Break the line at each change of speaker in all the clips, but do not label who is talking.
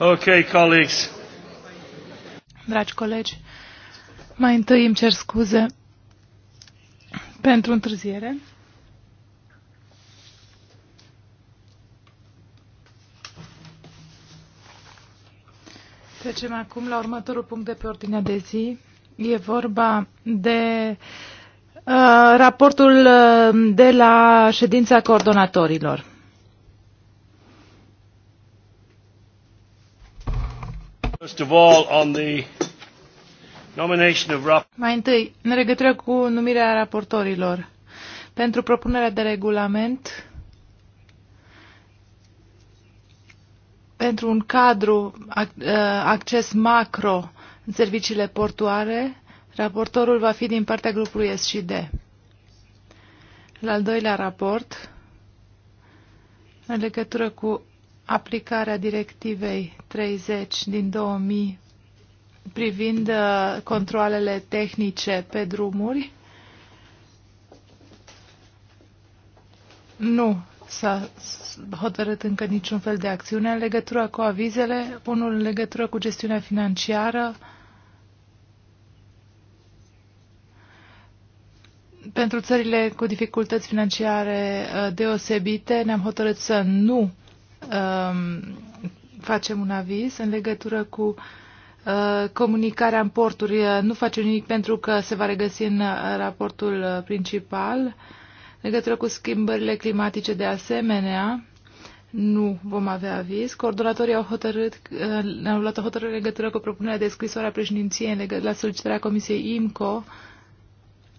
Okay, colleagues.
Dragi colegi, mai întâi îmi cer scuze pentru întârziere. Trecem acum la următorul punct de pe ordinea de zi. E vorba de uh, raportul uh, de la ședința coordonatorilor.
First of all, on the nomination of
Mai întâi, în legătură cu numirea raportorilor. Pentru propunerea de regulament, pentru un cadru, uh, acces macro în serviciile portoare, raportorul va fi din partea grupului S și D. La al doilea raport, în legătură cu aplicarea directivei 30 din 2000 privind uh, controlele tehnice pe drumuri. Nu s-a hotărât încă niciun fel de acțiune în legătură cu avizele, unul în legătură cu gestiunea financiară, pentru țările cu dificultăți financiare uh, deosebite ne-am hotărât să nu um, facem un aviz în legătură cu uh, comunicarea în porturi. Uh, nu facem nimic pentru că se va regăsi în uh, raportul principal. În legătură cu schimbările climatice de asemenea, nu vom avea aviz. Coordonatorii au hotărât, ne au luat o hotărâre în legătură cu propunerea de scrisoare a președinției la solicitarea Comisiei IMCO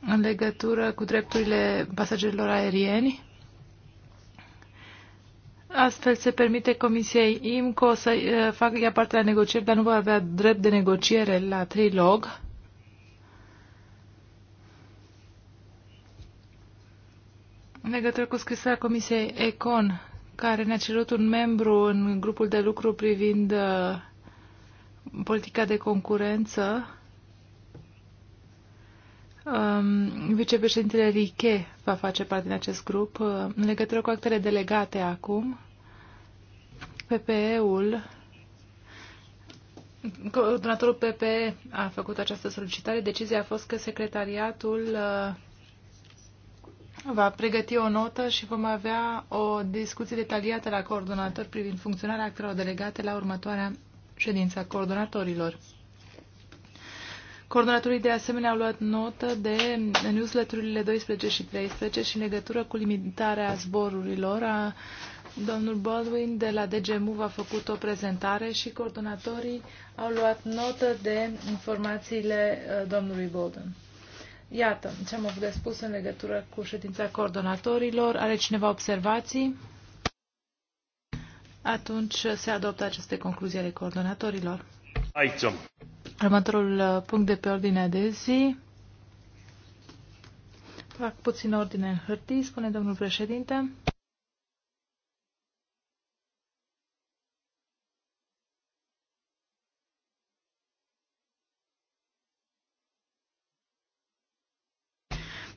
în legătură cu drepturile pasagerilor aerieni Astfel se permite Comisiei IMCO să uh, facă ea parte la negocieri, dar nu va avea drept de negociere la trilog. În legătură cu scrisoarea Comisiei ECON, care ne-a cerut un membru în grupul de lucru privind uh, politica de concurență, Um, vicepreședintele Riche va face parte din acest grup. Uh, în legătură cu actele delegate acum, PPE-ul, coordonatorul PPE a făcut această solicitare. Decizia a fost că secretariatul uh, va pregăti o notă și vom avea o discuție detaliată la coordonator privind funcționarea actelor delegate la următoarea ședință a coordonatorilor. Coordonatorii de asemenea au luat notă de newsletterurile 12 și 13 și în legătură cu limitarea zborurilor a Domnul Baldwin de la DGMU a făcut o prezentare și coordonatorii au luat notă de informațiile uh, domnului Bolden. Iată ce am avut de spus în legătură cu ședința coordonatorilor. Are cineva observații? Atunci se adoptă aceste concluzii ale coordonatorilor. Aici. Următorul uh, punct de pe ordinea de zi. Fac puțin ordine în hârtii, spune domnul președinte.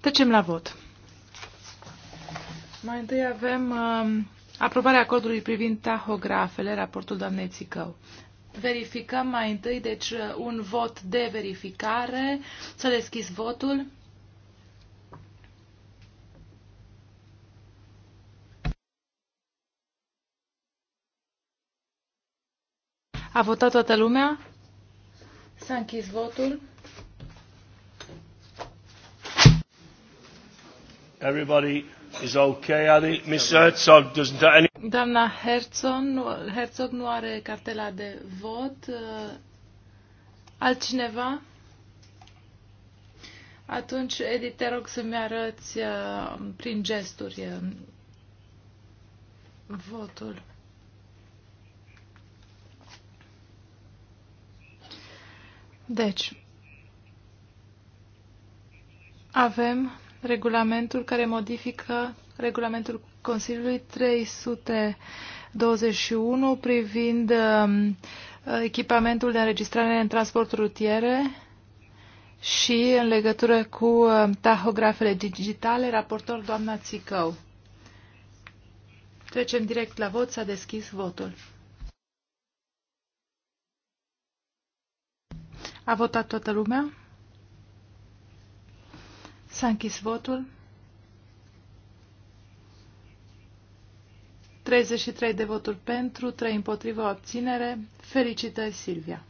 Trecem la vot. Mai întâi avem uh, aprobarea acordului privind tahografele, raportul doamnei Țicău. Verificăm mai întâi, deci uh, un vot de verificare. Să deschis votul. A votat toată lumea? S-a închis votul.
Everybody is okay, I think. Miss Herzog doesn't have any...
Doamna Herzog nu, Herzog nu are cartela de vot. Uh, altcineva? Atunci, Edi, te rog să-mi arăți uh, prin gesturi uh, votul. Deci, avem regulamentul care modifică regulamentul Consiliului 321 privind um, echipamentul de înregistrare în transport rutiere și în legătură cu uh, tahografele digitale, raportor doamna Țicău. Trecem direct la vot, s-a deschis votul. A votat toată lumea? S-a închis votul. 33 de voturi pentru, 3 împotriva, abținere. Felicitări, Silvia!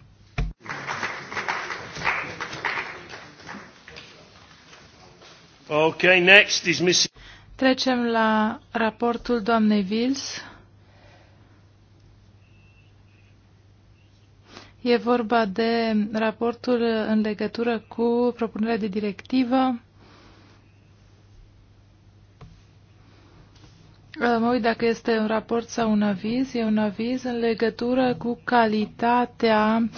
Okay, next is Miss...
Trecem la raportul doamnei Vils. E vorba de raportul în legătură cu propunerea de directivă Mă uit dacă este un raport sau un aviz. E un aviz în legătură cu calitatea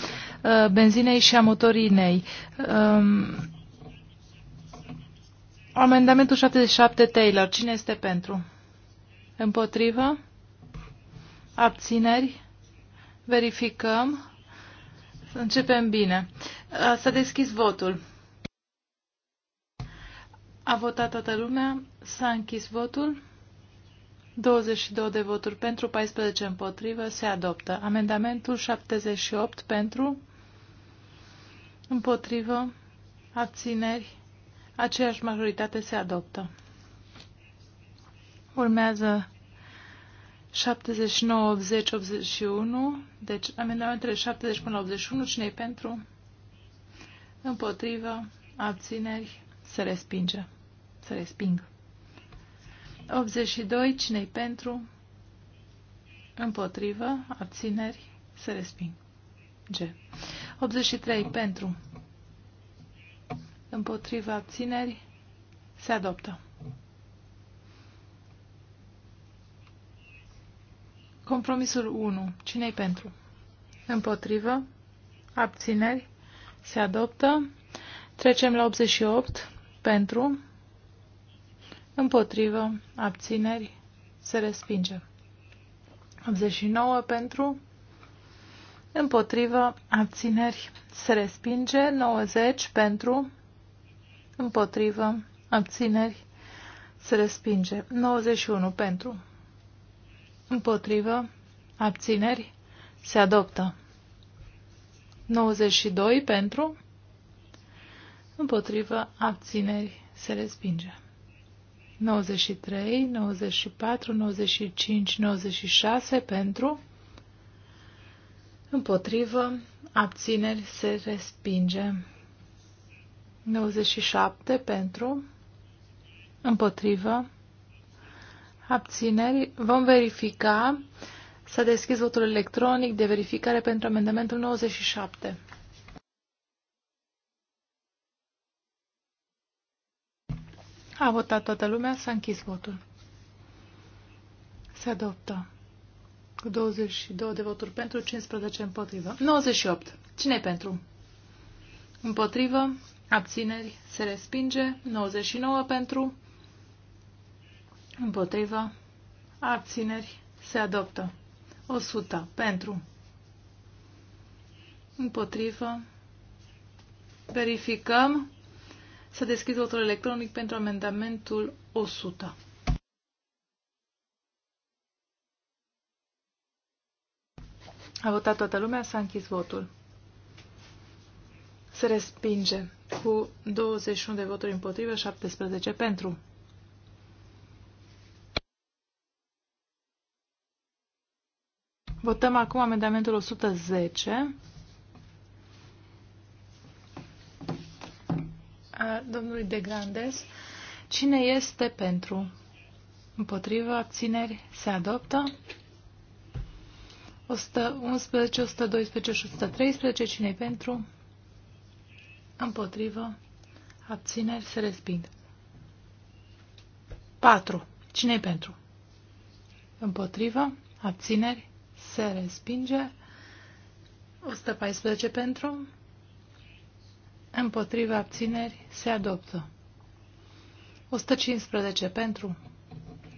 uh, benzinei și a motorinei. Um, amendamentul 77 Taylor. Cine este pentru? Împotrivă? Abțineri? Verificăm. Începem bine. Uh, s-a deschis votul. A votat toată lumea. S-a închis votul. 22 de voturi pentru, 14 împotrivă, se adoptă. Amendamentul 78 pentru, împotrivă, abțineri, aceeași majoritate se adoptă. Urmează 79, 80, 81, deci amendamentele 70 până la 81, cine pentru, împotrivă, abțineri, se respinge, se resping. 82. cine pentru? Împotrivă. Abțineri. Se resping. G. 83. Pentru. Împotrivă. Abțineri. Se adoptă. Compromisul 1. cine pentru? Împotrivă. Abțineri. Se adoptă. Trecem la 88. Pentru împotrivă, abțineri, se respinge. 89 pentru, împotrivă, abțineri, se respinge. 90 pentru, împotrivă, abțineri, se respinge. 91 pentru, împotrivă, abțineri, se adoptă. 92 pentru, împotrivă, abțineri, se respinge. 93, 94, 95, 96 pentru, împotrivă, abțineri se respinge. 97 pentru, împotrivă, abțineri. Vom verifica. S-a deschis votul electronic de verificare pentru amendamentul 97. A votat toată lumea, s-a închis votul. Se adoptă. Cu 22 de voturi pentru, 15 împotrivă. 98. cine pentru? Împotrivă, abțineri, se respinge. 99 pentru, împotrivă, abțineri, se adoptă. 100 pentru, împotrivă, verificăm să deschid votul electronic pentru amendamentul 100. A votat toată lumea, s-a închis votul. Se respinge cu 21 de voturi împotrivă, 17 pentru. Votăm acum amendamentul 110. a domnului De Grandes. Cine este pentru? Împotrivă, abțineri, se adoptă. 111, 112 și 113, cine pentru? Împotrivă, abțineri, se resping. 4. cine pentru? Împotrivă, abțineri, se respinge. 114 pentru, Împotriva abțineri se adoptă. 115 pentru.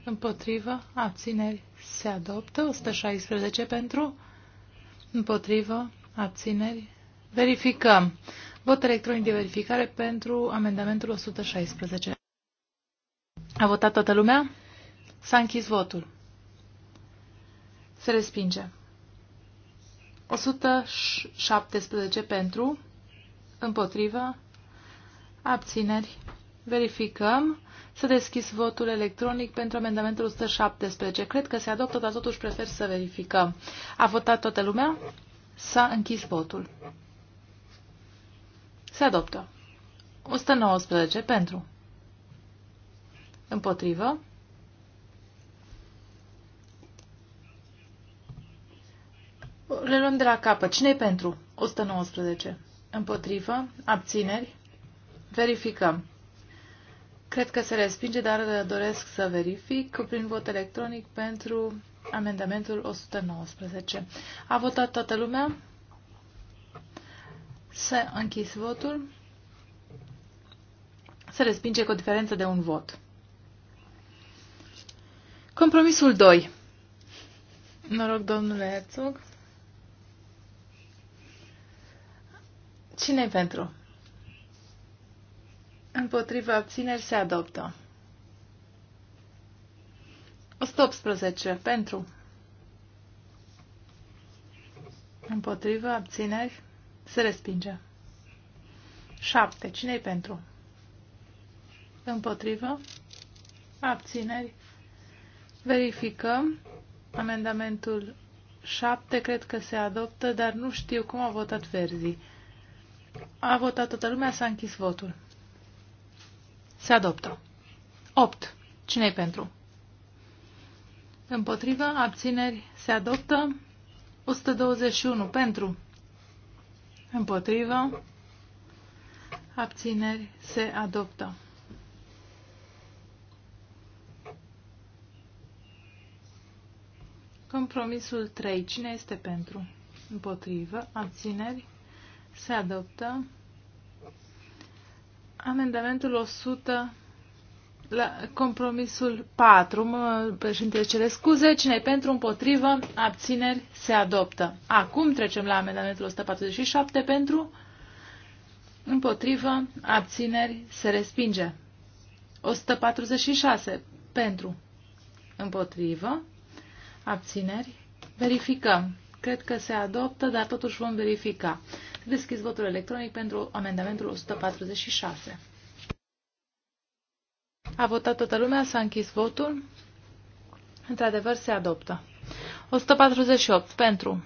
Împotriva abțineri se adoptă. 116 pentru. Împotriva abțineri. Verificăm. Vot electronic de verificare pentru amendamentul 116. A votat toată lumea? S-a închis votul. Se respinge. 117 pentru, Împotrivă? Abțineri? Verificăm. Să deschis votul electronic pentru amendamentul 117. Cred că se adoptă, dar totuși prefer să verificăm. A votat toată lumea? S-a închis votul. Se adoptă. 119 pentru. Împotrivă. Le luăm de la capăt. cine pentru? 119. Împotrivă. Abțineri. Verificăm. Cred că se respinge, dar uh, doresc să verific prin vot electronic pentru amendamentul 119. A votat toată lumea? Se închis votul. Se respinge cu o diferență de un vot. Compromisul 2. Noroc, domnule Herzog. cine pentru? Împotriva abțineri se adoptă. 118 pentru. Împotriva abțineri se respinge. 7. Cine-i pentru? Împotrivă. Abțineri. Verificăm. Amendamentul 7 cred că se adoptă, dar nu știu cum a votat verzii. A votat toată lumea, s-a închis votul. Se adoptă. 8. Cine-i pentru? Împotrivă, abțineri, se adoptă. 121 pentru. Împotrivă, abțineri, se adoptă. Compromisul 3. Cine este pentru? Împotrivă, abțineri, se adoptă. Amendamentul 100 la compromisul 4. Mă, președinte, cere scuze. Cine pentru, împotrivă, abțineri, se adoptă. Acum trecem la amendamentul 147 pentru, împotrivă, abțineri, se respinge. 146 pentru, împotrivă, abțineri, verificăm. Cred că se adoptă, dar totuși vom verifica. Deschis votul electronic pentru amendamentul 146. A votat toată lumea, s-a închis votul. Într-adevăr, se adoptă. 148 pentru.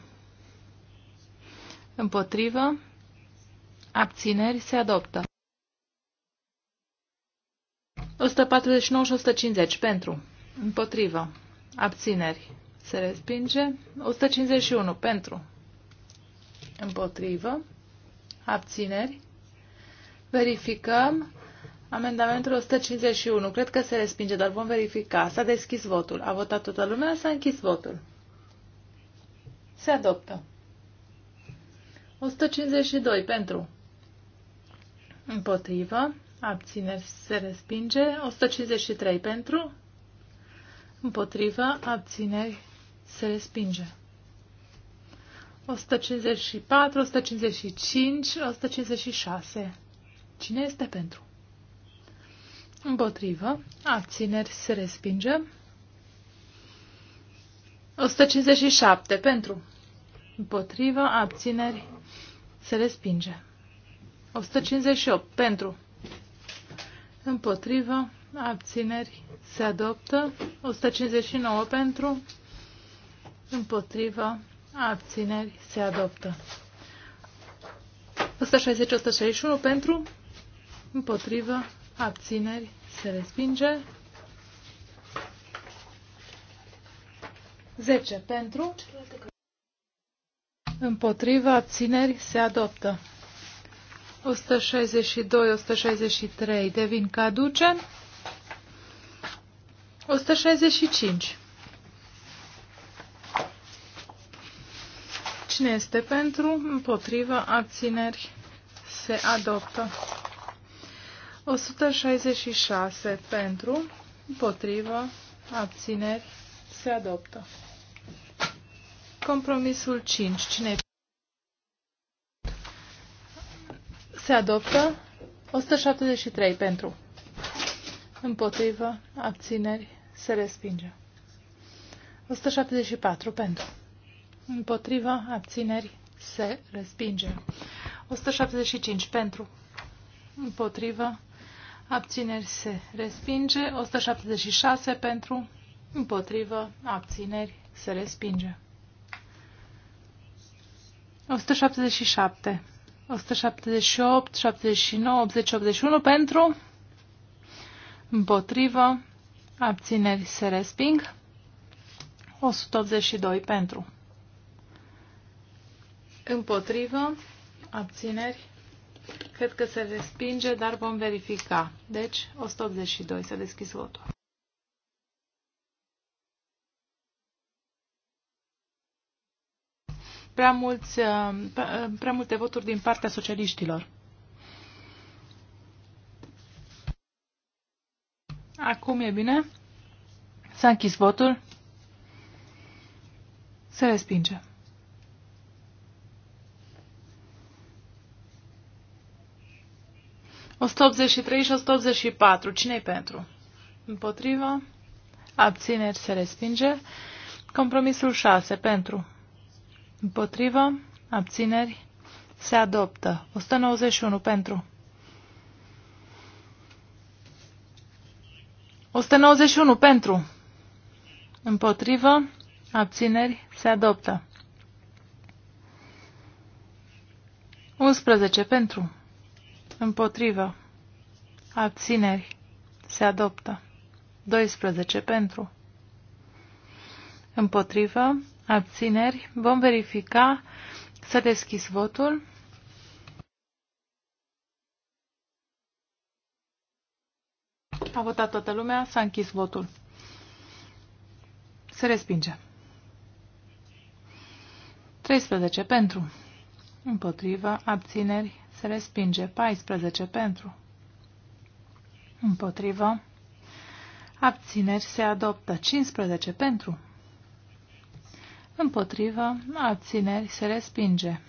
Împotrivă. Abțineri se adoptă. 149 și 150 pentru. Împotrivă. Abțineri se respinge. 151 pentru. Împotrivă abțineri. Verificăm amendamentul 151. Cred că se respinge, dar vom verifica. S-a deschis votul. A votat toată lumea, s-a închis votul. Se adoptă. 152 pentru. Împotrivă. Abțineri se respinge. 153 pentru. Împotrivă. Abțineri se respinge. 154, 155, 156. Cine este pentru? Împotrivă. Abțineri se respinge. 157. Pentru. Împotrivă. Abțineri se respinge. 158. Pentru. Împotrivă. Abțineri se adoptă. 159 pentru. Împotrivă. Abțineri se adoptă. 160-161 pentru, împotrivă, abțineri se respinge. 10 pentru, împotrivă, abțineri se adoptă. 162-163 devin caduce. 165 Cine este pentru? Împotrivă. Abțineri. Se adoptă. 166 pentru. Împotrivă. Abțineri. Se adoptă. Compromisul 5. Cine Se adoptă 173 pentru. Împotrivă, abțineri, se respinge. 174 pentru. Împotriva abțineri se respinge. 175 pentru. Împotriva abțineri se respinge. 176 pentru. Împotrivă abțineri se respinge. 177. 178, 79, 80, 81 pentru. Împotrivă abțineri se resping. 182 pentru. Împotrivă. Abțineri. Cred că se respinge, dar vom verifica. Deci, 182. S-a deschis votul. Prea, mulți, uh, uh, prea multe voturi din partea socialiștilor. Acum e bine. S-a închis votul. Se respinge. 183 și 184. cine pentru? Împotrivă. Abțineri se respinge. Compromisul 6. Pentru. Împotrivă. Abțineri se adoptă. 191. Pentru. 191. Pentru. Împotrivă. Abțineri se adoptă. 11. Pentru. Împotrivă. Abțineri. Se adoptă. 12 pentru. Împotrivă. Abțineri. Vom verifica. Să deschis votul. A votat toată lumea. S-a închis votul. Se respinge. 13 pentru. Împotrivă. Abțineri. Se respinge. 14 pentru. Împotrivă. Abțineri se adoptă. 15 pentru. Împotrivă. Abțineri se respinge.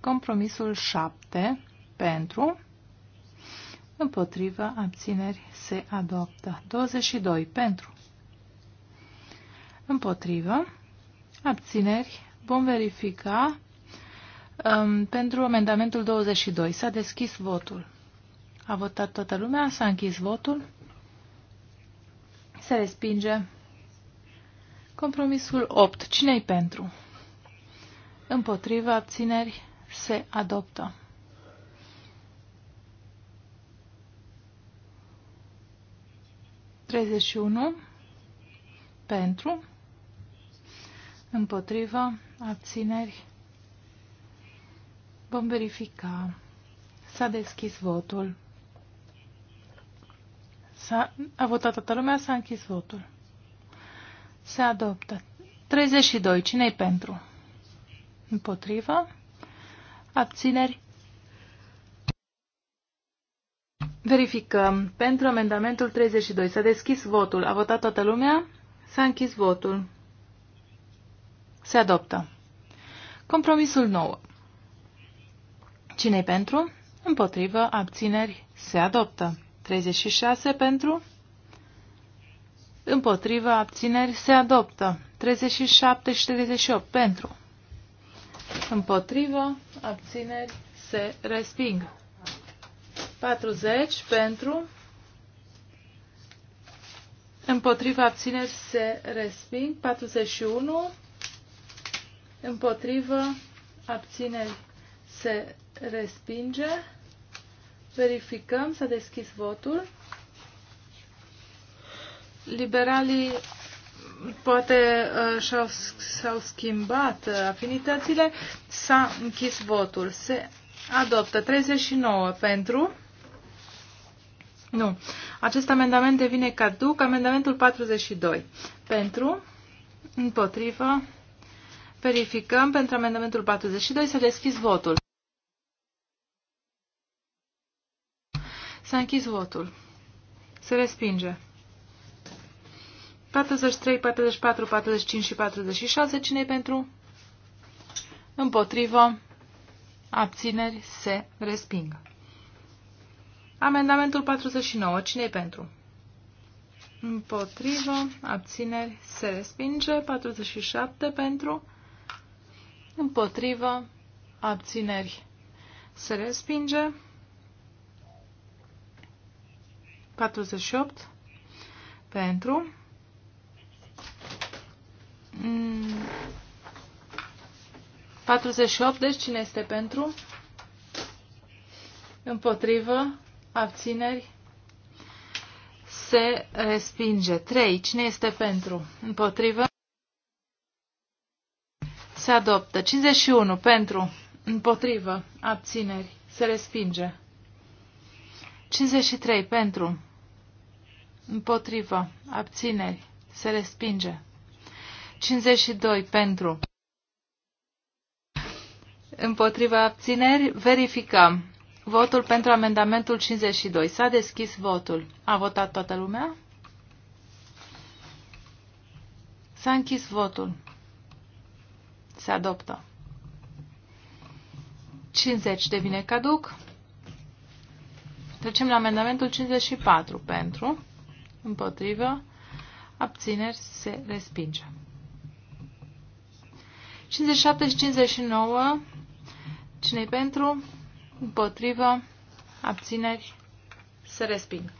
Compromisul 7 pentru. Împotrivă. Abțineri se adoptă. 22 pentru. Împotrivă. Abțineri. Vom verifica Um, pentru amendamentul 22 s-a deschis votul. A votat toată lumea, s-a închis votul. Se respinge. Compromisul 8. Cine-i pentru? Împotriva abțineri se adoptă. Treizeci pentru, împotriva, abțineri, Vom verifica. S-a deschis votul. S-a, a votat toată lumea, s-a închis votul. Se adoptă. 32. cine pentru? Împotrivă. Abțineri. Verificăm. Pentru amendamentul 32. S-a deschis votul. A votat toată lumea? S-a închis votul. Se adoptă. Compromisul 9 cine pentru? Împotrivă, abțineri, se adoptă. 36 pentru? Împotrivă, abțineri, se adoptă. 37 și 38 pentru. Împotrivă, abțineri, se resping. 40 pentru. Împotriva abțineri se resping. 41. Împotriva abțineri se respinge. Verificăm, s-a deschis votul. Liberalii poate uh, s-au schimbat uh, afinitățile, s-a închis votul. Se adoptă 39 pentru. Nu. Acest amendament devine caduc. Amendamentul 42. Pentru. Împotrivă. Verificăm pentru amendamentul 42. Să deschis votul. S-a închis votul. Se respinge. 43, 44, 45 și 46. Cine-i pentru? Împotrivă. Abțineri se resping. Amendamentul 49. Cine-i pentru? Împotrivă. Abțineri se respinge. 47 pentru. Împotrivă. Abțineri se respinge. 48 pentru. Mm. 48, deci cine este pentru? Împotrivă, abțineri, se respinge. 3. Cine este pentru? Împotrivă, se adoptă. 51. Pentru, împotrivă, abțineri, se respinge. 53 pentru. Împotrivă. Abțineri. Se respinge. 52 pentru. Împotriva abțineri, verificăm. Votul pentru amendamentul 52. S-a deschis votul. A votat toată lumea? S-a închis votul. Se adoptă. 50 devine caduc. Trecem la amendamentul 54. Pentru, împotrivă, abțineri, se respinge. 57 și 59. Cine-i pentru? Împotrivă, abțineri, se resping.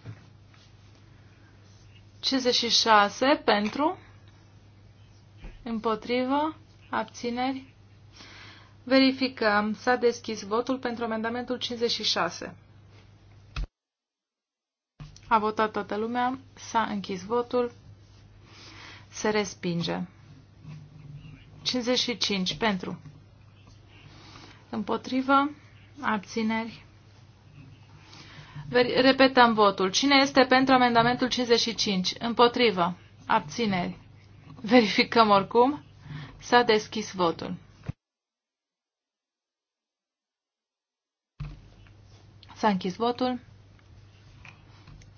56 pentru, împotrivă, abțineri. Verificăm. S-a deschis votul pentru amendamentul 56. A votat toată lumea, s-a închis votul, se respinge. 55 pentru. Împotrivă, abțineri. Repetăm votul. Cine este pentru amendamentul 55? Împotrivă, abțineri. Verificăm oricum. S-a deschis votul. S-a închis votul.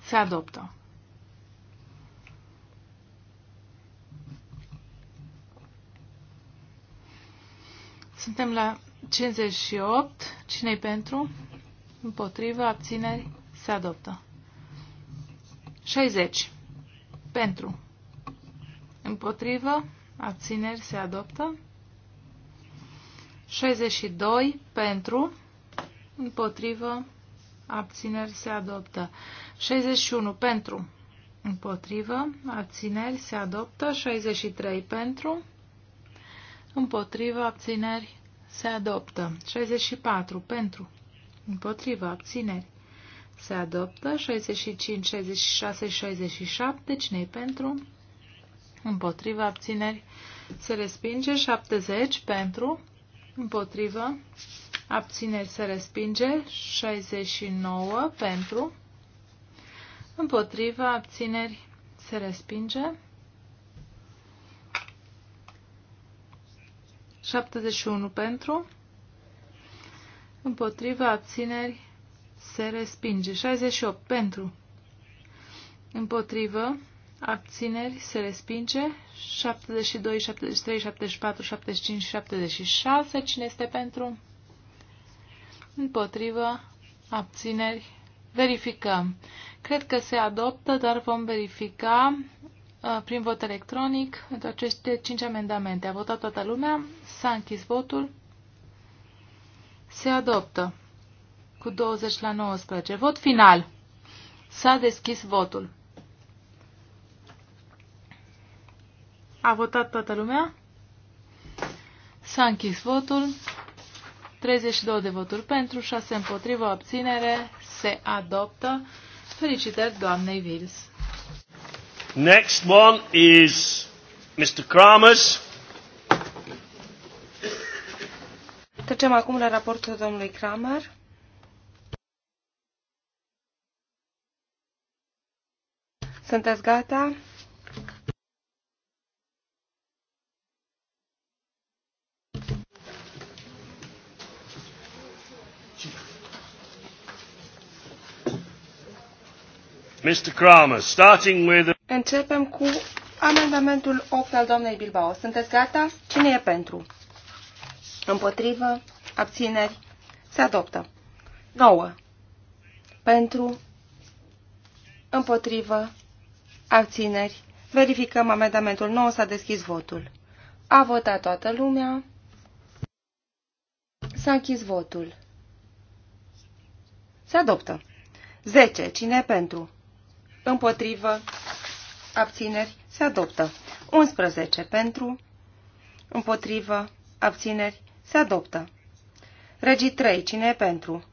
Se adoptă. Suntem la 58. Cine-i pentru? Împotrivă, abțineri, se adoptă. 60. Pentru. Împotrivă, abțineri, se adoptă. 62. Pentru. Împotrivă, abțineri se adoptă. 61 pentru, împotrivă, abțineri se adoptă. 63 pentru, împotrivă, abțineri se adoptă. 64 pentru, împotrivă, abțineri se adoptă. 65, 66, 67, cine pentru? Împotrivă, abțineri se respinge. 70 pentru, împotrivă, abțineri se respinge, 69 pentru, împotriva, abțineri se respinge, 71 pentru, împotriva, abțineri se respinge, 68 pentru, împotrivă, abțineri se respinge, 72, 73, 74, 75, 76, cine este pentru? împotrivă, abțineri, verificăm. Cred că se adoptă, dar vom verifica uh, prin vot electronic pentru aceste cinci amendamente. A votat toată lumea, s-a închis votul, se adoptă cu 20 la 19. Vot final. S-a deschis votul. A votat toată lumea? S-a închis votul. 32 de voturi pentru, 6 împotrivă, abținere, se adoptă. Felicitări doamnei Vils.
Next one is Mr. Kramers.
Trecem acum la raportul domnului Kramer. Sunteți gata?
Mr. Kramer, starting with... Începem
cu amendamentul 8 al doamnei Bilbao. Sunteți gata? Cine e pentru? Împotrivă? Abțineri? Se adoptă. 9. Pentru? Împotrivă? Abțineri? Verificăm amendamentul 9. S-a deschis votul. A votat toată lumea. S-a închis votul. Se adoptă. 10. Cine e pentru? împotrivă, abțineri, se adoptă. 11 pentru, împotrivă, abțineri, se adoptă. Regii 3, cine e pentru?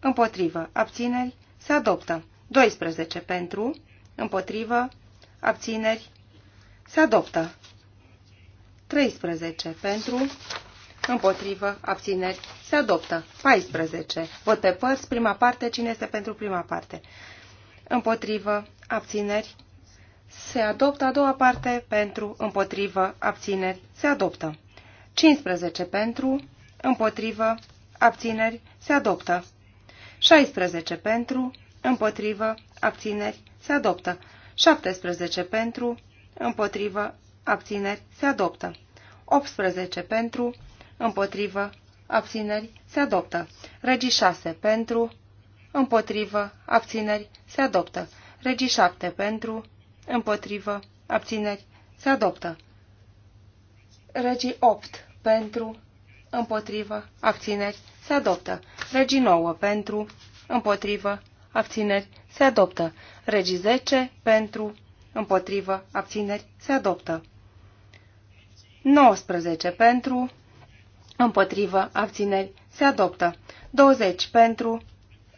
Împotrivă, abțineri, se adoptă. 12 pentru, împotrivă, abțineri, se adoptă. 13 pentru, împotrivă, abțineri, se adoptă. 14. Vot pe părți, prima parte, cine este pentru prima parte? împotrivă, abțineri, se adoptă. A doua parte, pentru, împotrivă, abțineri, se adoptă. 15 pentru, împotrivă, abțineri, se adoptă. 16 pentru, împotrivă, abțineri, se adoptă. 17 pentru, împotrivă, abțineri, se adoptă. 18 pentru, împotrivă, abțineri, se adoptă. Regi 6 pentru, împotrivă, abțineri, se adoptă. Regii 7 pentru, împotrivă, abțineri, se adoptă. Regii 8 pentru, împotrivă, abțineri, se adoptă. Regii 9 pentru, împotrivă, abțineri, se adoptă. Regii 10 pentru, împotrivă, abțineri, se adoptă. 19 pentru, împotrivă, abțineri, se adoptă. 20 pentru,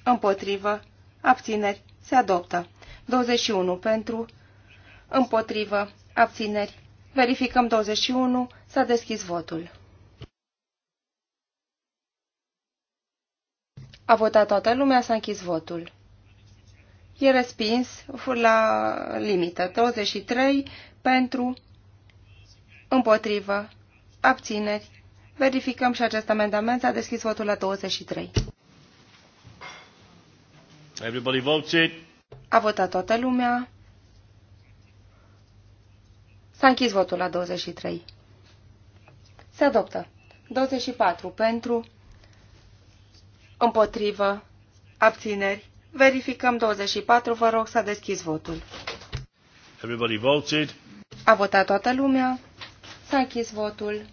împotrivă, abțineri, se adoptă. 21 pentru, împotrivă, abțineri. Verificăm 21, s-a deschis votul. A votat toată lumea, s-a închis votul. E respins la limită. 23 pentru, împotrivă, abțineri. Verificăm și acest amendament. S-a deschis votul la 23.
Everybody voted.
A votat toată lumea. S-a închis votul la 23. Se adoptă. 24 pentru, împotrivă, abțineri. Verificăm 24, vă rog să deschis votul.
Everybody voted.
A votat toată lumea. S-a închis votul.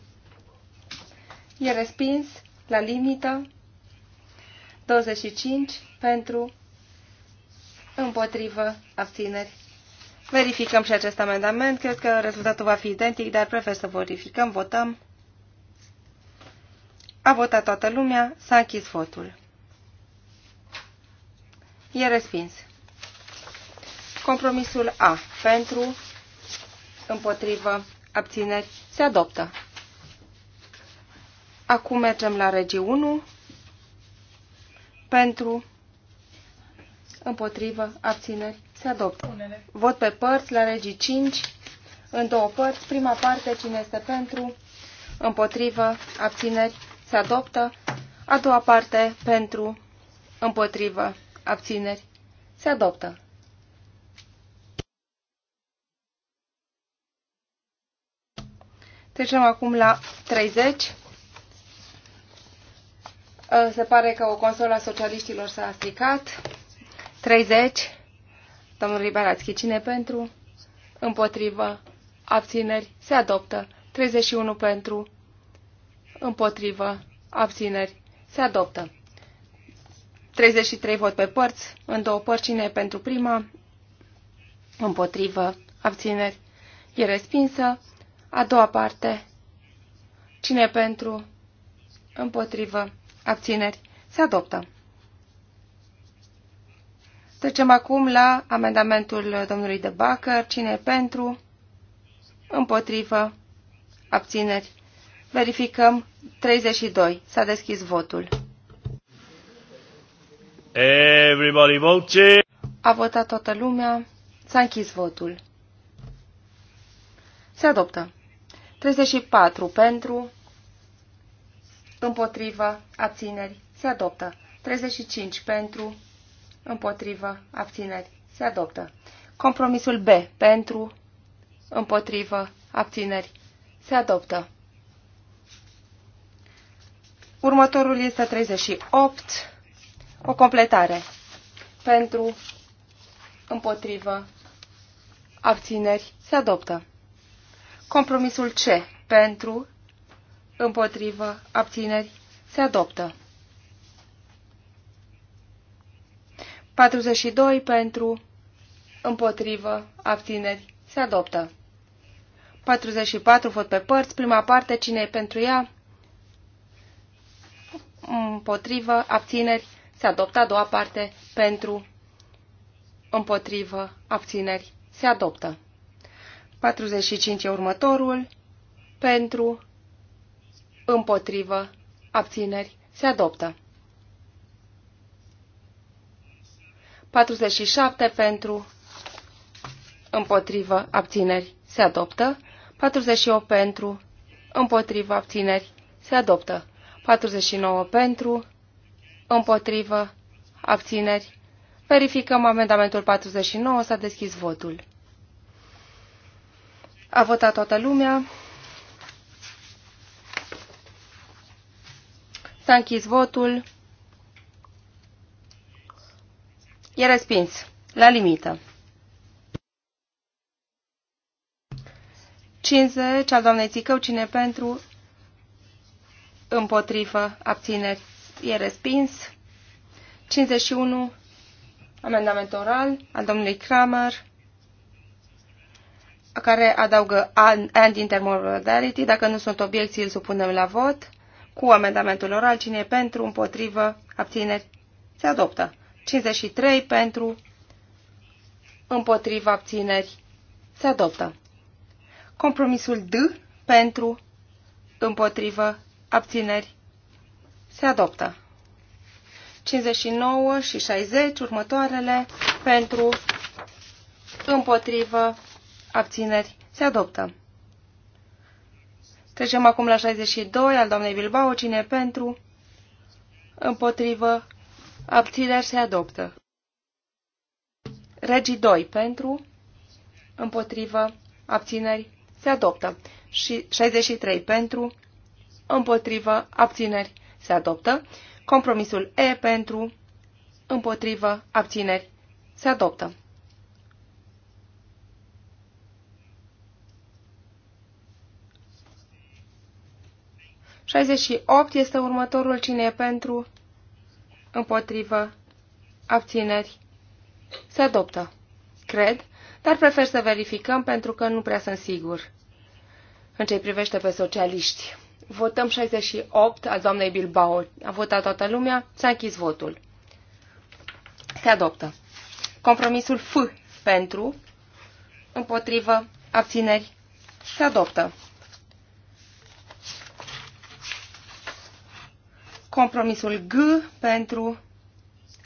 E respins la limită. 25 pentru, împotrivă, abțineri. Verificăm și acest amendament. Cred că rezultatul va fi identic, dar prefer să verificăm. Votăm. A votat toată lumea. S-a închis votul. E respins. Compromisul A. Pentru, împotrivă, abțineri. Se adoptă. Acum mergem la regiunul 1. Pentru, împotrivă, abțineri, se adoptă. Vot pe părți la legii 5, în două părți. Prima parte, cine este pentru, împotrivă, abțineri, se adoptă. A doua parte, pentru, împotrivă, abțineri, se adoptă. Trecem acum la 30. Ă, se pare că o consolă a socialiștilor s-a stricat. 30. Domnul Liberațchi, cine pentru? Împotrivă. Abțineri. Se adoptă. 31 pentru. Împotrivă. Abțineri. Se adoptă. 33 vot pe părți. În două părți, cine pentru prima? Împotrivă. Abțineri. E respinsă. A doua parte. Cine pentru? Împotrivă. Abțineri. Se adoptă. Trecem acum la amendamentul domnului de Bacăr. Cine e pentru? Împotrivă? Abțineri? Verificăm 32. S-a deschis votul.
Everybody vote.
A votat toată lumea. S-a închis votul. Se adoptă. 34 pentru, împotrivă, abțineri. Se adoptă. 35 pentru, împotrivă, abțineri, se adoptă. Compromisul B, pentru, împotrivă, abțineri, se adoptă. Următorul este 38, o completare, pentru, împotrivă, abțineri, se adoptă. Compromisul C, pentru, împotrivă, abțineri, se adoptă. 42 pentru, împotrivă, abțineri, se adoptă. 44 vot pe părți, prima parte, cine e pentru ea? Împotrivă, abțineri, se adoptă a doua parte, pentru, împotrivă, abțineri, se adoptă. 45 e următorul, pentru, împotrivă, abțineri, se adoptă. 47 pentru, împotrivă, abțineri, se adoptă. 48 pentru, împotrivă, abțineri, se adoptă. 49 pentru, împotrivă, abțineri. Verificăm amendamentul 49, s-a deschis votul. A votat toată lumea. S-a închis votul. E respins. La limită. 50 al doamnei Țicău, cine pentru, împotrivă, abțineri, e respins. 51, amendament oral al domnului Kramer, care adaugă and intermodality, dacă nu sunt obiecții, îl supunem la vot. Cu amendamentul oral, cine e pentru, împotrivă, abțineri, se adoptă. 53 pentru, împotriva abțineri, se adoptă. Compromisul D pentru, împotrivă, abțineri, se adoptă. 59 și 60, următoarele, pentru, împotrivă, abțineri, se adoptă. Trecem acum la 62 al doamnei Bilbao, cine pentru, împotrivă, Abțineri se adoptă. Regii 2 pentru, împotrivă, abțineri se adoptă. Și 63 pentru, împotrivă, abțineri se adoptă. Compromisul E pentru, împotrivă, abțineri se adoptă. Șaizeci opt este următorul cine e pentru împotrivă, abțineri, se adoptă. Cred, dar prefer să verificăm pentru că nu prea sunt sigur. În ce privește pe socialiști, votăm 68 al doamnei Bilbao. A votat toată lumea, s-a închis votul. Se adoptă. Compromisul F pentru, împotrivă, abțineri, se adoptă. Compromisul G pentru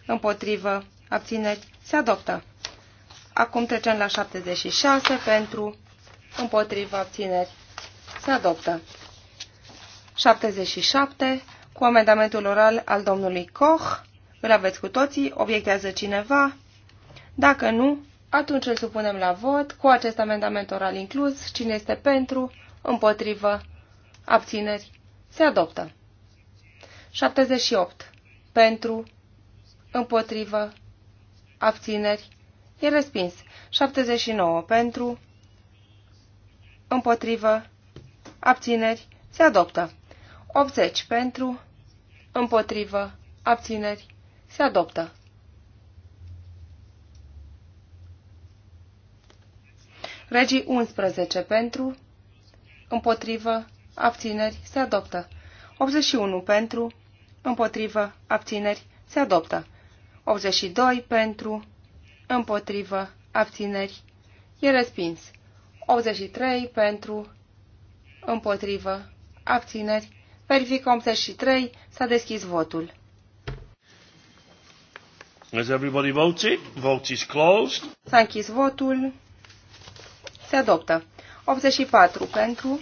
împotrivă abțineri se adoptă. Acum trecem la 76 pentru împotrivă abțineri se adoptă. 77 cu amendamentul oral al domnului Koch. Îl aveți cu toții, obiectează cineva. Dacă nu, atunci îl supunem la vot, cu acest amendament oral inclus, cine este pentru, împotrivă, abțineri, se adoptă. 78. Pentru, împotrivă, abțineri, e respins. 79. Pentru, împotrivă, abțineri, se adoptă. 80. Pentru, împotrivă, abțineri, se adoptă. 11 pentru, împotrivă, abțineri, se adoptă. 81 pentru, împotrivă, abțineri, se adoptă. 82 pentru, împotrivă, abțineri, e respins. 83 pentru, împotrivă, abțineri, verifică 83, s-a deschis votul.
Has everybody voted? Vote is closed.
S-a închis votul. Se adoptă. 84 pentru,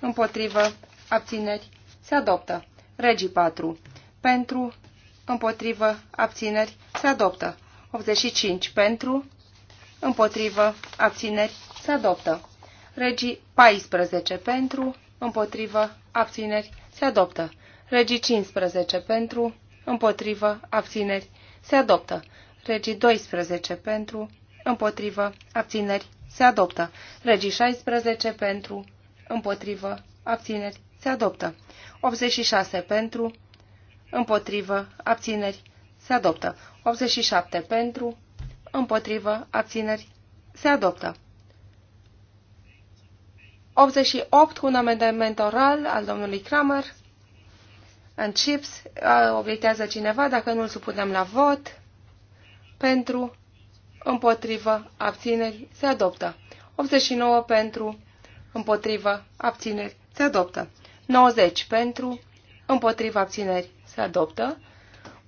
împotrivă, abțineri, se adoptă. Regii 4. Pentru, împotrivă, abțineri, se adoptă. 85. Pentru, împotrivă, abțineri, se adoptă. Regii 14. Pentru, împotrivă, abțineri, se adoptă. Regii 15. Pentru, împotrivă, abțineri, se adoptă. Regii 12. Pentru, împotrivă, abțineri, se adoptă. Regii 16. Pentru, împotrivă, abțineri, se adoptă. 86 pentru, împotrivă, abțineri, se adoptă. 87 pentru, împotrivă, abțineri, se adoptă. 88 cu un amendament oral al domnului Kramer. În chips obiectează cineva dacă nu îl supunem la vot. Pentru, împotrivă, abțineri, se adoptă. 89 pentru, împotrivă, abțineri, se adoptă. 90 pentru, împotriva abțineri se adoptă.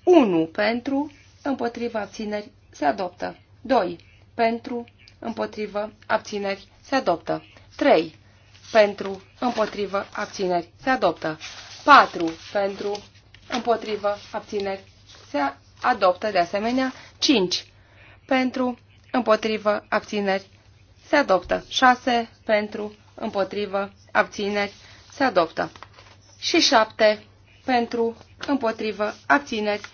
1 pentru, împotriva abțineri se adoptă. 2 pentru, împotriva abțineri se adoptă. 3 pentru, împotriva abțineri se adoptă. 4 pentru, împotriva abțineri se adoptă de asemenea. 5 pentru, împotriva abțineri se adoptă. 6 pentru, împotriva abțineri se adoptă. Și șapte pentru, împotrivă, abțineri,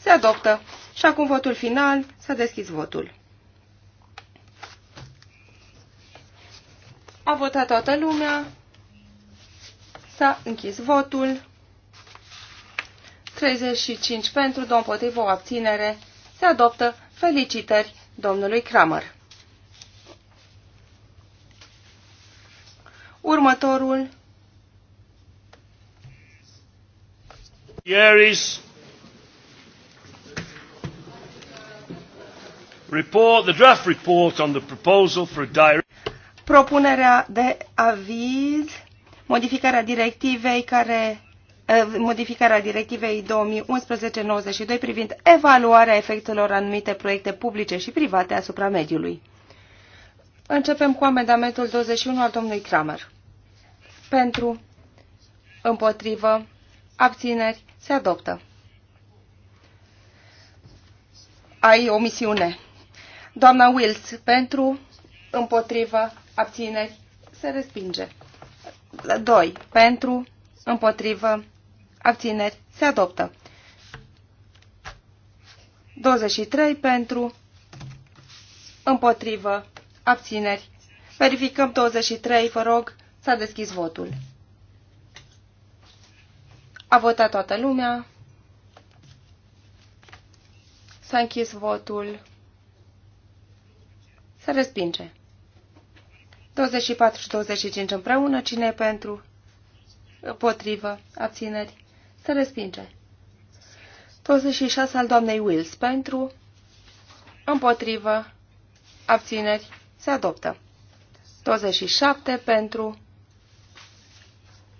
se adoptă. Și acum votul final, s-a deschis votul. A votat toată lumea, s-a închis votul, 35 pentru, domn potrivă, o abținere, se adoptă. Felicitări domnului Kramer. Următorul
Yeris. Report, the draft report on the proposal for a direct...
Propunerea de aviz, modificarea directivei care eh, modificarea directivei 2011-92 privind evaluarea efectelor anumite proiecte publice și private asupra mediului. Începem cu amendamentul 21 al domnului Kramer. Pentru, împotrivă, abțineri, se adoptă. Ai o misiune. Doamna Wills, pentru, împotrivă, abțineri, se respinge. 2. Pentru, împotrivă, abțineri, se adoptă. 23 pentru, împotrivă, abțineri. Verificăm 23, vă rog, s-a deschis votul. A votat toată lumea. S-a închis votul. Se respinge. 24 și 25 împreună. Cine e pentru? Potrivă. Abțineri. Se respinge. 26 al doamnei Wills pentru. Împotrivă. Abțineri. Se adoptă. 27 pentru.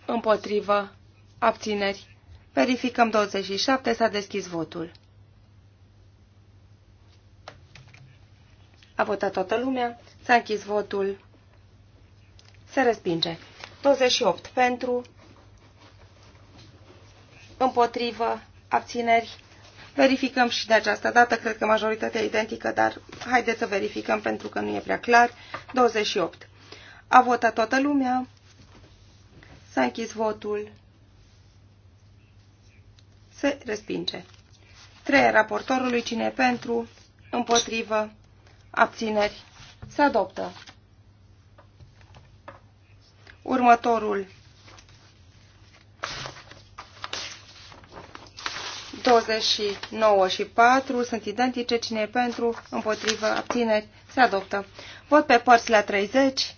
Împotrivă. Abțineri. Verificăm 27. S-a deschis votul. A votat toată lumea. S-a închis votul. Se respinge. 28 pentru. Împotrivă. Abțineri. Verificăm și de această dată, cred că majoritatea e identică, dar haideți să verificăm pentru că nu e prea clar. 28. A votat toată lumea. S-a închis votul. Se respinge. 3. Raportorului cine pentru, împotrivă, abțineri. Se adoptă. Următorul 29 și 4 sunt identice. Cine e pentru, împotrivă, abțineri, se adoptă. Vot pe părți la 30.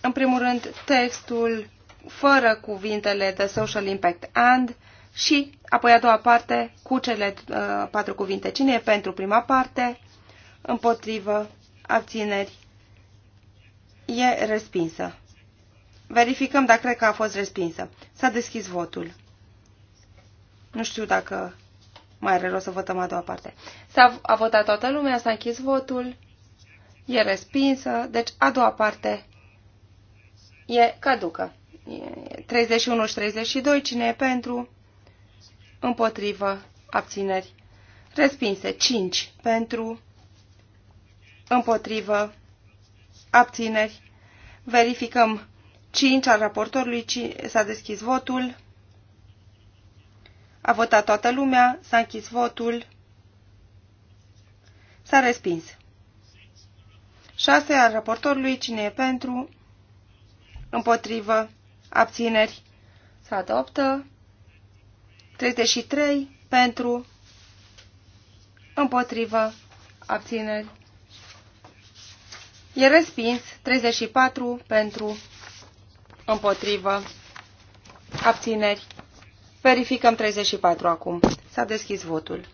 În primul rând, textul fără cuvintele The Social Impact and și apoi a doua parte cu cele uh, patru cuvinte. Cine e pentru prima parte? Împotrivă, abțineri, e respinsă. Verificăm, dacă cred că a fost respinsă. S-a deschis votul. Nu știu dacă mai are rost să votăm a doua parte. S-a a votat toată lumea, s-a închis votul, e respinsă, deci a doua parte e caducă. 31 și 32, cine e pentru? Împotrivă, abțineri. Respinse, 5 pentru, împotrivă, abțineri. Verificăm 5 al raportorului, s-a deschis votul. A votat toată lumea, s-a închis votul, s-a respins. 6 al raportorului, cine e pentru, împotrivă, abțineri, se adoptă. 33 pentru, împotrivă, abțineri, e respins. 34 pentru, împotrivă, abțineri. Verificăm 34 acum. S-a deschis votul.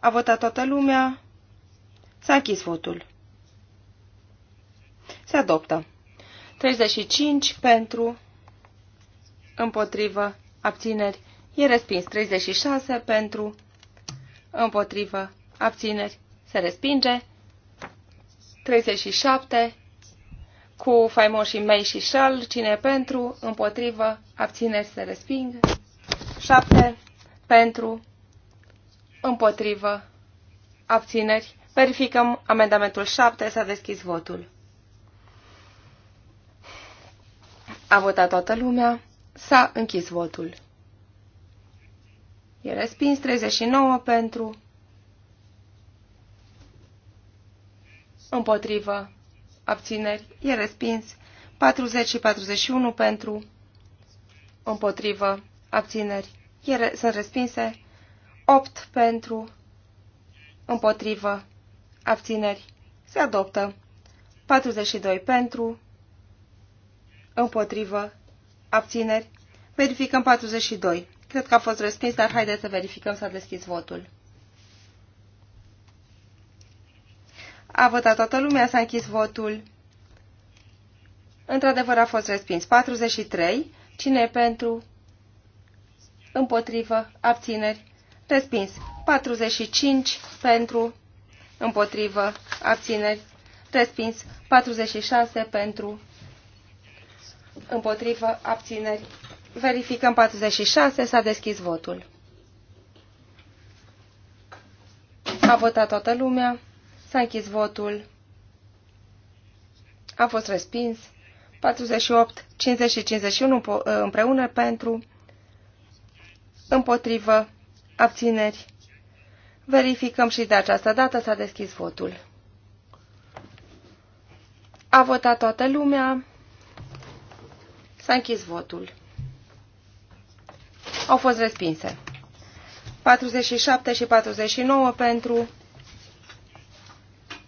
A votat toată lumea. S-a închis votul. Se adoptă. 35 pentru, împotrivă, abțineri, e respins. 36 pentru, împotrivă, abțineri, se respinge. 37 cu faimoșii mei și șal, cine e pentru, împotrivă, abțineri, se resping. 7 pentru, împotrivă, abțineri. Verificăm amendamentul 7, s-a deschis votul. A votat toată lumea. S-a închis votul. E respins 39 pentru. Împotrivă. Abțineri. E respins 40 și 41 pentru. Împotrivă. Abțineri. E re sunt respinse 8 pentru. Împotrivă. Abțineri. Se adoptă. 42 pentru împotrivă, abțineri. Verificăm 42. Cred că a fost respins, dar haideți să verificăm, s-a deschis votul. A votat toată lumea, s-a închis votul. Într-adevăr a fost respins. 43. Cine e pentru? Împotrivă. Abțineri. Respins. 45. Pentru. Împotrivă. Abțineri. Respins. 46. Pentru împotrivă, abțineri. Verificăm 46, s-a deschis votul. A votat toată lumea, s-a închis votul, a fost respins. 48, 50 și 51 împreună pentru, împotrivă, abțineri. Verificăm și de această dată s-a deschis votul. A votat toată lumea, S-a închis votul. Au fost respinse. 47 și 49 pentru,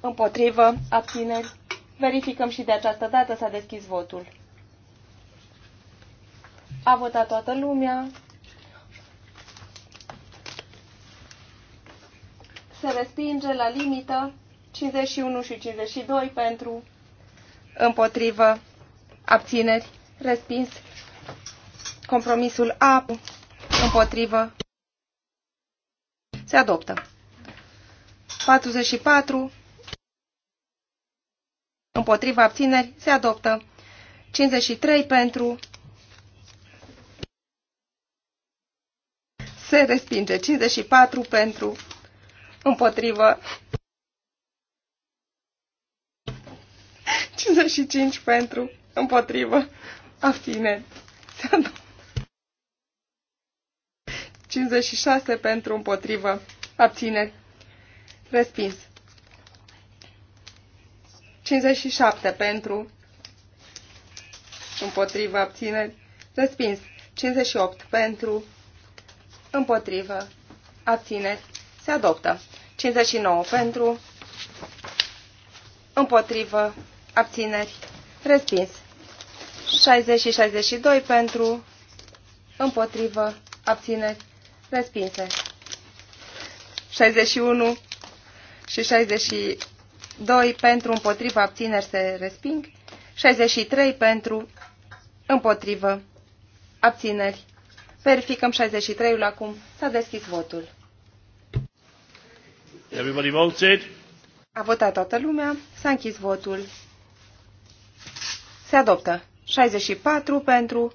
împotrivă, abțineri. Verificăm și de această dată s-a deschis votul. A votat toată lumea. Se respinge la limită 51 și 52 pentru, împotrivă, abțineri. Respins. Compromisul A împotrivă. Se adoptă. 44. Împotriva abțineri. Se adoptă. 53 pentru. Se respinge. 54 pentru. Împotrivă. 55 pentru. Împotrivă. Abțineri. 56 pentru împotrivă. Abțineri. Respins. 57 pentru împotrivă. Abțineri. Respins. 58 pentru împotrivă. Abțineri. Se adoptă. 59 pentru împotrivă. Abțineri. Respins. 60 și 62 pentru, împotrivă, abțineri, respinse. 61 și 62 pentru, împotrivă, abțineri, se resping. 63 pentru, împotrivă, abțineri. Verificăm 63-ul acum. S-a deschis votul.
Everybody voted.
A votat toată lumea. S-a închis votul. Se adoptă. 64 pentru...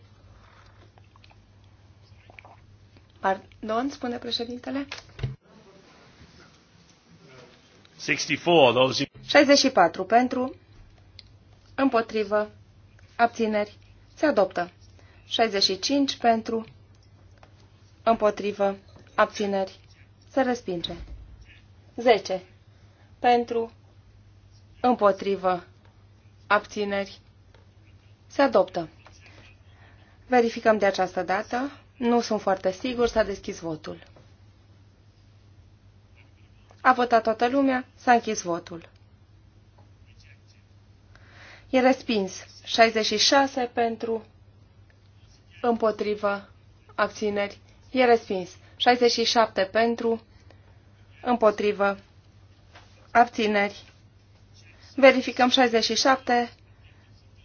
Pardon, spune președintele.
64,
64 pentru... Împotrivă. Abțineri. Se adoptă. 65 pentru... Împotrivă. Abțineri. Se respinge. 10. Pentru. Împotrivă. Abțineri. Se adoptă. Verificăm de această dată. Nu sunt foarte sigur, s-a deschis votul. A votat toată lumea, s-a închis votul. E respins. 66 pentru, împotrivă, abțineri. E respins. 67 pentru, împotrivă, abțineri. Verificăm 67,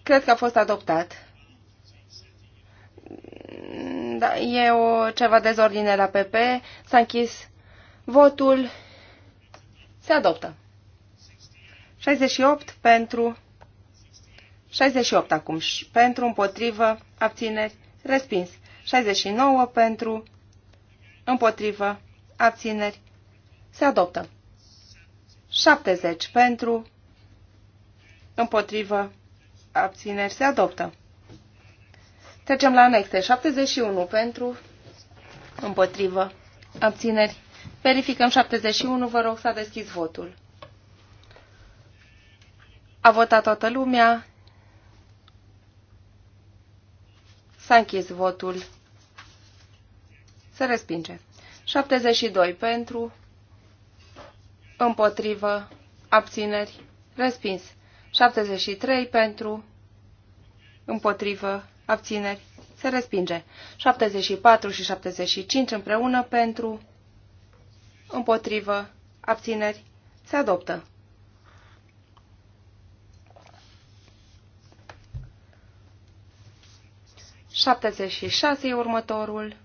Cred că a fost adoptat. Da, e o ceva dezordine la PP. S-a închis votul. Se adoptă. 68 pentru 68 acum. Pentru, împotrivă, abțineri, respins. 69 pentru, împotrivă, abțineri, se adoptă. 70 pentru, împotrivă, abțineri se adoptă. Trecem la anexe. 71 pentru, împotrivă, abțineri. Verificăm 71, vă rog să deschis votul. A votat toată lumea. S-a închis votul. Se respinge. 72 pentru, împotrivă, abțineri, respins. 73 pentru, împotrivă, abțineri, se respinge. 74 și 75 împreună pentru, împotrivă, abțineri, se adoptă. Șaptezeci și șase următorul,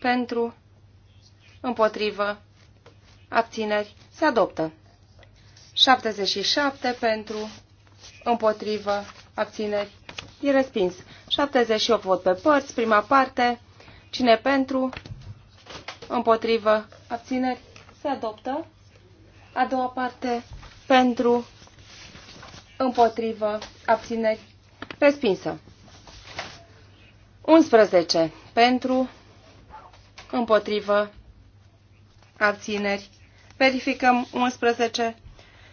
pentru, împotrivă, abțineri, se adoptă. 77 pentru, împotrivă, abțineri, e respins. 78 vot pe părți, prima parte, cine pentru, împotrivă, abțineri, se adoptă. A doua parte, pentru, împotrivă, abțineri, respinsă. 11. Pentru, împotrivă, abțineri. Verificăm 11.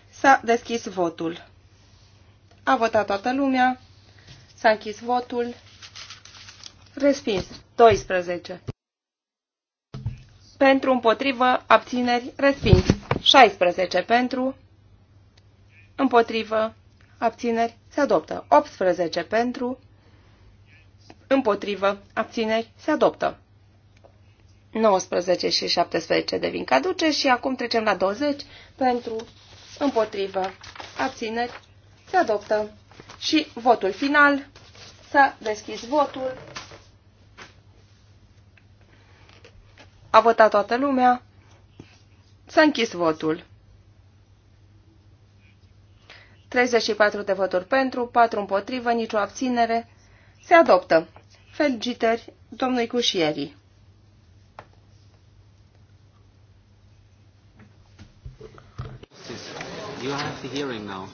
S-a deschis votul. A votat toată lumea. S-a închis votul. Respins. 12. Pentru, împotrivă, abțineri, respins. 16 pentru, împotrivă, abțineri, se adoptă. 18 pentru, împotrivă, abțineri, se adoptă. 19 și 17 devin caduce și acum trecem la 20 pentru, împotrivă, abțineri, se adoptă. Și votul final. S-a deschis votul. A votat toată lumea. S-a închis votul. 34 de voturi pentru, 4 împotrivă, nicio abținere. Se adoptă. Felicitări domnului Cușierii. You have the hearing now.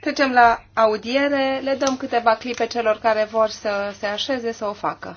Trecem la audiere, le dăm câteva clipe celor care vor să se așeze să o facă.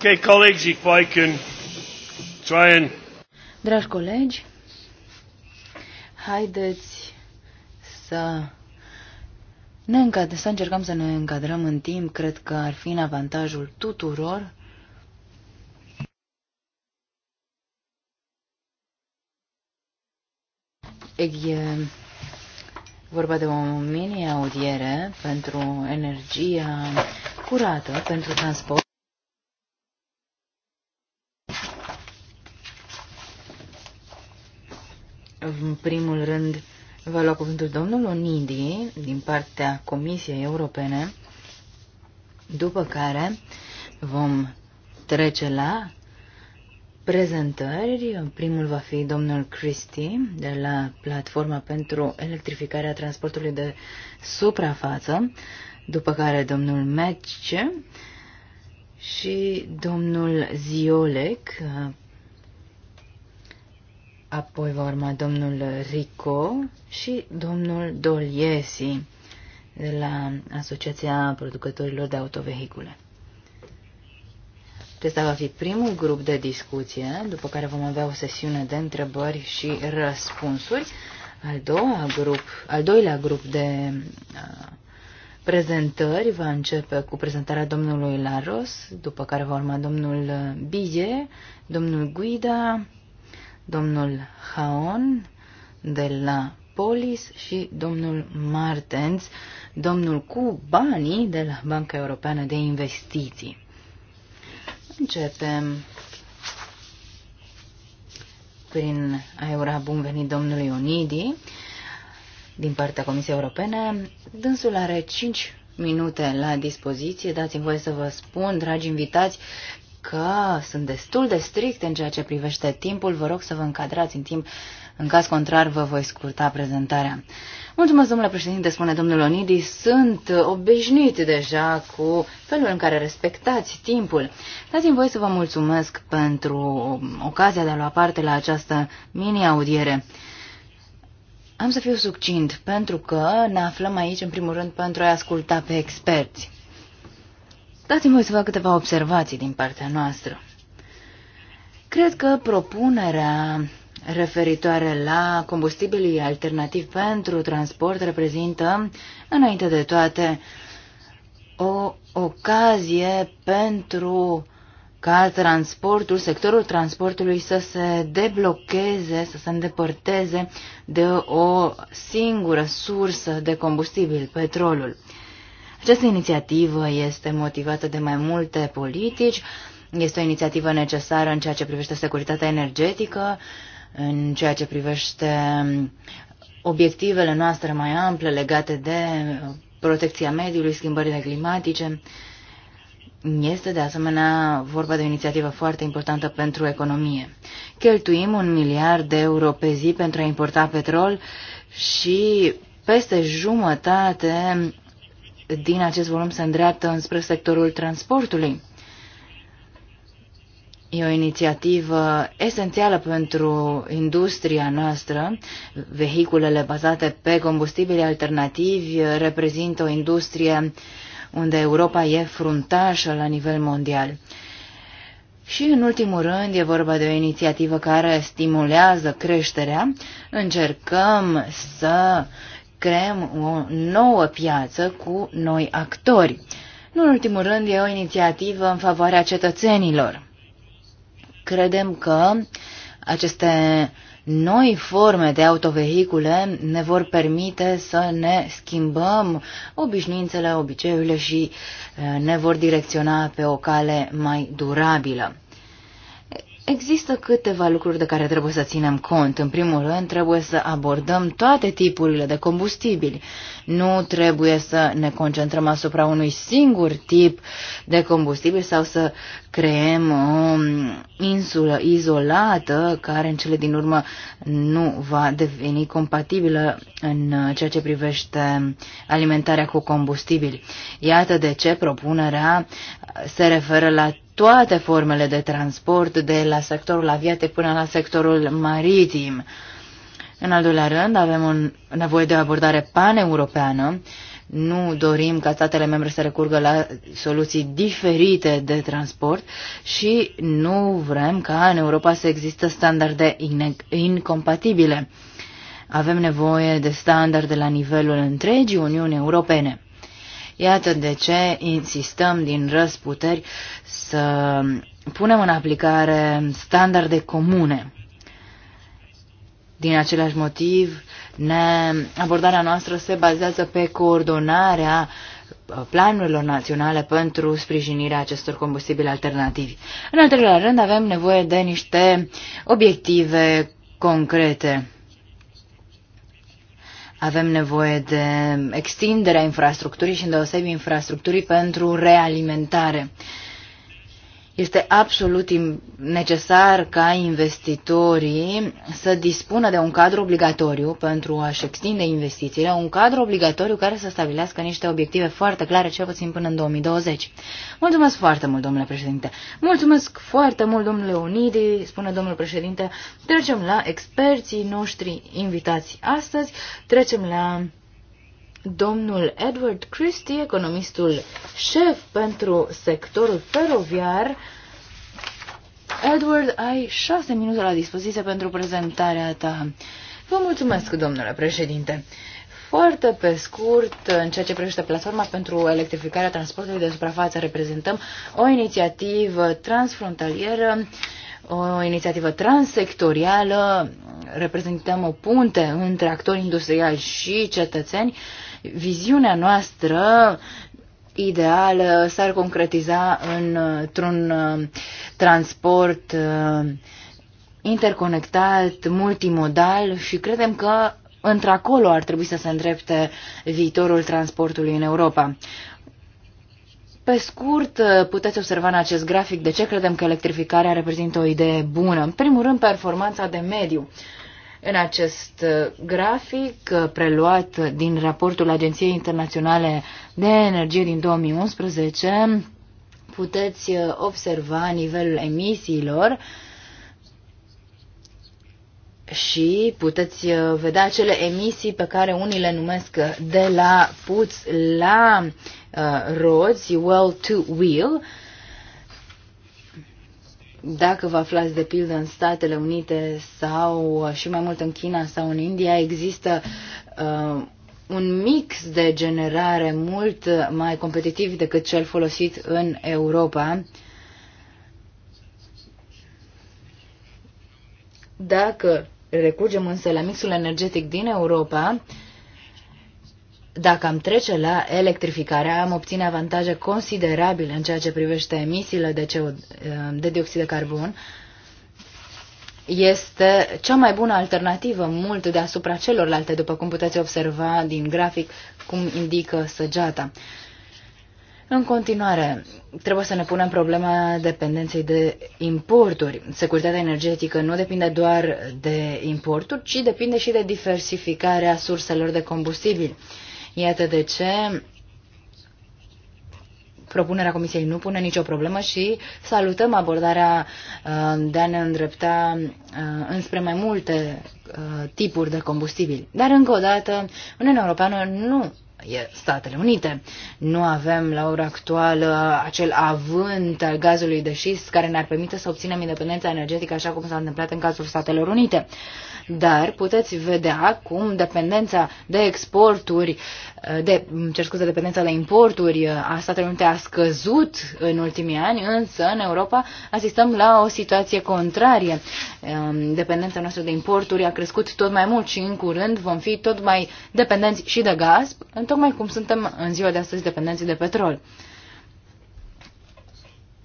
Okay, colleagues, if I can try and...
Dragi colegi, haideți să ne încadrăm, să încercăm să ne încadrăm în timp. Cred că ar fi în avantajul tuturor. E vorba de o mini-audiere pentru energia curată, pentru transport. În primul rând, va lua cuvântul domnul Onidi din partea Comisiei Europene, după care vom trece la prezentări. Primul va fi domnul Cristi de la Platforma pentru Electrificarea Transportului de Suprafață, după care domnul Mecce și domnul Ziolec Apoi va urma domnul Rico și domnul Doliesi de la Asociația Producătorilor de Autovehicule. Acesta va fi primul grup de discuție, după care vom avea o sesiune de întrebări și răspunsuri. Al, doua grup, al doilea grup de prezentări va începe cu prezentarea domnului Laros, după care va urma domnul Bije, domnul Guida, domnul Haon de la Polis și domnul Martens, domnul cu banii de la Banca Europeană de Investiții. Începem prin a ura bun venit domnului Onidi din partea Comisiei Europene. Dânsul are 5 minute la dispoziție. Dați-mi voie să vă spun, dragi invitați, că sunt destul de strict în ceea ce privește timpul. Vă rog să vă încadrați în timp. În caz contrar, vă voi scurta prezentarea. Mulțumesc, domnule președinte, spune domnul Onidi. Sunt obișnuit deja cu felul în care respectați timpul. Dați-mi voi să vă mulțumesc pentru ocazia de a lua parte la această mini-audiere. Am să fiu succint, pentru că ne aflăm aici, în primul rând, pentru a asculta pe experți. Dați-mi voi să fac câteva observații din partea noastră. Cred că propunerea referitoare la combustibilii alternativi pentru transport reprezintă, înainte de toate, o ocazie pentru ca transportul, sectorul transportului să se deblocheze, să se îndepărteze de o singură sursă de combustibil, petrolul. Această inițiativă este motivată de mai multe politici, este o inițiativă necesară în ceea ce privește securitatea energetică, în ceea ce privește obiectivele noastre mai ample legate de protecția mediului, schimbările climatice. Este de asemenea vorba de o inițiativă foarte importantă pentru economie. Cheltuim un miliard de euro pe zi pentru a importa petrol și peste jumătate din acest volum se îndreaptă înspre sectorul transportului. E o inițiativă esențială pentru industria noastră. Vehiculele bazate pe combustibili alternativi reprezintă o industrie unde Europa e fruntașă la nivel mondial. Și în ultimul rând e vorba de o inițiativă care stimulează creșterea. Încercăm să creăm o nouă piață cu noi actori. Nu în ultimul rând, e o inițiativă în favoarea cetățenilor. Credem că aceste noi forme de autovehicule ne vor permite să ne schimbăm obișnuințele, obiceiurile și eh, ne vor direcționa pe o cale mai durabilă. Există câteva lucruri de care trebuie să ținem cont. În primul rând, trebuie să abordăm toate tipurile de combustibili. Nu trebuie să ne concentrăm asupra unui singur tip de combustibil sau să creem o insulă izolată care în cele din urmă nu va deveni compatibilă în ceea ce privește alimentarea cu combustibili. Iată de ce propunerea se referă la toate formele de transport, de la sectorul aviate până la sectorul maritim. În al doilea rând, avem un, nevoie de o abordare paneuropeană nu dorim ca statele membre să recurgă la soluții diferite de transport și nu vrem ca în Europa să există standarde incompatibile. Avem nevoie de standarde la nivelul întregii Uniuni Europene. Iată de ce insistăm din răsputeri să punem în aplicare standarde comune. Din același motiv, ne, abordarea noastră se bazează pe coordonarea uh, planurilor naționale pentru sprijinirea acestor combustibili alternativi. În al treilea rând, avem nevoie de niște obiective concrete. Avem nevoie de extinderea infrastructurii și îndeosebi infrastructurii pentru realimentare. Uh, este absolut necesar ca investitorii să dispună de un cadru obligatoriu pentru a-și extinde investițiile, un cadru obligatoriu care să stabilească niște obiective foarte clare, cel puțin până în 2020. Mulțumesc foarte mult, domnule președinte. Mulțumesc foarte mult, domnule Unidi, spune domnul președinte. Trecem la experții noștri invitați astăzi. Trecem la Domnul Edward Christie, economistul șef pentru sectorul feroviar, Edward, ai șase minute la dispoziție pentru prezentarea ta. Vă mulțumesc, domnule președinte. Foarte pe scurt, în ceea ce privește platforma pentru electrificarea transportului de suprafață, reprezentăm o inițiativă transfrontalieră, o inițiativă transsectorială, reprezentăm o punte între actori industriali și cetățeni viziunea noastră ideală s-ar concretiza într-un uh, transport uh, interconectat, multimodal și credem că într-acolo ar trebui să se îndrepte viitorul transportului în Europa. Pe scurt, uh, puteți observa în acest grafic de ce credem că electrificarea reprezintă o idee bună. În primul rând, performanța de mediu. În acest uh, grafic uh, preluat din raportul Agenției Internaționale de Energie din 2011, puteți uh, observa nivelul emisiilor și puteți vedea acele emisii pe care unii le numesc de la puț la uh, roți, well to wheel, dacă vă aflați de pildă în Statele Unite sau și mai mult în China sau în India, există uh, un mix de generare mult mai competitiv decât cel folosit în Europa. Dacă recurgem însă la mixul energetic din Europa, uh, dacă am trece la electrificare, am obține avantaje considerabile în ceea ce privește emisiile de, CO, de dioxid de carbon. Este cea mai bună alternativă, mult deasupra celorlalte, după cum puteți observa din grafic cum indică săgeata. În continuare, trebuie să ne punem problema dependenței de importuri. Securitatea energetică nu depinde doar de importuri, ci depinde și de diversificarea surselor de combustibil. Iată de ce propunerea Comisiei nu pune nicio problemă și salutăm abordarea uh, de a ne îndrepta uh, înspre mai multe uh, tipuri de combustibili. Dar, încă o dată, Uniunea Europeană nu Statele Unite. Nu avem la ora actuală acel avânt al gazului de șist care ne-ar permite să obținem independența energetică așa cum s-a întâmplat în cazul Statelor Unite. Dar puteți vedea cum dependența de exporturi, de, cer scuze, dependența de importuri a Statelor Unite a scăzut în ultimii ani, însă în Europa asistăm la o situație contrarie. Ehm, dependența noastră de importuri a crescut tot mai mult și în curând vom fi tot mai dependenți și de gaz, tocmai cum suntem în ziua de astăzi dependenții de petrol.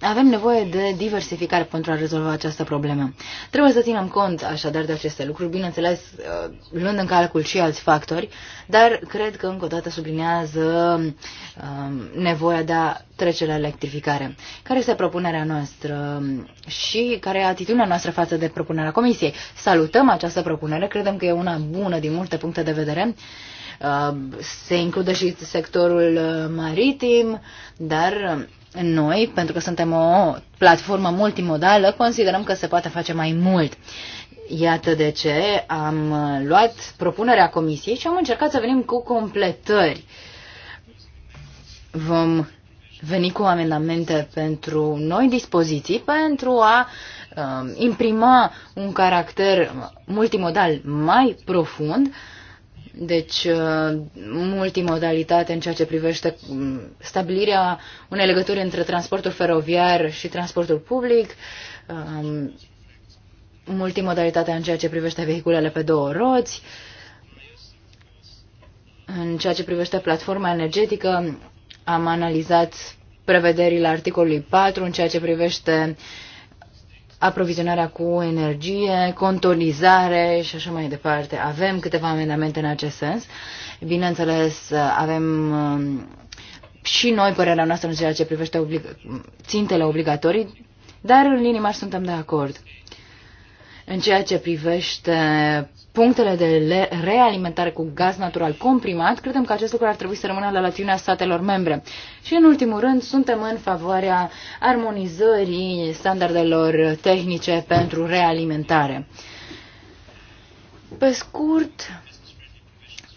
Avem nevoie de diversificare pentru a rezolva această problemă. Trebuie să ținem cont așadar de aceste lucruri, bineînțeles uh, luând în calcul și alți factori, dar cred că încă o dată sublinează um, nevoia de a trece la electrificare. Care este propunerea noastră și care e atitudinea noastră față de propunerea Comisiei? Salutăm această propunere, credem că e una bună din multe puncte de vedere Uh, se include și sectorul uh, maritim, dar uh, noi, pentru că suntem o platformă multimodală, considerăm că se poate face mai mult. Iată de ce am luat propunerea comisiei și am încercat să venim cu completări. Vom veni cu amendamente pentru noi dispoziții pentru a uh, imprima un caracter multimodal mai profund uh, deci, uh, multimodalitate în ceea ce privește mm, stabilirea unei legături între transportul feroviar și transportul public, um, multimodalitatea în ceea ce privește vehiculele pe două roți, în ceea ce privește platforma energetică, am analizat prevederile articolului 4 în ceea ce privește aprovizionarea cu energie, contonizare și așa mai departe. Avem câteva amendamente în acest sens. Bineînțeles, avem um, și noi părerea noastră în ceea ce privește oblig- țintele obligatorii, dar în linii mari suntem de acord. În ceea ce privește punctele de realimentare cu gaz natural comprimat, credem că acest lucru ar trebui să rămână la latitudinea statelor membre. Și în ultimul rând, suntem în favoarea armonizării standardelor tehnice pentru realimentare. Pe scurt,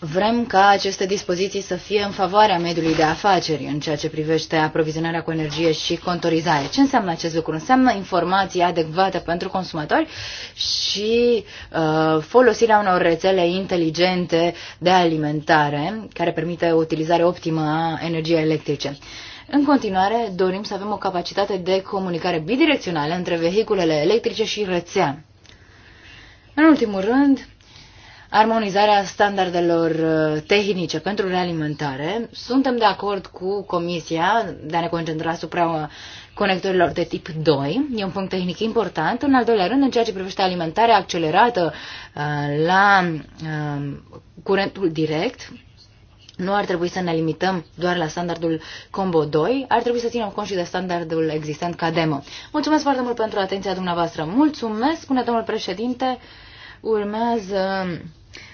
Vrem ca aceste dispoziții să fie în favoarea mediului de afaceri în ceea ce privește aprovizionarea cu energie și contorizare. Ce înseamnă acest lucru? Înseamnă informații adecvate pentru consumatori și uh, folosirea unor rețele inteligente de alimentare care permite o utilizare optimă a energiei electrice. În continuare, dorim să avem o capacitate de comunicare bidirecțională între vehiculele electrice și rețea. În ultimul rând, armonizarea standardelor uh, tehnice pentru realimentare. Suntem de acord cu Comisia de a ne concentra asupra uh, conectorilor de tip 2. E un punct tehnic important. În al doilea rând, în ceea ce privește alimentarea accelerată uh, la curentul direct, nu ar trebui să ne limităm doar la standardul Combo 2, ar trebui să ținem cont și de standardul existent ca demo. Mulțumesc foarte mult pentru atenția dumneavoastră. Mulțumesc, spune domnul președinte. Urmează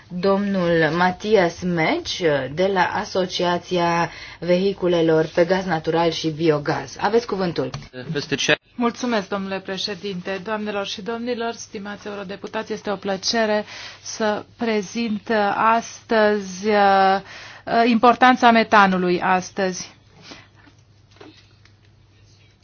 domnul Matias Meci de la Asociația Vehiculelor pe Gaz Natural și Biogaz. Aveți cuvântul.
Mulțumesc, domnule președinte, doamnelor și domnilor, stimați eurodeputați, este o plăcere să prezint uh, astăzi uh, uh, importanța metanului astăzi.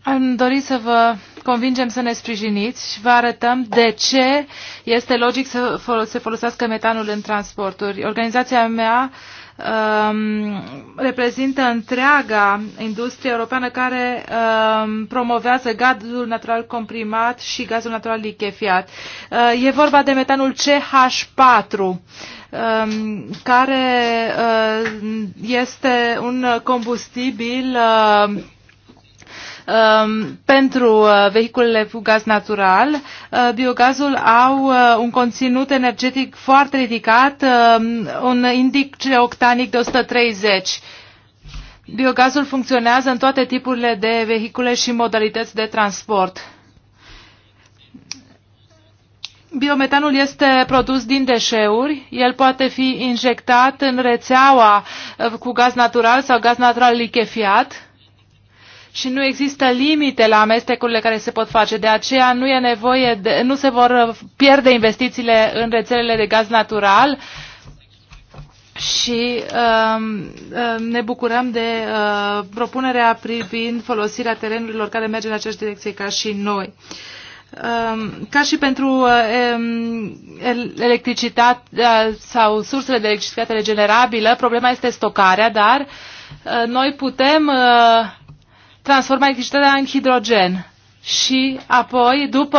Am dorit să vă convingem să ne sprijiniți și vă arătăm de ce este logic să se folosească metanul în transporturi. Organizația mea um, reprezintă întreaga industrie europeană care um, promovează gazul natural comprimat și gazul natural lichefiat. Uh, e vorba de metanul CH4. Um, care uh, este un combustibil uh, Um, pentru uh, vehiculele cu gaz natural, uh, biogazul au uh, un conținut energetic foarte ridicat, um, un indice octanic de 130. Biogazul funcționează în toate tipurile de vehicule și modalități de transport. Biometanul este produs din deșeuri, el poate fi injectat în rețeaua cu gaz natural sau gaz natural lichefiat și nu există limite la amestecurile care se pot face. De aceea nu, e nevoie de, nu se vor pierde investițiile în rețelele de gaz natural și uh, ne bucurăm de uh, propunerea privind folosirea terenurilor care merge în aceeași direcție ca și noi. Um, ca și pentru uh, electricitate uh, sau sursele de electricitate regenerabilă, problema este stocarea, dar uh, noi putem transforma electricitatea în hidrogen și apoi, după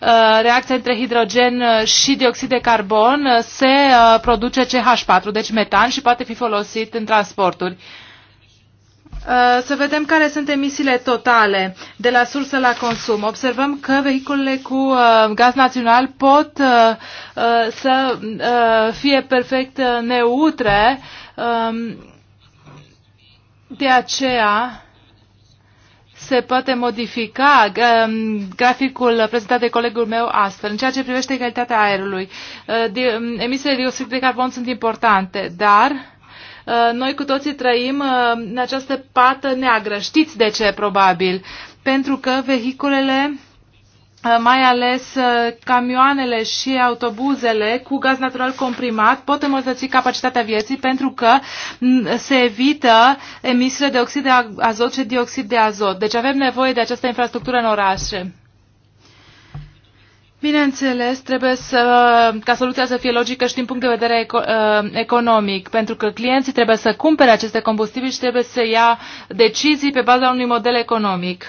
uh, reacția între hidrogen uh, și dioxid de carbon, uh, se uh, produce CH4, deci metan, și poate fi folosit în transporturi. Uh, să vedem care sunt emisiile totale de la sursă la consum. Observăm că vehiculele cu uh, gaz național pot uh, să fie perfect neutre. Um, de aceea, se poate modifica um, graficul prezentat de colegul meu astfel. În ceea ce privește calitatea aerului, uh, um, emisiile de dioxid de carbon sunt importante, dar uh, noi cu toții trăim uh, în această pată neagră. Știți de ce, probabil? Pentru că vehiculele Uh, mai ales uh, camioanele și autobuzele cu gaz natural comprimat pot îmbunătăți capacitatea vieții pentru că se evită emisiile de oxid de azot și dioxid de azot. Deci avem nevoie de această infrastructură în orașe. Bineînțeles, trebuie să, ca soluția să fie logică și din punct de vedere eco, uh, economic, pentru că clienții trebuie să cumpere aceste combustibili și trebuie să ia decizii pe baza unui model economic.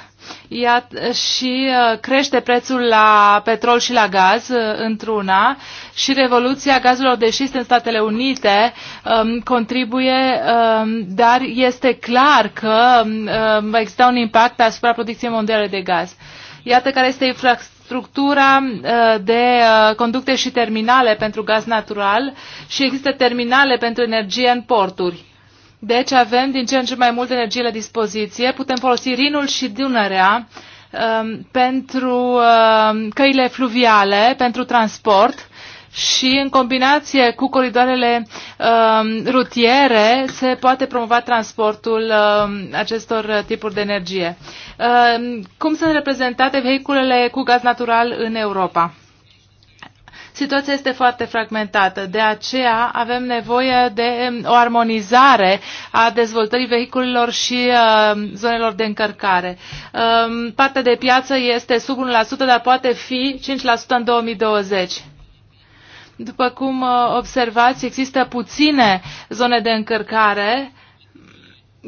Iat, și uh, crește prețul la petrol și la gaz uh, într-una și revoluția gazelor de șist în Statele Unite um, contribuie, um, dar este clar că um, um există un impact asupra producției mondiale de gaz. Iată care este infrastructura structura uh, de conducte și terminale pentru gaz natural și există terminale pentru energie în porturi. Deci avem din ce în ce mai multă energie la dispoziție. Putem folosi Rinul și Dunărea um, pentru um, căile fluviale, pentru transport și în combinație cu coridoarele um, rutiere se poate promova transportul um, acestor tipuri de energie. Um, cum sunt reprezentate vehiculele cu gaz natural în Europa? situația este foarte fragmentată. De aceea avem nevoie de um, o armonizare a dezvoltării vehiculelor și uh, zonelor de încărcare. Uh, partea de piață este sub 1%, dar poate fi 5% în 2020. După cum uh, observați, există puține zone de încărcare uh,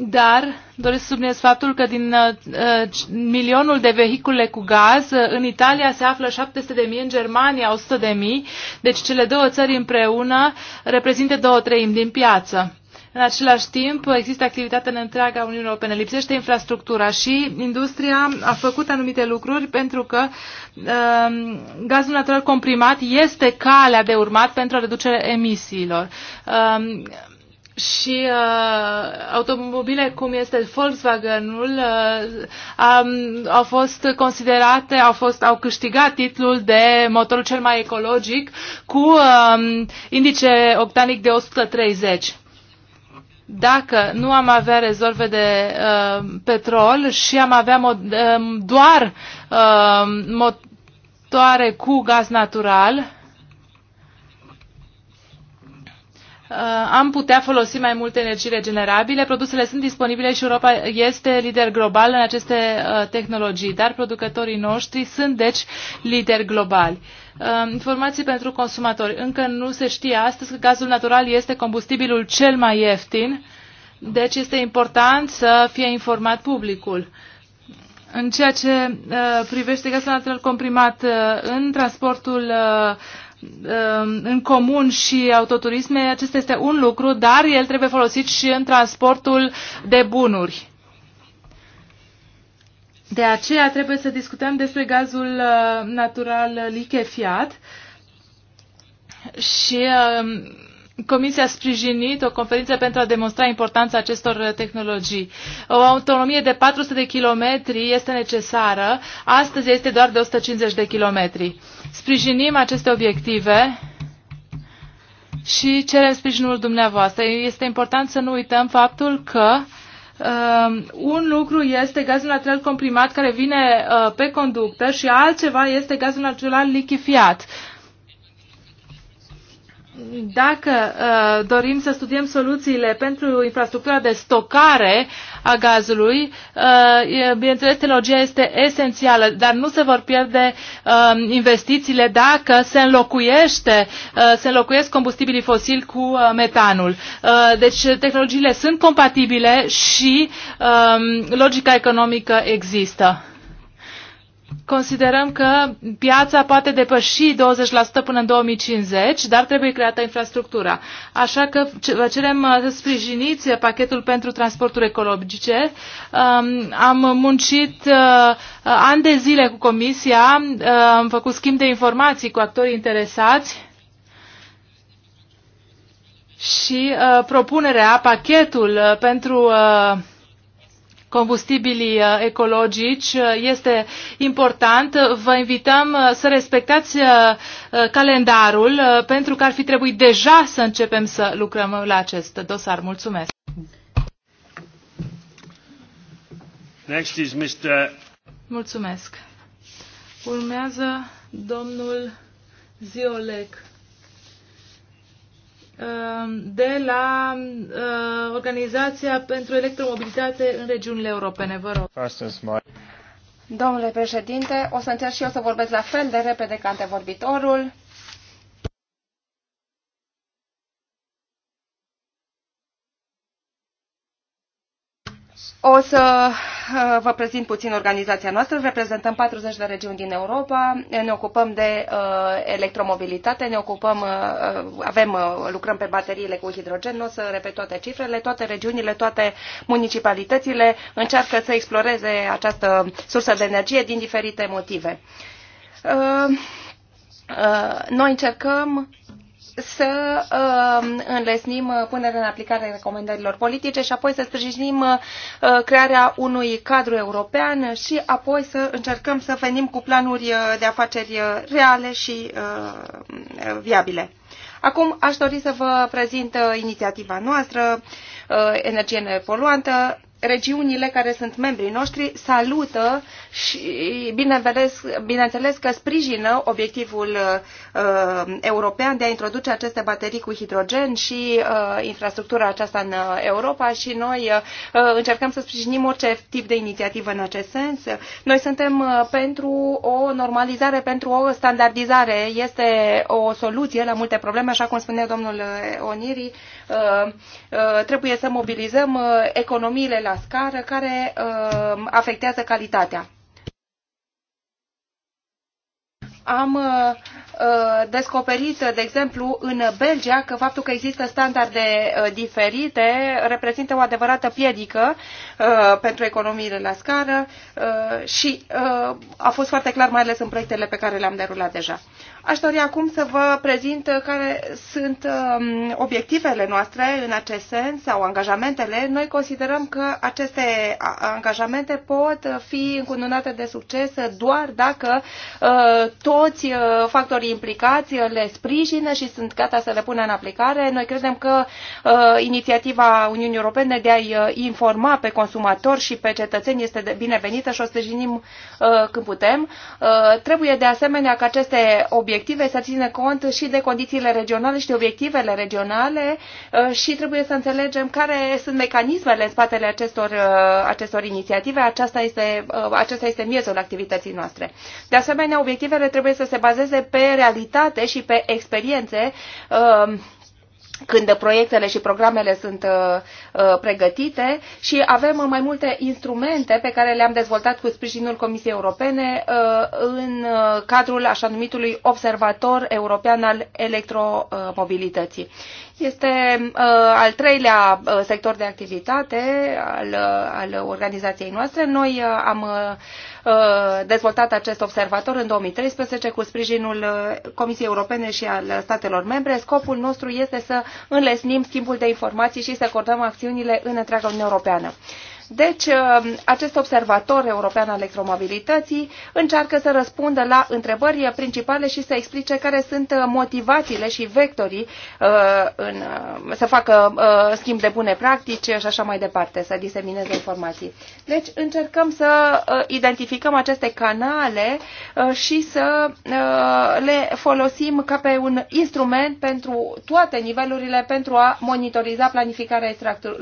dar doresc să subliniez faptul că din uh, milionul de vehicule cu gaz, uh, în Italia se află 700 de mii, în Germania 100 de mii, deci cele două țări împreună reprezintă două treimi din piață. În același timp, există activitate în întreaga Uniune Europene. Lipsește infrastructura și industria a făcut anumite lucruri pentru că uh, gazul natural comprimat este calea de urmat pentru a reduce emisiilor. Uh, și uh, automobile cum este Volkswagenul uh, um, au fost considerate, au, fost, au câștigat titlul de motorul cel mai ecologic cu um, indice octanic de 130 dacă nu am avea rezerve de uh, petrol și am avea mod, uh, doar uh, motoare cu gaz natural, Uh, am putea folosi mai multe energii regenerabile. Produsele sunt disponibile și Europa este lider global în aceste uh, tehnologii, dar producătorii noștri sunt deci lideri globali. Uh, informații pentru consumatori. Încă nu se știe astăzi că gazul natural este combustibilul cel mai ieftin, deci este important să fie informat publicul. În ceea ce uh, privește gazul natural comprimat uh, în transportul uh, Um, în comun și autoturisme, acesta este un lucru, dar el trebuie folosit și în transportul de bunuri. De aceea trebuie să discutăm despre gazul uh, natural lichefiat și um, Comisia a sprijinit o conferință pentru a demonstra importanța acestor tehnologii. O autonomie de 400 de kilometri este necesară, astăzi este doar de 150 de kilometri sprijinim aceste obiective și cerem sprijinul dumneavoastră. Este important să nu uităm faptul că Um, un lucru este gazul natural comprimat care vine uh, pe conductă și altceva este gazul natural Uh, dacă uh, dorim să studiem soluțiile pentru infrastructura de stocare a gazului, uh, bineînțeles, tehnologia este esențială, dar nu se vor pierde uh, investițiile dacă se înlocuiește, uh, se înlocuiesc combustibilii fosili cu uh, metanul. Uh, deci tehnologiile sunt compatibile și uh, logica economică există. Considerăm că piața poate depăși 20% până în 2050, dar trebuie creată infrastructura. Așa că vă cerem uh, să sprijiniți pachetul pentru transporturi ecologice. Um, am muncit uh, uh, ani de zile cu comisia, am făcut schimb de informații cu actorii interesați și propunerea, pachetul pentru combustibilii uh, ecologici uh, este important. Vă invităm uh, să respectați calendarul pentru că ar fi trebuit deja să începem să lucrăm la acest dosar. Mulțumesc!
Next is Mr.
Mulțumesc. Urmează domnul Ziolec. Um, de la uh, Organizația pentru Electromobilitate în regiunile europene. Vă rog.
Domnule președinte, o să încerc și eu să vorbesc la fel de repede ca antevorbitorul. O să uh, vă prezint puțin organizația noastră. Reprezentăm 40 de regiuni din Europa, ne ocupăm de uh, electromobilitate, ne ocupăm, uh, avem, uh, lucrăm pe bateriile cu hidrogen, nu o să repet toate cifrele, toate regiunile, toate municipalitățile încearcă să exploreze această sursă de energie din diferite motive. Uh, uh, noi încercăm să um, înlesnim uh, punerea în aplicare recomandărilor politice și apoi să sprijinim uh, crearea unui cadru european și apoi să încercăm să venim cu planuri uh, de afaceri reale și viabile. Acum aș dori să vă prezint inițiativa noastră, energie nepoluantă, regiunile care sunt membrii noștri salută și bineînțeles, că sprijină obiectivul uh, european de a introduce aceste baterii cu hidrogen și uh, infrastructura aceasta în Europa și noi uh, încercăm să sprijinim orice tip de inițiativă în acest sens. Noi suntem pentru o normalizare, pentru o standardizare. Este o soluție la multe probleme, așa cum spunea domnul Oniri. Uh, uh, trebuie să mobilizăm uh, economiile la scară care afectează calitatea. am descoperit, de exemplu, în Belgia că faptul că există standarde diferite reprezintă o adevărată piedică pentru economiile la scară și a fost foarte clar, mai ales în proiectele pe care le-am derulat deja. Aș dori acum să vă prezint uh, care sunt um, obiectivele noastre în acest sens sau angajamentele. Noi considerăm că aceste angajamente pot uh, fi încununate de succes doar dacă uh, toți factorii implicați le sprijină și sunt gata să le pună în aplicare. Noi credem că inițiativa Uniunii Europene de a-i informa pe consumatori și pe cetățeni este binevenită și o sprijinim când putem. Trebuie de asemenea ca aceste obiective obiective, să țină cont și de condițiile regionale și de obiectivele regionale uh, și trebuie să înțelegem care sunt mecanismele în spatele acestor, uh, acestor inițiative. Aceasta este, uh, acesta este miezul activității noastre. De asemenea, obiectivele trebuie să se bazeze pe realitate și pe experiențe când proiectele și programele sunt uh, uh, pregătite și avem mai multe instrumente pe care le-am dezvoltat cu sprijinul Comisiei Europene uh, în uh, cadrul așa numitului Observator European al Electromobilității. Este uh, al treilea uh, sector de activitate al, al organizației noastre. Noi am uh, Uh, dezvoltat acest observator în 2013 cu sprijinul uh, Comisiei Europene și al statelor membre. Scopul nostru este să înlesnim schimbul de informații și să coordonăm acțiunile în întreaga Uniune Europeană. Deci, uh, acest observator european al electromobilității încearcă să răspundă la întrebări principale și să explice care sunt uh, motivațiile și vectorii uh, în, să facă schimb de bune practici și așa mai departe, să disemineze informații. Deci, încercăm să identificăm aceste canale și să le folosim ca pe un instrument pentru toate nivelurile, pentru a monitoriza planificarea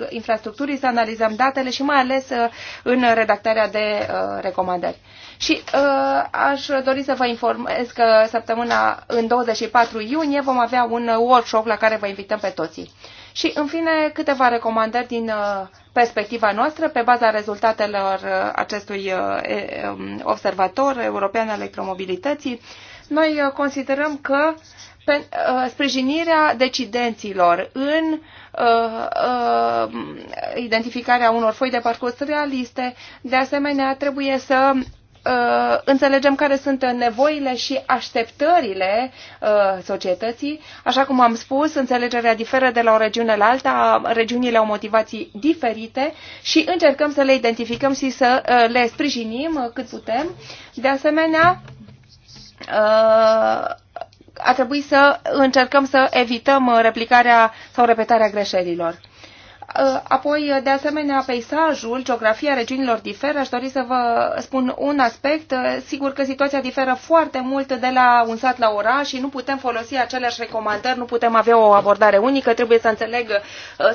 infrastructurii, să analizăm datele și mai mai ales uh, în redactarea de uh, recomandări. Și uh, aș dori să vă informez că săptămâna în 24 iunie vom avea un workshop la care vă invităm pe toții. Și, în fine, câteva recomandări din uh, perspectiva noastră pe baza rezultatelor acestui um, observator european al electromobilității. Noi considerăm că Uh, sprijinirea decidenților în uh, uh, identificarea unor foi de parcurs realiste. De asemenea, trebuie să înțelegem care sunt nevoile și așteptările societății. Așa cum am spus, înțelegerea diferă de la o regiune la alta, regiunile au motivații diferite și încercăm să le identificăm și să le sprijinim cât putem. De asemenea, a trebui să încercăm să evităm uh, replicarea sau repetarea greșelilor. Uh, apoi, uh, de asemenea, peisajul, geografia regiunilor diferă. Aș dori să vă spun un aspect. Sigur că situația diferă foarte mult de la un sat la oraș și nu putem folosi aceleași recomandări, nu putem avea o abordare unică, trebuie să, înțeleg,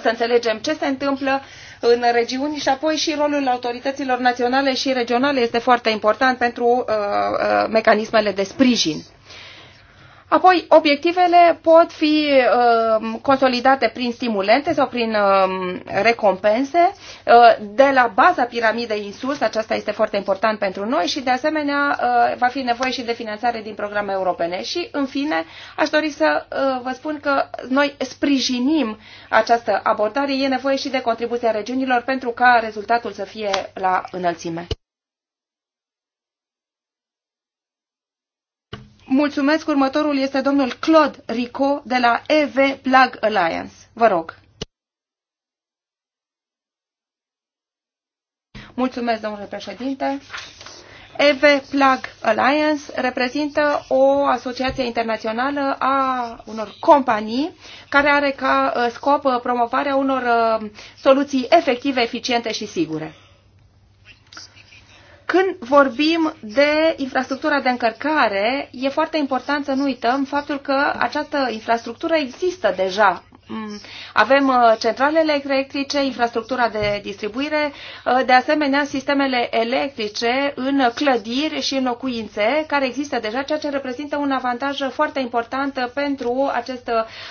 să înțelegem ce se întâmplă în regiuni și apoi și rolul autorităților naționale și regionale este foarte important pentru uh, uh, mecanismele de sprijin. Apoi, obiectivele pot fi uh, consolidate prin stimulente sau prin uh, recompense uh, de la baza piramidei în sus, aceasta este foarte important pentru noi și, de asemenea, uh, va fi nevoie și de finanțare din programe europene. Și, în fine, aș dori să uh, vă spun că noi sprijinim această abordare, e nevoie și de contribuția regiunilor pentru ca rezultatul să fie la înălțime. Mulțumesc, următorul este domnul Claude Rico de la EV Plug Alliance. Vă rog. Mulțumesc, domnule președinte. EV Plug Alliance reprezintă o asociație internațională a unor companii care are ca uh, scop uh, promovarea unor uh, soluții efective, eficiente și sigure. Când vorbim de infrastructura de încărcare, e foarte important să nu uităm faptul că această infrastructură există deja Mm. Avem uh, centralele electrice, infrastructura de distribuire, uh, de asemenea sistemele electrice în clădiri și în locuințe, care există deja, ceea ce reprezintă un avantaj foarte important pentru acest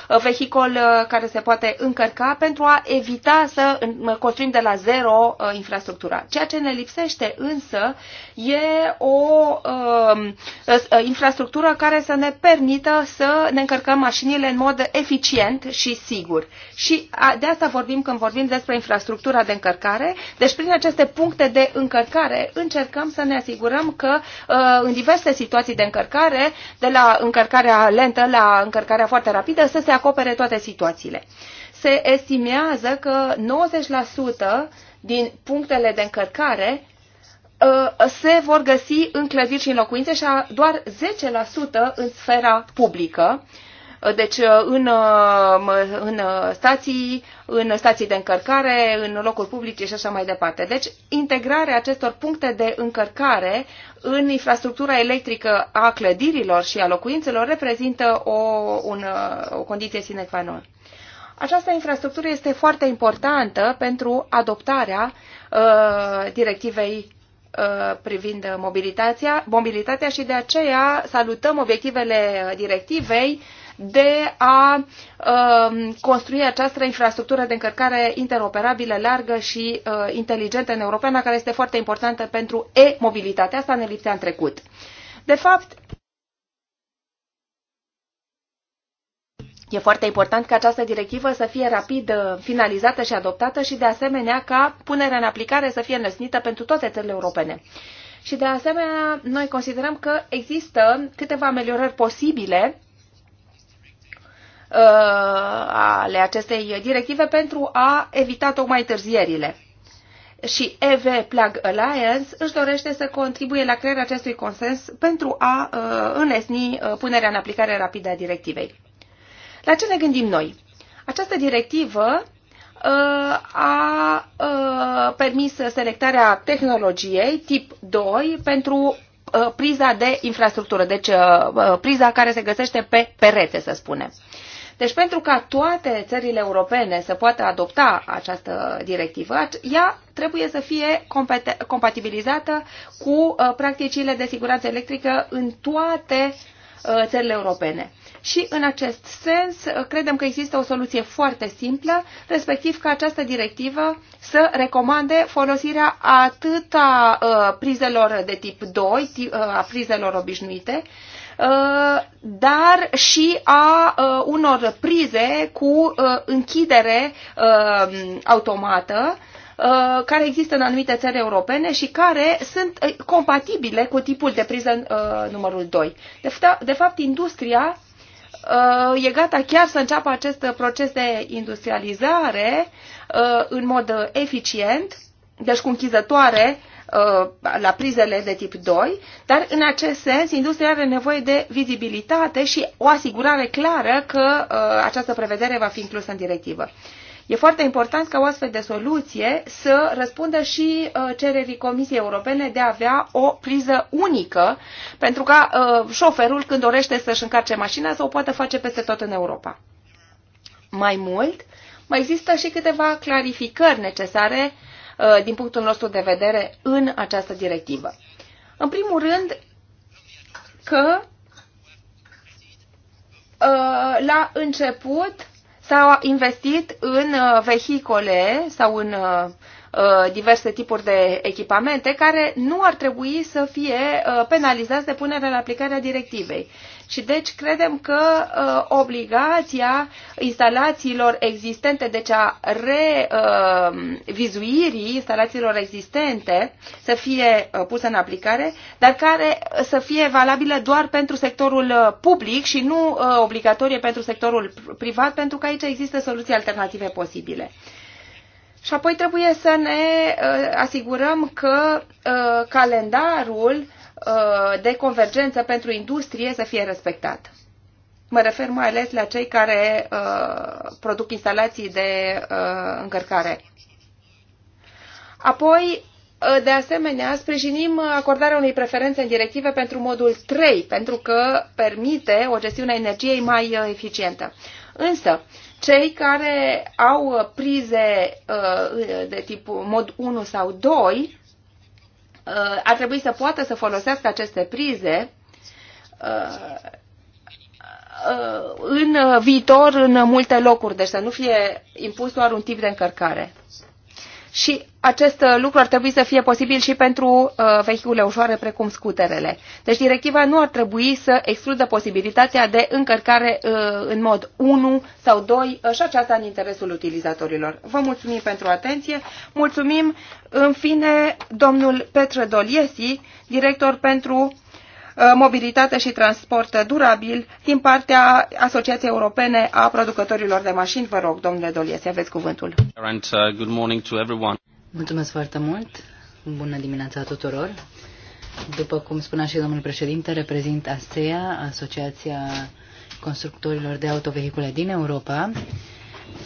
uh, vehicol care se poate încărca, pentru a evita să construim de la zero infrastructura. Ceea ce ne lipsește însă e o um, uh, infrastructură care să ne permită să ne încărcăm mașinile în mod eficient și sigur. Și de asta vorbim când vorbim despre infrastructura de încărcare. Deci prin aceste puncte de încărcare încercăm să ne asigurăm că uh, în diverse situații de încărcare, de la încărcarea lentă la încărcarea foarte rapidă, să se acopere toate situațiile. Se estimează că 90% din punctele de încărcare Uh, se vor găsi în clădiri și în locuințe și doar 10% în sfera publică. Uh, deci uh, în, în stații, în stații de încărcare, în locuri publice și așa mai departe. Deci integrarea acestor puncte de încărcare în infrastructura electrică a clădirilor și a locuințelor reprezintă o, un, o condiție sine qua non. Această infrastructură este foarte importantă pentru adoptarea uh, directivei Uh, privind mobilitatea, mobilitatea și de aceea salutăm obiectivele directivei de a um, construi această infrastructură de încărcare interoperabilă, largă și uh, inteligentă în Europeană, care este foarte importantă pentru e-mobilitatea. Asta ne lipsea în trecut. De fapt, E foarte important ca această directivă să fie rapid uh, finalizată și adoptată și, de asemenea, ca punerea în aplicare să fie înlesnită pentru toate țările europene. Și, de asemenea, noi considerăm că există câteva ameliorări posibile uh, ale acestei directive pentru a evita tocmai târzierile. Și EV Plug Alliance își dorește să contribuie la crearea acestui consens pentru a uh, înlesni uh, punerea în aplicare rapidă a directivei. La ce ne gândim noi? Această directivă uh, a uh, permis selectarea tehnologiei tip 2 pentru uh, priza de infrastructură, deci priza care se găsește pe perete, să spunem. Deci pentru ca toate țările europene să poată adopta această directivă, ea trebuie să fie compatibilizată cu practicile de siguranță electrică în toate țările europene și în acest sens credem că există o soluție foarte simplă, respectiv că această directivă să recomande folosirea atât a uh, prizelor de tip 2, uh, a prizelor obișnuite, uh, dar și a unor prize cu închidere automată, care există în anumite țări europene și care sunt compatibile cu tipul de priză numărul 2. De fapt, de fapt industria Uh, e gata chiar să înceapă acest proces de industrializare uh, în mod eficient, deci cu închizătoare uh, la prizele de tip 2, dar în acest sens industria are nevoie de vizibilitate și o asigurare clară că această prevedere va fi inclusă în directivă. E foarte important ca o astfel de soluție să răspundă și uh, cererii Comisiei Europene de a avea o priză unică, pentru ca uh, șoferul, când dorește să-și încarce mașina, să o poată face peste tot în Europa. Mai mult, mai există și câteva clarificări necesare uh, din punctul nostru de vedere în această directivă. În primul rând, că la început s au investit în uh, vehicole sau în uh, uh, diverse tipuri de echipamente care nu ar trebui să fie penalizați de punerea în aplicare a directivei. Și deci credem că uh, obligația instalațiilor existente, deci a revizuirii uh, instalațiilor existente să fie uh, pusă în aplicare, dar care să fie valabilă doar pentru sectorul uh, public și nu uh, obligatorie pentru sectorul privat, pentru că aici există soluții alternative posibile. Și apoi trebuie să ne uh, asigurăm că uh, calendarul uh, Uh, de convergență pentru industrie să fie respectat. Mă refer mai ales la cei care uh, produc instalații de uh, încărcare. Apoi, de asemenea, sprijinim acordarea unei preferențe în directive pentru modul 3, pentru că permite o gestiune a energiei mai eficientă. Însă, cei care au prize de tip mod 1 sau 2 Uh, ar trebui să poată să folosească aceste prize uh, uh, în viitor în multe locuri, deci să nu fie impus doar un tip de încărcare și acest uh, lucru ar trebui să fie posibil și pentru uh, vehicule ușoare precum scuterele. Deci directiva nu ar trebui să excludă posibilitatea de încărcare uh, în mod 1 sau 2 uh, și aceasta în interesul utilizatorilor. Vă mulțumim pentru atenție. Mulțumim în fine domnul Petre Doliesi, director pentru Uh, mobilitate și transport durabil din partea Asociației Europene a Producătorilor de Mașini. Vă rog, domnule să aveți cuvântul.
Uh, Mulțumesc foarte mult. Bună dimineața tuturor. După cum spunea și domnul președinte, reprezint ASEA, Asociația Constructorilor de Autovehicule din Europa.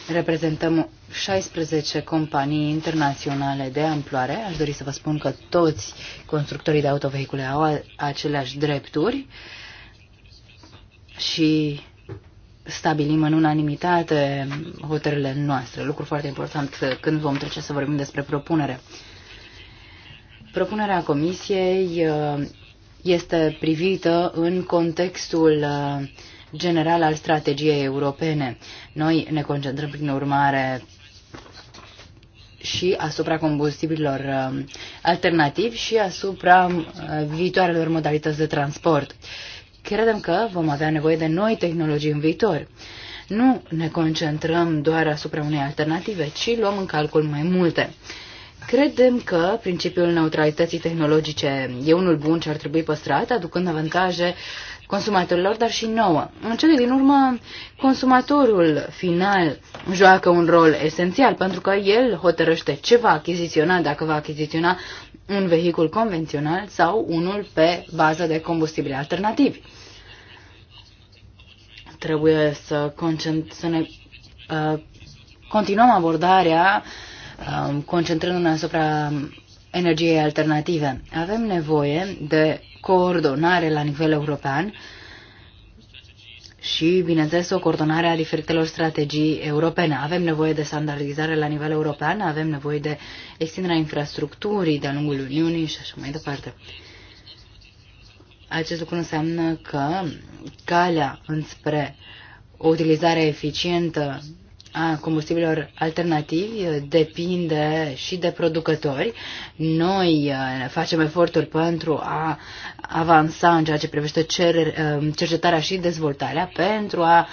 Reprezentăm 16 companii internaționale de amploare. Aș dori să vă spun că toți constructorii de autovehicule au aceleași drepturi și stabilim în unanimitate hotările noastre. Lucru foarte important când vom trece să vorbim despre propunere. Propunerea Comisiei uh, este privită în contextul uh, general al strategiei europene. Noi ne concentrăm, prin urmare, și asupra combustibililor um, alternativi și asupra um, viitoarelor modalități de transport. Credem că vom avea nevoie de noi tehnologii în viitor. Nu ne concentrăm doar asupra unei alternative, ci luăm în calcul mai multe. Credem că principiul neutralității tehnologice e unul bun și ar trebui păstrat, aducând avantaje uh, consumatorilor, dar și nouă. În cele din urmă, consumatorul final joacă un rol esențial pentru că el hotărăște ce va achiziționa, dacă va achiziționa un vehicul convențional sau unul pe bază de combustibili alternativi. Trebuie să, să ne uh, continuăm abordarea um, concentrându-ne asupra energiei alternative. Avem nevoie de coordonare la nivel european și, bineînțeles, o coordonare a diferitelor strategii europene. Avem nevoie de standardizare la nivel european, avem nevoie de extinderea infrastructurii de-a lungul Uniunii și așa mai departe. Acest lucru înseamnă că calea înspre o utilizare eficientă a combustibilor alternativi depinde și de producători. Noi uh, facem eforturi pentru a avansa în ceea ce privește uh, cercetarea și dezvoltarea pentru a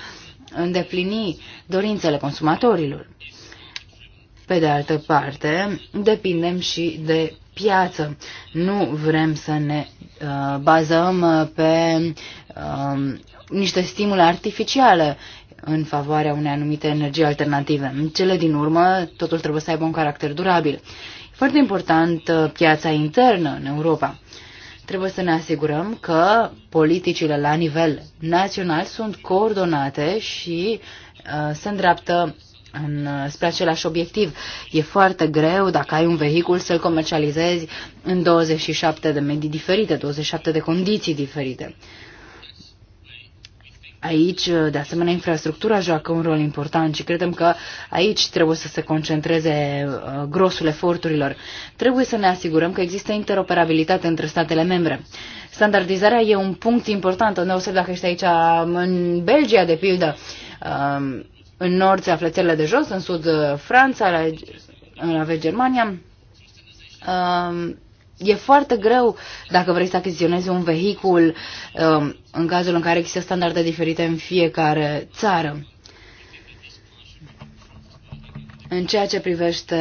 îndeplini dorințele consumatorilor. Pe de altă parte, depindem și de piață. Nu vrem să ne uh, bazăm pe uh, niște stimule artificiale în favoarea unei anumite energii alternative. În cele din urmă, totul trebuie să aibă un caracter durabil. E foarte important uh, piața internă în Europa. Trebuie să ne asigurăm că politicile la nivel național sunt coordonate și uh, se îndreaptă în, uh, spre același obiectiv. E foarte greu dacă ai un vehicul să-l comercializezi în 27 de medii diferite, 27 de condiții diferite. Aici, uh, de asemenea, infrastructura joacă un rol important și credem că aici trebuie să se concentreze uh, grosul eforturilor. Trebuie să ne asigurăm că există interoperabilitate între statele membre. Standardizarea e un punct important, o neoseb dacă ești aici um, în Belgia, de pildă. Um, în nord se află țările de jos, în sud uh, Franța, în aveți Germania. Um, e foarte greu dacă vrei să achiziționezi un vehicul um, în cazul în care există standarde diferite în fiecare țară. În ceea ce privește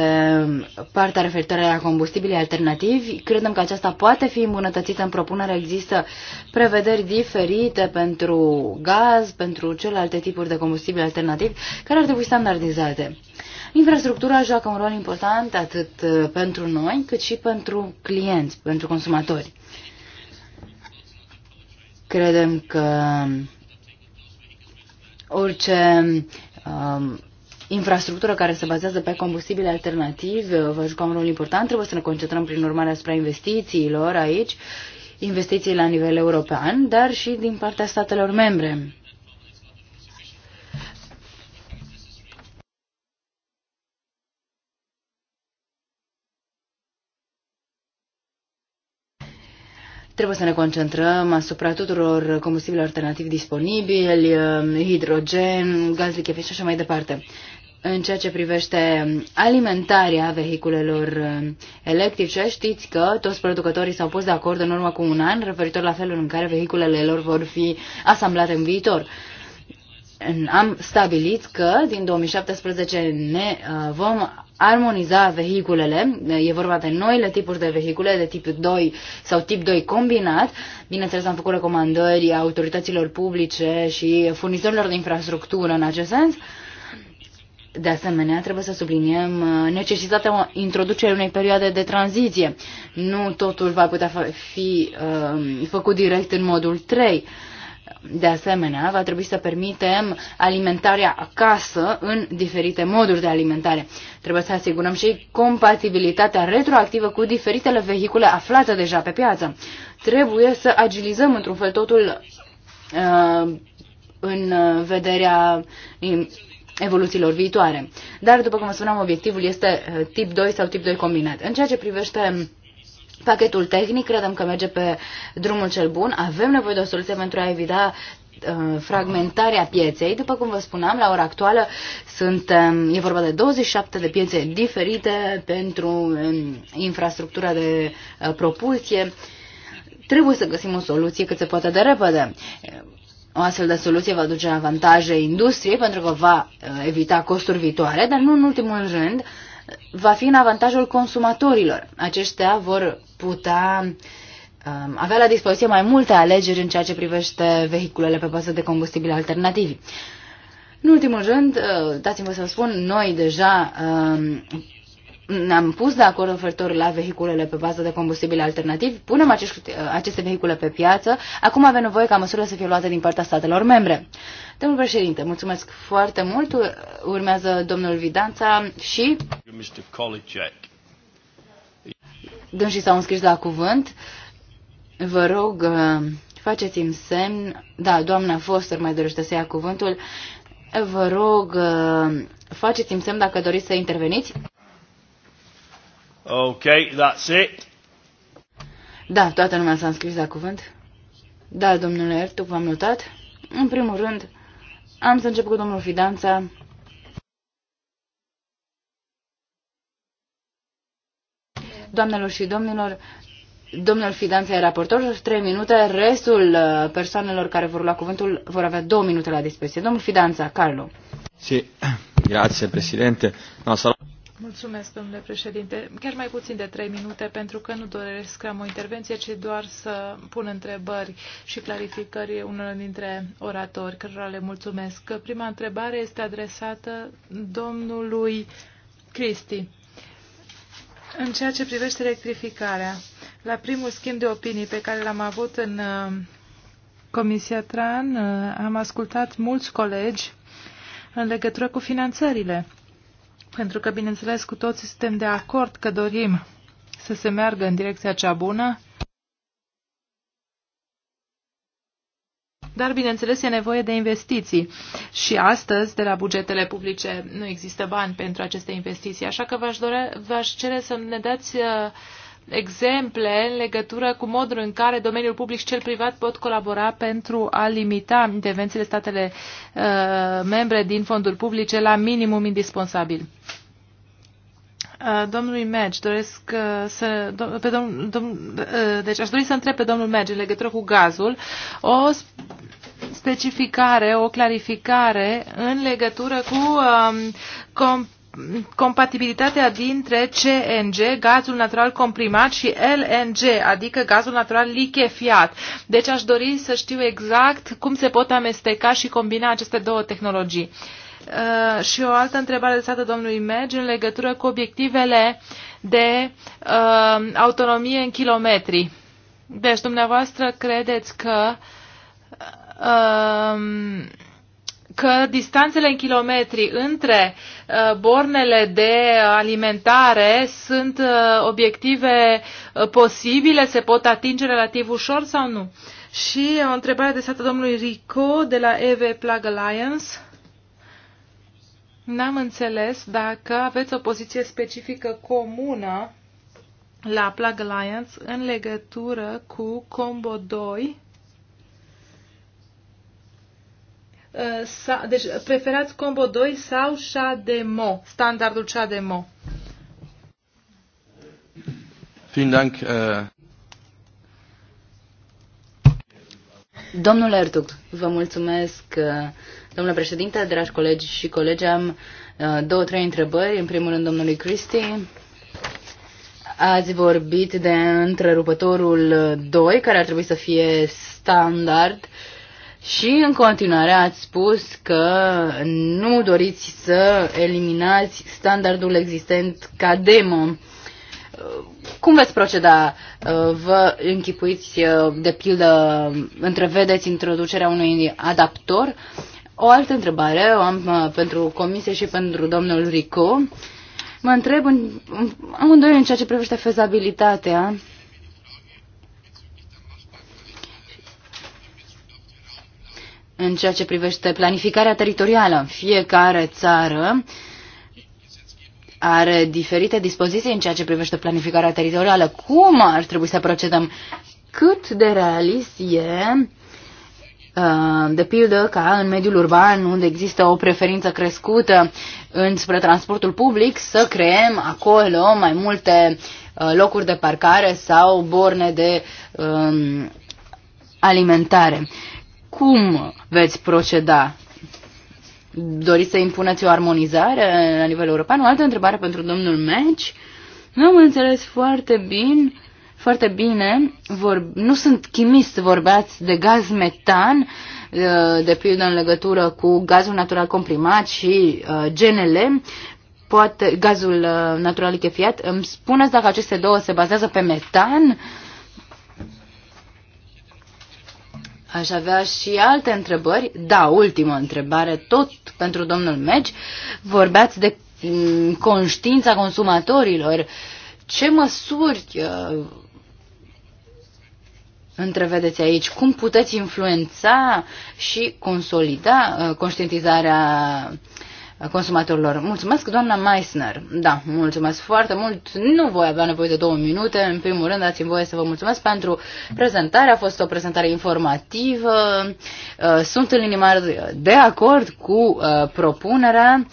partea referitoare la combustibili alternativi, credem că aceasta poate fi îmbunătățită în propunere. Există prevederi diferite pentru gaz, pentru celelalte tipuri de combustibili alternativi, care ar trebui standardizate. Infrastructura joacă un rol important atât pentru noi, cât și pentru clienți, pentru consumatori. Credem că orice um, infrastructură care se bazează pe combustibile alternative va juca un rol important. Trebuie să ne concentrăm prin urmare asupra investițiilor aici, investiții la nivel european, dar și din partea statelor membre. Trebuie să ne concentrăm asupra tuturor combustibilor alternativi disponibili, hidrogen, gaz lichefiat și așa mai departe în ceea ce privește alimentarea vehiculelor um, electrice, știți că toți producătorii s-au pus de acord în urmă cu un an referitor la felul în care vehiculele lor vor fi asamblate în viitor. Am stabilit că din 2017 ne uh, vom armoniza vehiculele, e vorba de noile tipuri de vehicule, de tip 2 sau tip 2 combinat. Bineînțeles, am făcut recomandări autorităților publice și furnizorilor de infrastructură în acest sens. Uh, de asemenea, trebuie să subliniem uh, necesitatea introducerii unei perioade de tranziție. Nu totul va putea fi uh, făcut direct în modul 3. De asemenea, va trebui să permitem alimentarea acasă în diferite moduri de alimentare. Trebuie să asigurăm și compatibilitatea retroactivă cu diferitele vehicule aflate deja pe piață. Trebuie să agilizăm într-un fel totul uh, în vederea evoluțiilor viitoare. Dar, după cum spuneam, obiectivul este eh, tip 2 sau tip 2 combinat. În ceea ce privește pachetul tehnic, credem că merge pe drumul cel bun. Avem nevoie de o soluție pentru a evita eh, fragmentarea pieței. După cum vă spuneam, la ora actuală sunt, e vorba de 27 de piețe diferite pentru eh, infrastructura de propulsie. Trebuie să găsim o soluție cât se poate de repede. O astfel de soluție va duce avantaje industriei pentru că va uh, evita costuri viitoare, dar nu în ultimul rând va fi în avantajul consumatorilor. Aceștia vor putea um, avea la dispoziție mai multe alegeri în ceea ce privește vehiculele pe bază de combustibili alternativi. În ultimul rând, uh, dați-mi să vă spun, noi deja um, ne-am pus de acord referitor la vehiculele pe bază de combustibil alternativ, punem acești, aceste vehicule pe piață, acum avem nevoie ca măsurile să fie luate din partea statelor membre. Domnul președinte, mulțumesc foarte mult. Urmează domnul Vidanța și... Dânsii s-au înscris la cuvânt. Vă rog, uh, faceți-mi semn. Da, doamna Foster mai dorește să ia cuvântul. Vă rog, uh, faceți-mi semn dacă doriți să interveniți.
Ok, that's it.
Da, toată lumea s-a înscris la cuvânt. Da, domnule Ertug, v-am notat. În primul rând, am să încep cu domnul Fidanța. Doamnelor și domnilor, domnul Fidanța e raportor, 3 minute, restul uh, persoanelor care vor lua cuvântul vor avea 2 minute la dispoziție. Domnul Fidanța, Carlo. Sì, si. grazie Presidente. No,
Mulțumesc, domnule președinte. Chiar mai puțin de trei minute, pentru că nu doresc să am o intervenție, ci doar să pun întrebări și clarificări unor dintre oratori, cărora le mulțumesc. Prima întrebare este adresată domnului Cristi. În ceea ce privește electrificarea, la primul schimb de opinii pe care l-am avut în uh, Comisia TRAN, uh, am ascultat mulți colegi în legătură cu finanțările pentru că, bineînțeles, cu toții suntem de acord că dorim să se meargă în direcția cea bună, dar, bineînțeles, e nevoie de investiții. Și astăzi, de la bugetele publice, nu există bani pentru aceste investiții, așa că v-aș, cere să ne dați uh, exemple în legătură cu modul în care domeniul public și cel privat pot colabora pentru a limita intervențiile statele uh, membre din fonduri publice la minimum indispensabil. Uh, domnului Merge, doresc uh, să, pe domn, domn, uh, deci aș dori să întreb pe domnul Merge în legătură cu gazul o specificare, o clarificare în legătură cu um, compatibilitatea dintre CNG, gazul natural comprimat, și LNG, adică gazul natural lichefiat. Deci aș dori să știu exact cum se pot amesteca și combina aceste două tehnologii. Uh, și o altă întrebare lăsată domnului Merge în legătură cu obiectivele de uh, autonomie în kilometri. Deci, dumneavoastră credeți că uh, că distanțele în kilometri între uh, bornele de alimentare sunt uh, obiective uh, posibile, se pot atinge relativ ușor sau nu? Și o întrebare adresată domnului Rico de la EV Plug Alliance. N-am înțeles dacă aveți o poziție specifică comună la Plug Alliance în legătură cu Combo 2 Uh, sa, deci preferați combo 2 sau CHAdeMO, standardul CHAdeMO?
Vielen Dank. Uh...
Domnule Ertug, vă mulțumesc, uh, domnule președinte, dragi colegi și colegi, am uh, două, trei întrebări. În primul rând, domnului Cristi, ați vorbit de întrerupătorul 2, care ar trebui să fie standard. Uh, și în continuare ați spus că nu doriți să eliminați standardul existent ca demo. Cum veți proceda? Vă închipuiți, de pildă, întrevedeți introducerea unui adaptor? O altă întrebare o am uh, pentru comisie și pentru domnul Rico. Mă întreb în, amândoi în ceea ce privește fezabilitatea în ceea ce privește planificarea teritorială. Fiecare țară are diferite dispoziții în ceea ce privește planificarea teritorială. Cum ar trebui să procedăm? Cât de realist e, uh, de pildă, ca în mediul urban, unde există o preferință crescută înspre transportul public, să creăm acolo mai multe uh, locuri de parcare sau borne de um, alimentare cum veți proceda? Doriți să impuneți o armonizare la nivel european? O altă întrebare pentru domnul Meci. Nu am înțeles foarte bine, foarte bine, vor, nu sunt chimist, vorbeați de gaz metan, uh, de pildă în legătură cu gazul natural comprimat și uh, GNL, poate gazul uh, natural lichefiat. Îmi spuneți dacă aceste două se bazează pe metan, Aș avea și alte întrebări. Da, ultimă întrebare, tot pentru domnul Megi. Vorbeați de mm, conștiința consumatorilor. Ce măsuri uh, întrevedeți aici? Cum puteți influența și consolida uh, conștientizarea consumatorilor. Mulțumesc, doamna Meissner. Da, mulțumesc foarte mult. Nu voi avea nevoie de două minute. În primul rând, dați-mi voie să vă mulțumesc pentru prezentare. A fost o prezentare informativă. Uh, sunt în linii mari de acord cu uh, propunerea.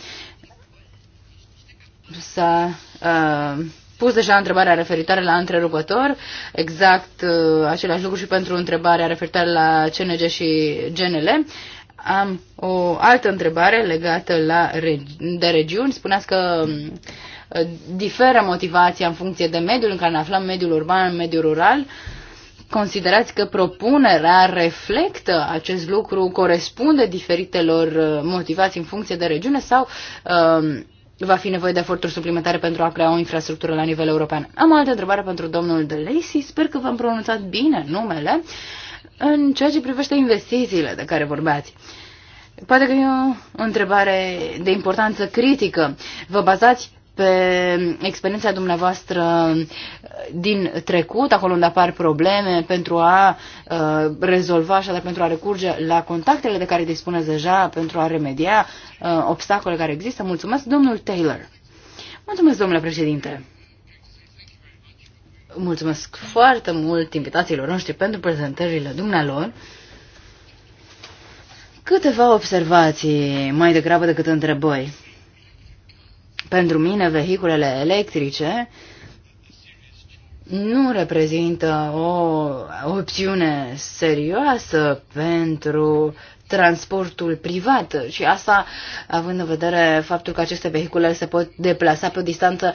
S-a uh, pus deja întrebarea referitoare la întrerupător, exact același lucru și pentru întrebarea referitoare la CNG și GNL. Am o altă întrebare legată la regi- de regiuni. Spuneați că mm, diferă motivația în funcție de mediul în care ne aflăm, mediul urban, mediul rural. Considerați că propunerea reflectă acest lucru, corespunde diferitelor uh, motivații în funcție de regiune sau um, va fi nevoie de eforturi suplimentare pentru a crea o infrastructură la nivel european? Am o altă întrebare pentru domnul de Lacey. Sper că v-am pronunțat bine numele. Uh, în ceea ce privește investițiile de care vorbeați, poate că e o întrebare de importanță critică. Vă bazați pe experiența dumneavoastră din trecut, acolo unde apar probleme, pentru a uh, rezolva, așadar pentru a recurge la contactele de care dispuneți deja, pentru a remedia uh, obstacole care există. Mulțumesc, domnul Taylor. Mulțumesc, domnule președinte. Mulțumesc foarte mult invitațiilor noștri pentru prezentările dumnealor. Câteva observații mai degrabă decât întrebări. Pentru mine, vehiculele electrice nu reprezintă o opțiune serioasă pentru transportul privat și asta având în vedere faptul că aceste vehicule se pot deplasa pe o distanță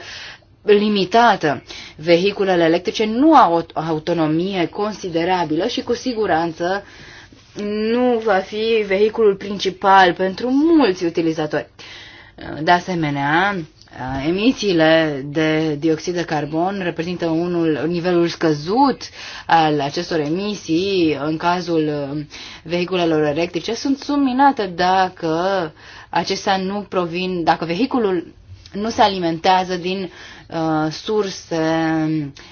limitată. Vehiculele electrice nu au o autonomie considerabilă și cu siguranță nu va fi vehiculul principal pentru mulți utilizatori. De asemenea, emisiile de dioxid de carbon reprezintă unul, nivelul scăzut al acestor emisii în cazul uh, vehiculelor electrice sunt subminate dacă acestea nu provin, dacă vehiculul nu se alimentează din Uh, surse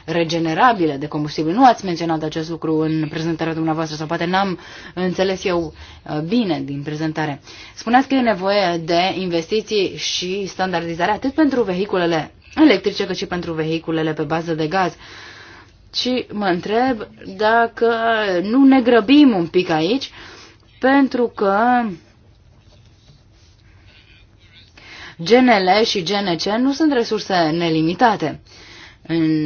regenerabile de combustibil. Nu ați menționat acest lucru în prezentarea dumneavoastră sau poate n-am înțeles eu uh, bine din prezentare. Spuneați că e nevoie de investiții și standardizare atât pentru vehiculele electrice cât și pentru vehiculele pe bază de gaz. Și mă întreb dacă nu ne grăbim un pic aici pentru că uh, GNL și GNC nu sunt resurse nelimitate. În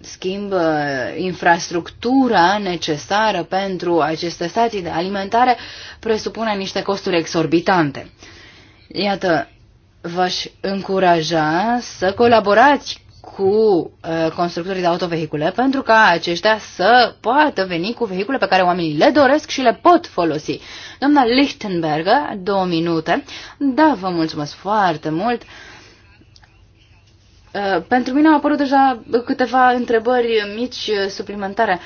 schimb, uh, infrastructura necesară pentru aceste stații de alimentare presupune niște costuri exorbitante. Iată, v-aș încuraja să colaborați cu uh, constructorii de autovehicule pentru ca aceștia să poată veni cu vehicule pe care oamenii le doresc și le pot folosi. Doamna Lichtenberger, două minute. Da, vă mulțumesc foarte mult. Uh, Uh, pentru mine au apărut deja câteva întrebări mici uh, suplimentare.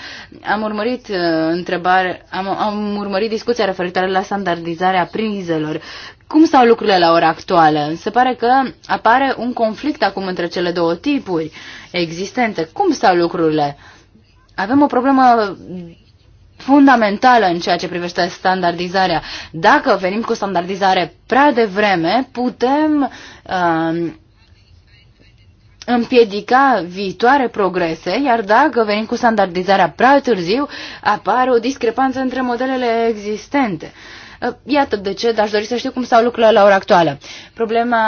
Am urmărit uh, întrebare, am, am urmărit discuția referitoare la standardizarea prizelor. Cum stau lucrurile la ora actuală? Se pare că apare un conflict acum între cele două tipuri existente. Cum stau lucrurile? Avem o problemă fundamentală în ceea ce privește standardizarea. Dacă venim cu standardizare prea devreme, putem uh, împiedica viitoare progrese, iar dacă venim cu standardizarea prea târziu, apare o discrepanță între modelele existente. Uh, iată de ce, dar aș dori să știu cum stau lucrurile la ora actuală. Problema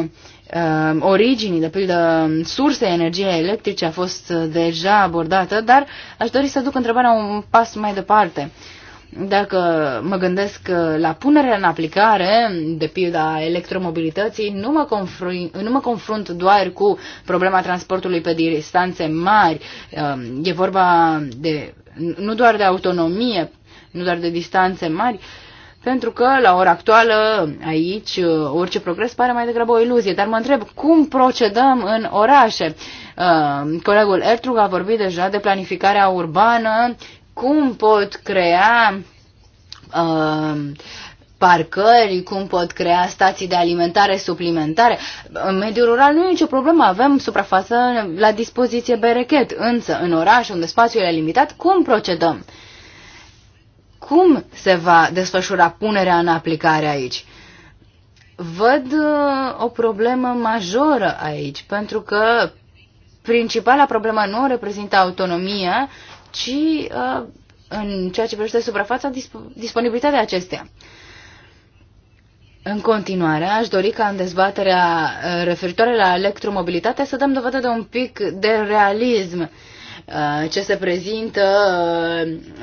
uh, originii, de pildă sursei energiei electrice a fost uh, deja abordată, dar aș dori să duc întrebarea un pas mai departe. Uh, dacă mă gândesc uh, la punerea în aplicare, de pilda electromobilității, nu mă, confrunt, nu mă confrunt doar cu problema transportului pe distanțe mari. Um, e vorba de, nu doar de autonomie, nu doar de distanțe mari, pentru că la ora actuală aici uh, orice progres pare mai degrabă o iluzie. Dar mă întreb cum procedăm în orașe. Uh, colegul Ertrug a vorbit deja de planificarea urbană cum pot crea uh, parcări, cum pot crea stații de alimentare suplimentare. În mediul rural nu e nicio problemă, avem suprafață la dispoziție berechet, însă în oraș, unde spațiul e limitat, cum procedăm? Cum se va desfășura punerea în aplicare aici? Văd uh, o problemă majoră aici, pentru că principala problemă nu o reprezintă autonomia, ci uh, în ceea ce privește suprafața, disp disponibilitatea acesteia. În continuare, aș dori ca în dezbaterea uh, referitoare la electromobilitate să dăm dovadă de un pic de realism uh, ce se prezintă,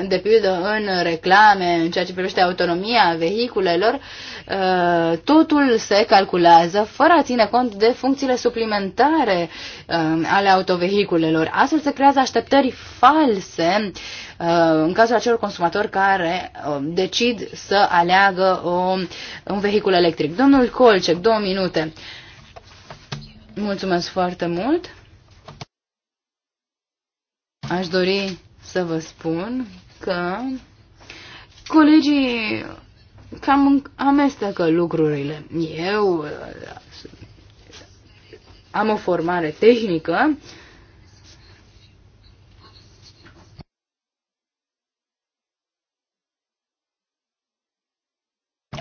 de pildă, în reclame, în ceea ce privește autonomia vehiculelor, Uh, totul se calculează fără a ține cont de funcțiile suplimentare uh, ale autovehiculelor. Astfel se creează așteptări false uh, în cazul acelor consumatori care decid să aleagă o, un vehicul electric. Domnul Colcec, două minute. Mulțumesc foarte mult. Aș dori să vă spun că colegii cam amestecă lucrurile. Eu uh, am o formare tehnică,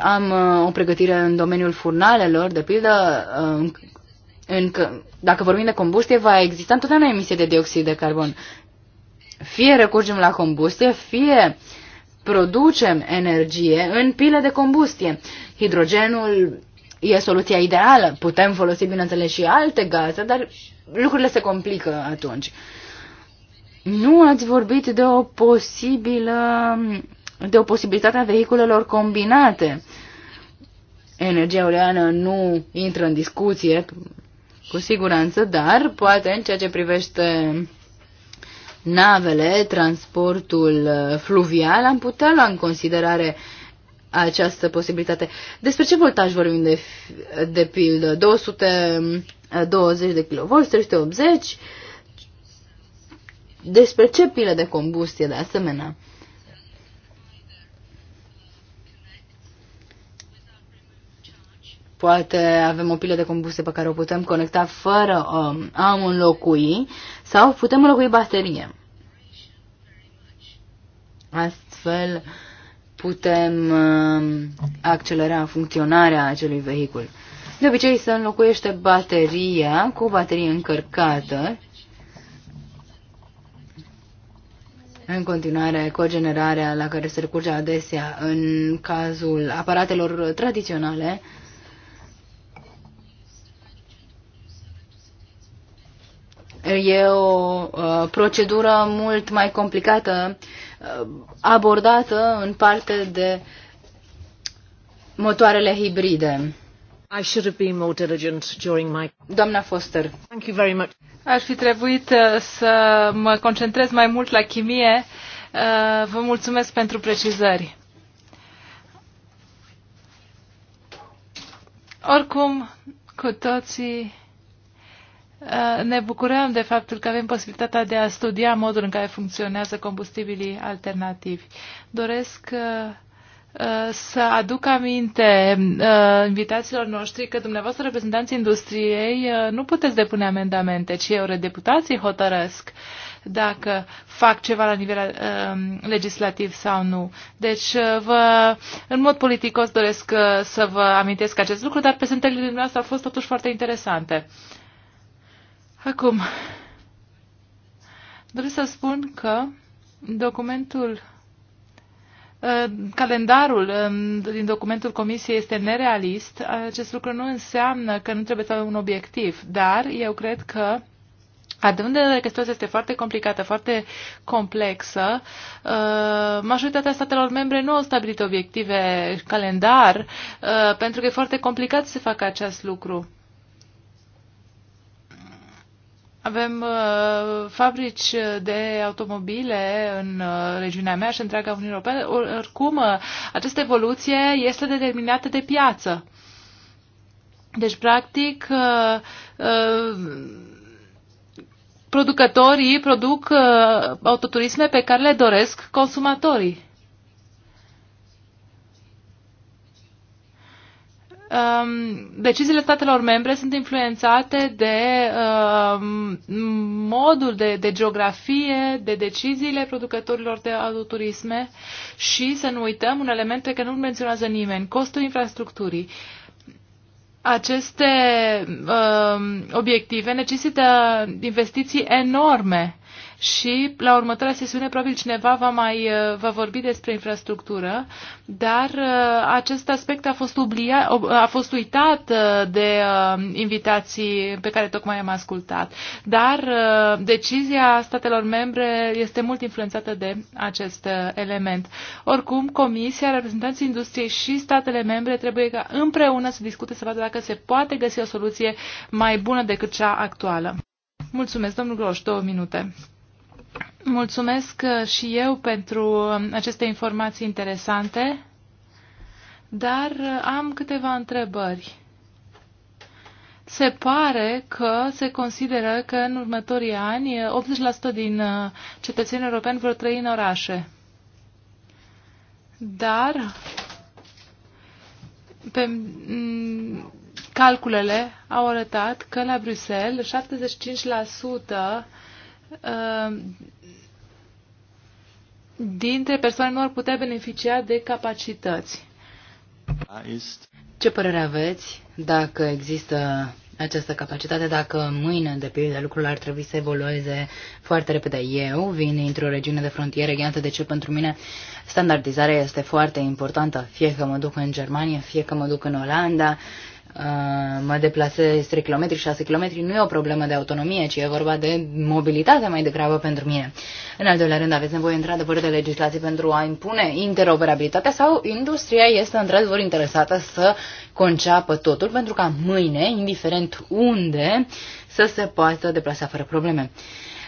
am uh, o pregătire în domeniul furnalelor, de pildă, uh, în, dacă vorbim de combustie, va exista întotdeauna emisie de dioxid de carbon. Fie recurgem la combustie, fie uh, producem energie în pile de combustie. Hidrogenul e soluția ideală. Putem folosi, bineînțeles, și alte gaze, dar lucrurile se complică atunci. Nu ați vorbit de o posibilă de o posibilitate a vehiculelor combinate. Energia oleană nu intră în discuție, cu siguranță, dar poate în ceea ce privește navele, transportul uh, fluvial, am putea lua în considerare această posibilitate. Despre ce voltaj vorbim de, de pildă? 220 de kV, 380? Despre ce pile de combustie de asemenea? Poate avem o pilă de combustie pe care o putem conecta fără um, a înlocui sau putem înlocui baterie. Astfel putem um, accelera funcționarea acelui vehicul. De obicei se înlocuiește bateria cu o baterie încărcată. În continuare, cogenerarea la care se recurge adesea în cazul aparatelor tradiționale E o uh, procedură mult mai complicată, uh, abordată în parte de motoarele hibride. I should have been more diligent during my... Doamna Foster. Thank you very much.
Aș fi trebuit uh, să mă concentrez mai mult la chimie. Vă mulțumesc pentru precizări. Oricum, cu toții Uh, ne bucurăm de faptul că avem posibilitatea de a studia modul în care funcționează combustibilii alternativi. Doresc uh, uh, să aduc aminte invitațiilor noștri că dumneavoastră reprezentanții industriei nu puteți depune amendamente, ci eurodeputații hotărăsc dacă fac ceva la nivel uh, legislativ sau nu. Deci, uh, vă, în mod politicos doresc uh, să vă amintesc acest lucru, dar prezentările dumneavoastră au fost totuși foarte interesante. Uh, Acum, doresc să spun că documentul eh, calendarul eh, din documentul Comisiei este nerealist. Acest lucru nu înseamnă că nu trebuie să avem un obiectiv, dar eu cred că Având de că situația este foarte complicată, foarte complexă, eh, majoritatea statelor membre nu au stabilit obiective calendar, pentru că e foarte complicat să facă acest lucru. Avem uh, fabrici de automobile în uh, regiunea mea și întreaga Uniunea Europeană. Oricum, uh, această evoluție este determinată de piață. Deci, practic, uh, uh, producătorii produc uh, autoturisme pe care le doresc consumatorii. um, deciziile statelor membre sunt influențate de um, modul de, de geografie, de deciziile producătorilor de autoturisme și să nu uităm un element pe care nu-l menționează nimeni, costul infrastructurii. Aceste um, obiective necesită investiții enorme și la următoarea sesiune probabil cineva va mai uh, va vorbi despre infrastructură, dar uh, acest aspect a fost, oblia, a fost uitat uh, de invitații pe care tocmai am ascultat. Dar decizia statelor membre este mult influențată de acest element. Oricum, Comisia, reprezentanții industriei și statele membre trebuie ca împreună să discute să vadă dacă se poate găsi o soluție mai bună decât cea actuală. Mulțumesc, domnul Groș, două minute. Mulțumesc uh, și eu pentru um, aceste informații interesante, dar uh, am câteva întrebări. Se pare că se consideră că în următorii ani 80% uh, din cetățenii europeni vor trăi în orașe. Dar pe mm, calculele au arătat că la Bruxelles 75% Ehm, dintre persoane nu ar putea beneficia de capacități.
Ce părere aveți dacă există această capacitate, dacă mâine, de pildă, lucrurile ar trebui să evolueze foarte repede. Eu vin dintr-o regiune de frontieră, iată de ce pentru mine standardizarea este foarte importantă, fie că mă duc în Germania, fie că mă duc în Olanda, Uh, mă deplasez 3 km, 6 km, nu e o problemă de autonomie, ci e vorba de mobilitate mai degrabă pentru mine. În al doilea rând, aveți nevoie într-adevăr de legislație pentru a impune interoperabilitatea sau industria este într-adevăr interesată să conceapă totul pentru ca mâine, indiferent unde, să se poată deplasa fără probleme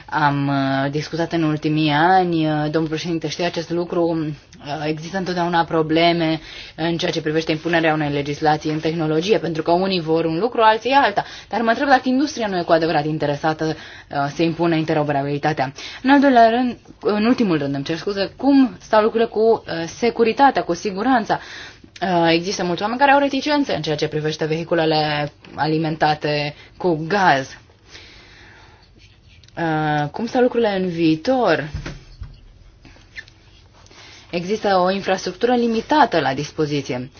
am uh, discutat în ultimii ani, uh, domnul președinte știe acest lucru, um, uh, există întotdeauna probleme în ceea ce privește impunerea unei legislații în tehnologie, pentru că unii vor un lucru, alții alta. Dar mă întreb dacă industria nu e cu adevărat interesată să impună interoperabilitatea. În al doilea rând, în ultimul rând, îmi cer scuze, cum stau lucrurile cu securitatea, cu siguranța? Există mulți oameni care au reticențe în ceea ce privește vehiculele alimentate cu gaz Uh, cum stau lucrurile în viitor? Există o infrastructură limitată la dispoziție.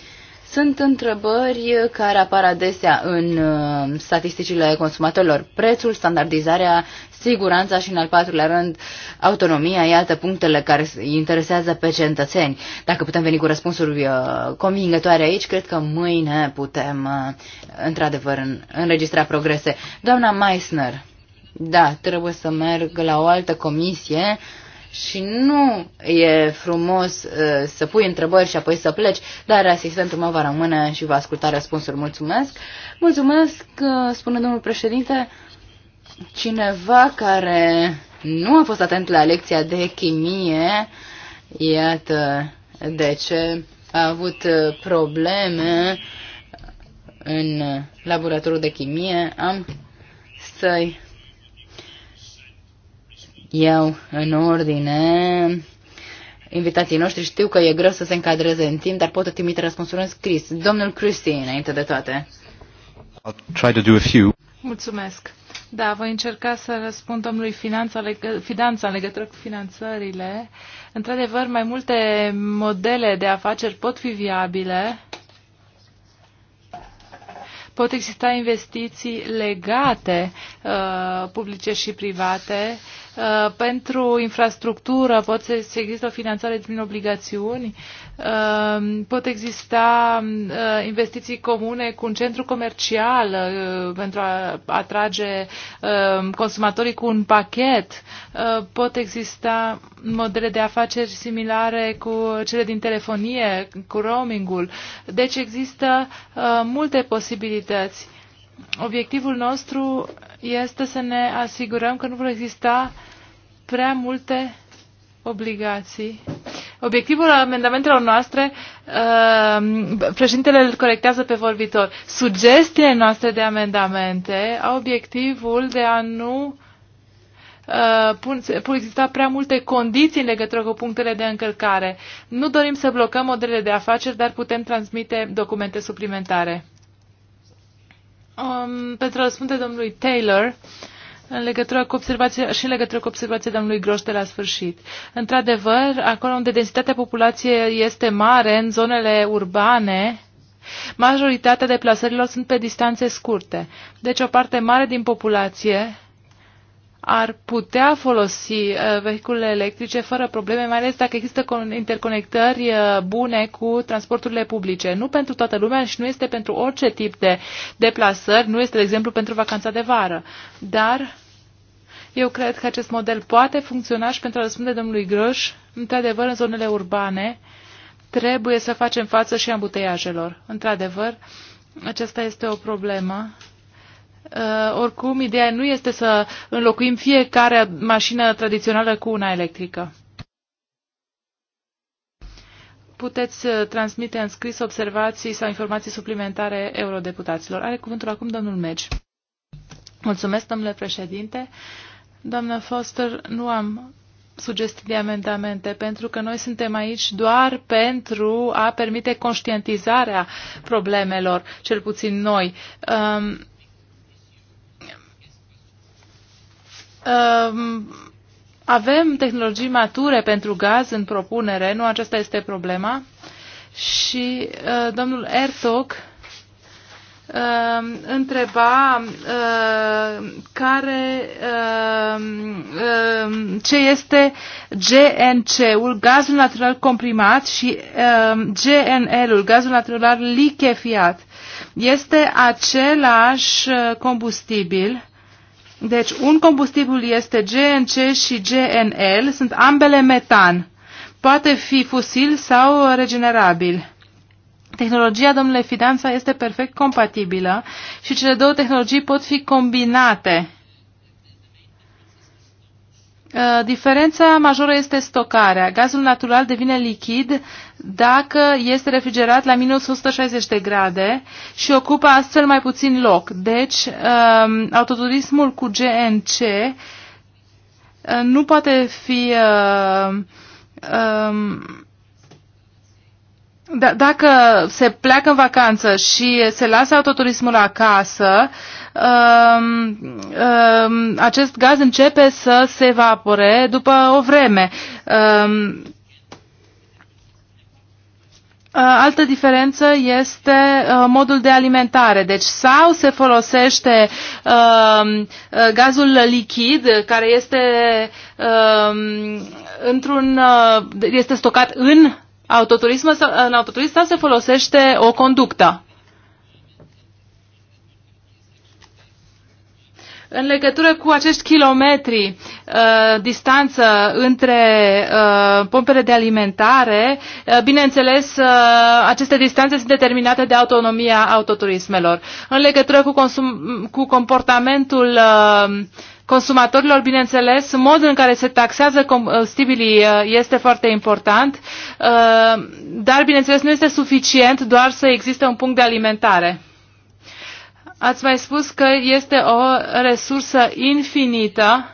Sunt întrebări care apar adesea în uh, statisticile consumatorilor. Prețul, standardizarea, siguranța și, în al patrulea rând, autonomia, iată punctele care interesează pe cetățeni. Dacă putem veni cu răspunsuri uh, convingătoare aici, cred că mâine putem, uh, într-adevăr, înregistra progrese. Doamna Meissner da, trebuie să merg la o altă comisie și nu e frumos uh, să pui întrebări și apoi să pleci, dar asistentul meu va rămâne și va asculta răspunsuri. Mulțumesc! Mulțumesc, uh, spune domnul președinte, cineva care nu a fost atent la lecția de chimie, iată de ce a avut uh, probleme în laboratorul de chimie, am să-i eu în ordine invitații noștri. Știu că e greu să se încadreze în timp, dar pot trimite răspunsuri în scris. Domnul Cristi, înainte de toate.
I'll try to do a few. Mulțumesc. Da, voi încerca să răspund domnului Finanța, legă, Finanța în legătură cu finanțările. Într-adevăr, mai multe modele de afaceri pot fi viabile. Pot exista investiții legate, uh, publice și private, uh, Uh, pentru infrastructură pot să, să există o finanțare prin obligațiuni, uh, pot exista uh, investiții comune cu un centru comercial pentru a atrage consumatorii cu un pachet, pot exista modele de afaceri similare cu cele din telefonie, cu roamingul. Deci există multe posibilități obiectivul nostru este să ne asigurăm că nu vor exista prea multe obligații. Obiectivul amendamentelor noastre, uh, președintele îl corectează pe vorbitor. Sugestiile noastre de amendamente au obiectivul de a nu uh, pun, exista prea multe condiții în legătură cu punctele de încălcare. Nu dorim să blocăm modelele de afaceri, dar putem transmite documente suplimentare. Um, pentru a răspunde domnului Taylor, în legătură cu observația, și în legătură cu observația domnului Groș de la sfârșit. Într-adevăr, acolo unde densitatea populației este mare, în zonele urbane, majoritatea deplasărilor sunt pe distanțe scurte. Deci o parte mare din populație ar putea folosi uh, vehiculele electrice fără probleme, mai ales dacă există interconectări uh, bune cu transporturile publice. Nu pentru toată lumea și nu este pentru orice tip de deplasări, nu este, de exemplu, pentru vacanța de vară. Dar eu cred că acest model poate funcționa și pentru a răspunde domnului Grăș, într-adevăr, în zonele urbane, trebuie să facem față și ambuteiajelor. Într-adevăr, aceasta este o problemă Uh, oricum, ideea nu este să înlocuim fiecare mașină tradițională cu una electrică. Puteți uh, transmite în scris observații sau informații suplimentare eurodeputaților. Are cuvântul acum domnul Megi. Mulțumesc, domnule președinte. Doamnă Foster, nu am sugestii de amendamente, pentru că noi suntem aici doar pentru a permite conștientizarea problemelor, cel puțin noi. Um, Ehm, avem tehnologii mature pentru gaz în propunere, nu aceasta este problema. Și uh, domnul Ertog uh, ehm, întreba uh, care, uh, uh, ce este GNC-ul, gazul natural comprimat și uh, GNL-ul, gazul natural lichefiat. Este același eh, combustibil deci un combustibil este GNC și GNL, sunt ambele metan. Poate fi fusil sau regenerabil. Tehnologia, domnule Fidanța, este perfect compatibilă și cele două tehnologii pot fi combinate. Uh, diferența majoră este stocarea. Gazul natural devine lichid dacă este refrigerat la minus 160 de grade și ocupa astfel mai puțin loc. Deci, um, autoturismul cu GNC uh, nu poate fi uh, um, da, dacă se pleacă în vacanță și se lasă autoturismul acasă, um, um, acest gaz începe să se evapore după o vreme. Um, Uh, altă diferență este uh, modul de alimentare. Deci sau se folosește um, uh, gazul lichid care este um, într-un este stocat în autoturism sau în autoturism sau se folosește o conductă. În legătură cu acești kilometri uh, distanță între uh, pompele de alimentare, uh, bineînțeles, uh, aceste distanțe sunt determinate de autonomia autoturismelor. În legătură cu, consum, cu comportamentul uh, consumatorilor, bineînțeles, modul în care se taxează combustibilii uh, uh, este foarte important, uh, dar, bineînțeles, nu este suficient doar să existe un punct de alimentare. Ați mai spus că este o resursă infinită.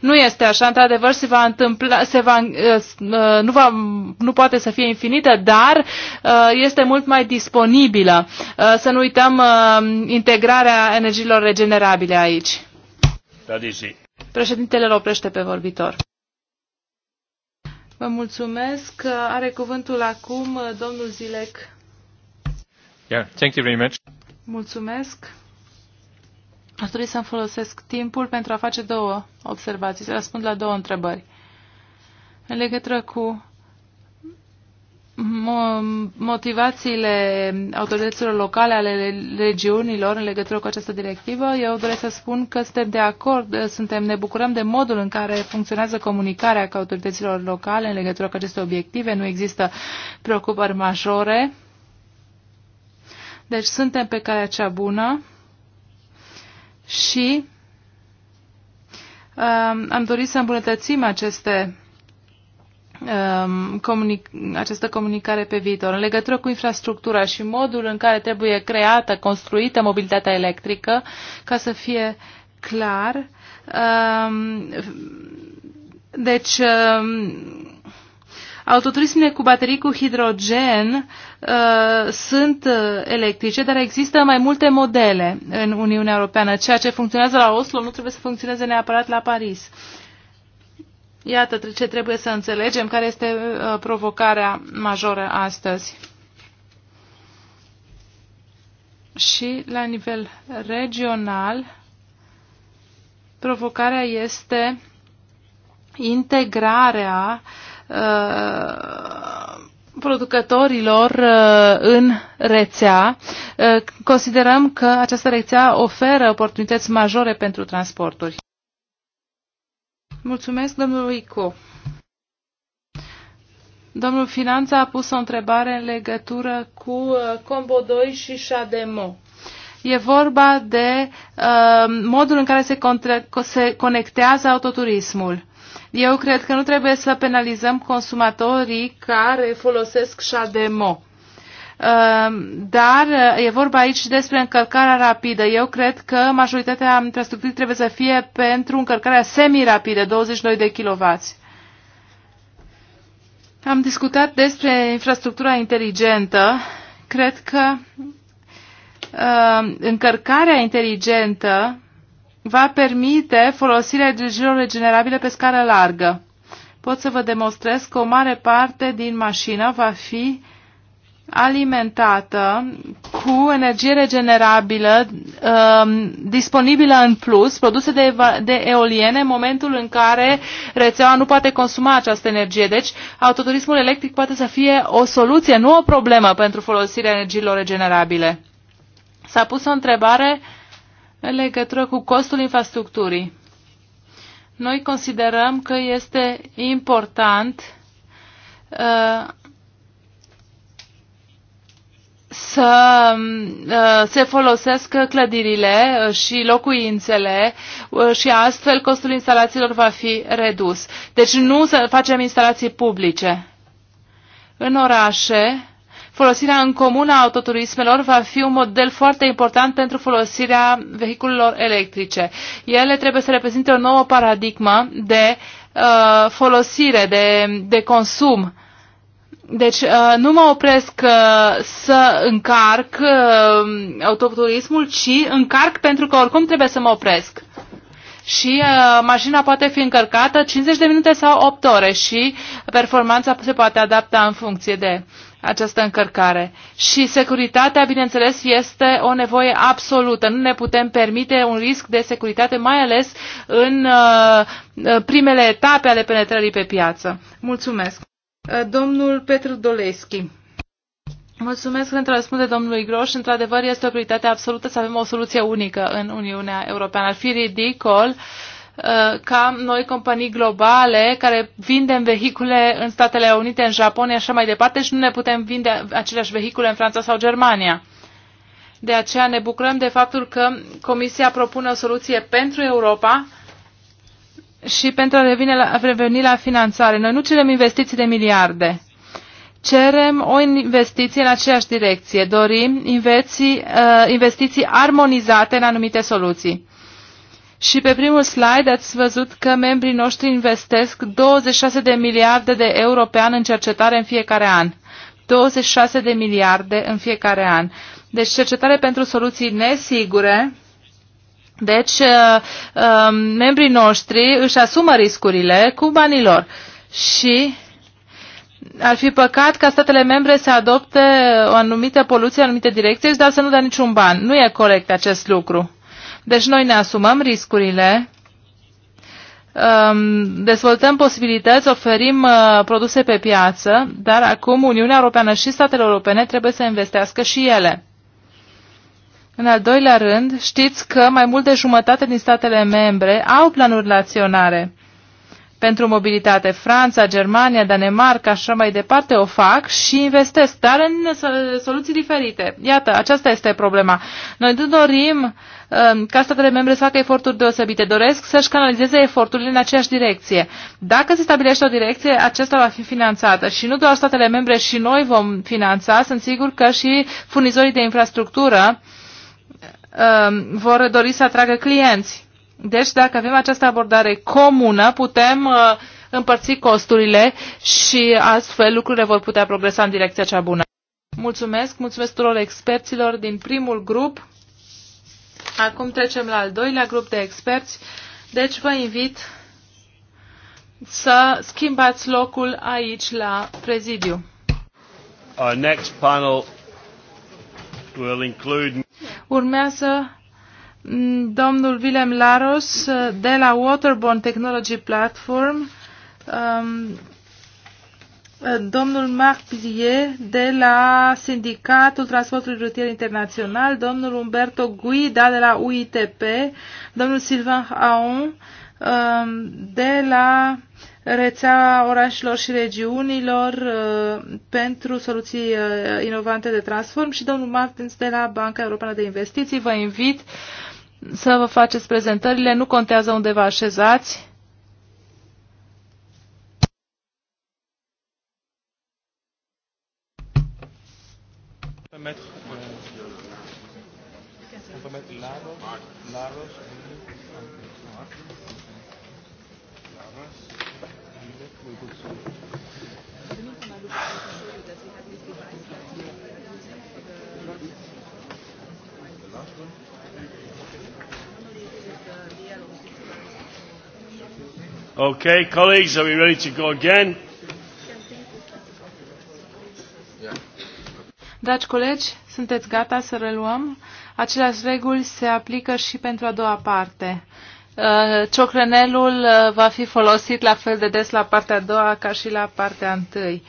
Nu este așa, într-adevăr, se va întâmpla, se va, uh, uh, nu, va, nu poate să fie infinită, dar uh, este mult mai disponibilă. Să nu uităm integrarea energiilor regenerabile aici. Președintele îl oprește pe vorbitor. Vă mulțumesc. Are cuvântul acum domnul Zilec.
Yeah, thank you very much.
Mulțumesc. Aș dori să-mi folosesc timpul pentru a face două observații, să răspund la două întrebări. În legătură cu motivațiile autorităților locale ale regiunilor în legătură cu această directivă, eu doresc să spun că suntem de acord, suntem, ne bucurăm de modul în care funcționează comunicarea cu autorităților locale în legătură cu aceste obiective. Nu există preocupări majore deci suntem pe calea cea bună și um, am dorit să îmbunătățim aceste um, comunic această comunicare pe viitor. În legătură cu infrastructura și modul în care trebuie creată, construită mobilitatea electrică, ca să fie clar. Um, deci, um, Autoturismele cu baterii cu hidrogen uh, sunt uh, electrice, dar există mai multe modele în Uniunea Europeană. Ceea ce funcționează la Oslo nu trebuie să funcționeze neapărat la Paris. Iată ce trebuie să înțelegem, care este uh, provocarea majoră astăzi. Și la nivel regional, provocarea este integrarea uh, Uh, producătorilor uh, în rețea. Uh, considerăm că această rețea oferă oportunități majore pentru transporturi. Mulțumesc, domnul Ico. Domnul Finanța a pus o întrebare în legătură cu Combo 2 și Shademo. E vorba de uh, modul în care se, contra- se conectează autoturismul. Eu cred că nu trebuie să penalizăm consumatorii care folosesc șademo ehm, dar e vorba aici despre încălcarea rapidă. Eu cred că majoritatea infrastructurii trebuie să fie pentru încălcarea semi-rapidă, 22 de kW. Am discutat despre infrastructura inteligentă. Cred că uh, încărcarea inteligentă va permite folosirea energiilor regenerabile pe scară largă. Pot să vă demonstrez că o mare parte din mașină va fi alimentată cu energie regenerabilă um, disponibilă în plus, produse de, de eoliene în momentul în care rețeaua nu poate consuma această energie. Deci, autoturismul electric poate să fie o soluție, nu o problemă pentru folosirea energiilor regenerabile. S-a pus o întrebare uh, în legătură cu costul infrastructurii. Noi considerăm că este important uh, să uh, se folosească clădirile uh, și locuințele și astfel costul instalațiilor va fi redus. Deci nu să facem instalații publice. În orașe Folosirea în comun a autoturismelor va fi un model foarte important pentru folosirea vehiculelor electrice. Ele trebuie să reprezinte o nouă paradigmă de uh, folosire, de, de consum. Deci uh, nu mă opresc uh, să încarc uh, autoturismul, ci încarc pentru că oricum trebuie să mă opresc și mașina poate fi încărcată 50 de minute sau 8 ore și performanța se poate adapta în funcție de această încărcare. Și securitatea, bineînțeles, este o nevoie absolută. Nu ne putem permite un risc de securitate, mai ales în uh, uh, primele etape ale penetrării pe piață. Mulțumesc. Uh, domnul Petru Doleschi. Mulțumesc pentru răspunde domnului Groș. Într-adevăr, este o prioritate absolută să avem o soluție unică în Uniunea Europeană. Ar fi ridicol uh, Uh, ca noi companii globale care vindem vehicule în Statele Unite, în Japonia și așa mai departe și nu ne putem vinde aceleași vehicule în Franța sau Germania. De aceea ne bucurăm de faptul că Comisia propune o soluție pentru Europa și pentru a reveni la, a reveni la finanțare. Noi nu cerem investiții de miliarde. Cerem o investiție în aceeași direcție. Dorim investiții, uh, investiții armonizate în anumite soluții. Și pe primul slide ați văzut că membrii noștri investesc 26 de miliarde de euro pe an în cercetare în fiecare an. 26 de miliarde în fiecare an. Deci cercetare pentru soluții nesigure. Deci uh, um, membrii noștri își asumă riscurile cu banii lor. Și ar fi păcat ca statele membre să adopte o anumită poluție, anumite direcții, dar să nu dea niciun ban. Nu e corect acest lucru. Deci noi ne asumăm riscurile, um, dezvoltăm posibilități, oferim uh, produse pe piață, dar acum Uniunea Europeană și statele europene trebuie să investească și ele. În al doilea rând, știți că mai mult de jumătate din statele membre au planuri naționale pentru mobilitate. Franța, Germania, Danemarca și așa mai departe o fac și investesc, dar în soluții diferite. Iată, aceasta este problema. Noi nu dorim Um, ca statele membre să facă eforturi deosebite. Doresc să-și canalizeze eforturile în aceeași direcție. Dacă se stabilește o direcție, aceasta va fi finanțată și nu doar statele membre și noi vom finanța, sunt sigur că și furnizorii de infrastructură um, vor dori să atragă clienți. Deci, dacă avem această abordare comună, putem uh, împărți costurile și astfel lucrurile vor putea progresa în direcția cea bună. Mulțumesc, mulțumesc tuturor experților din primul grup. Acum trecem la al doilea grup de experți, deci vă invit să schimbați locul aici la prezidiu.
Our next panel will include...
Urmează mm, domnul Willem Laros eh, de la Waterborne Technology Platform, um, domnul Marc Pizier de la Sindicatul Transportului Rutier Internațional, domnul Umberto Guida de la UITP, domnul Silvan Aon um, de la rețea orașelor și regiunilor uh, pentru soluții uh, inovante de transform și domnul Martins de la Banca Europeană de Investiții. Vă invit să vă faceți prezentările, nu contează unde vă așezați
Okay, colleagues, are we ready to go again?
Dragi colegi, sunteți gata să reluăm? Aceleași reguli se aplică și pentru a doua parte. Uh, ciocrănelul uh, va fi folosit la fel de des la partea a doua ca și la partea întâi.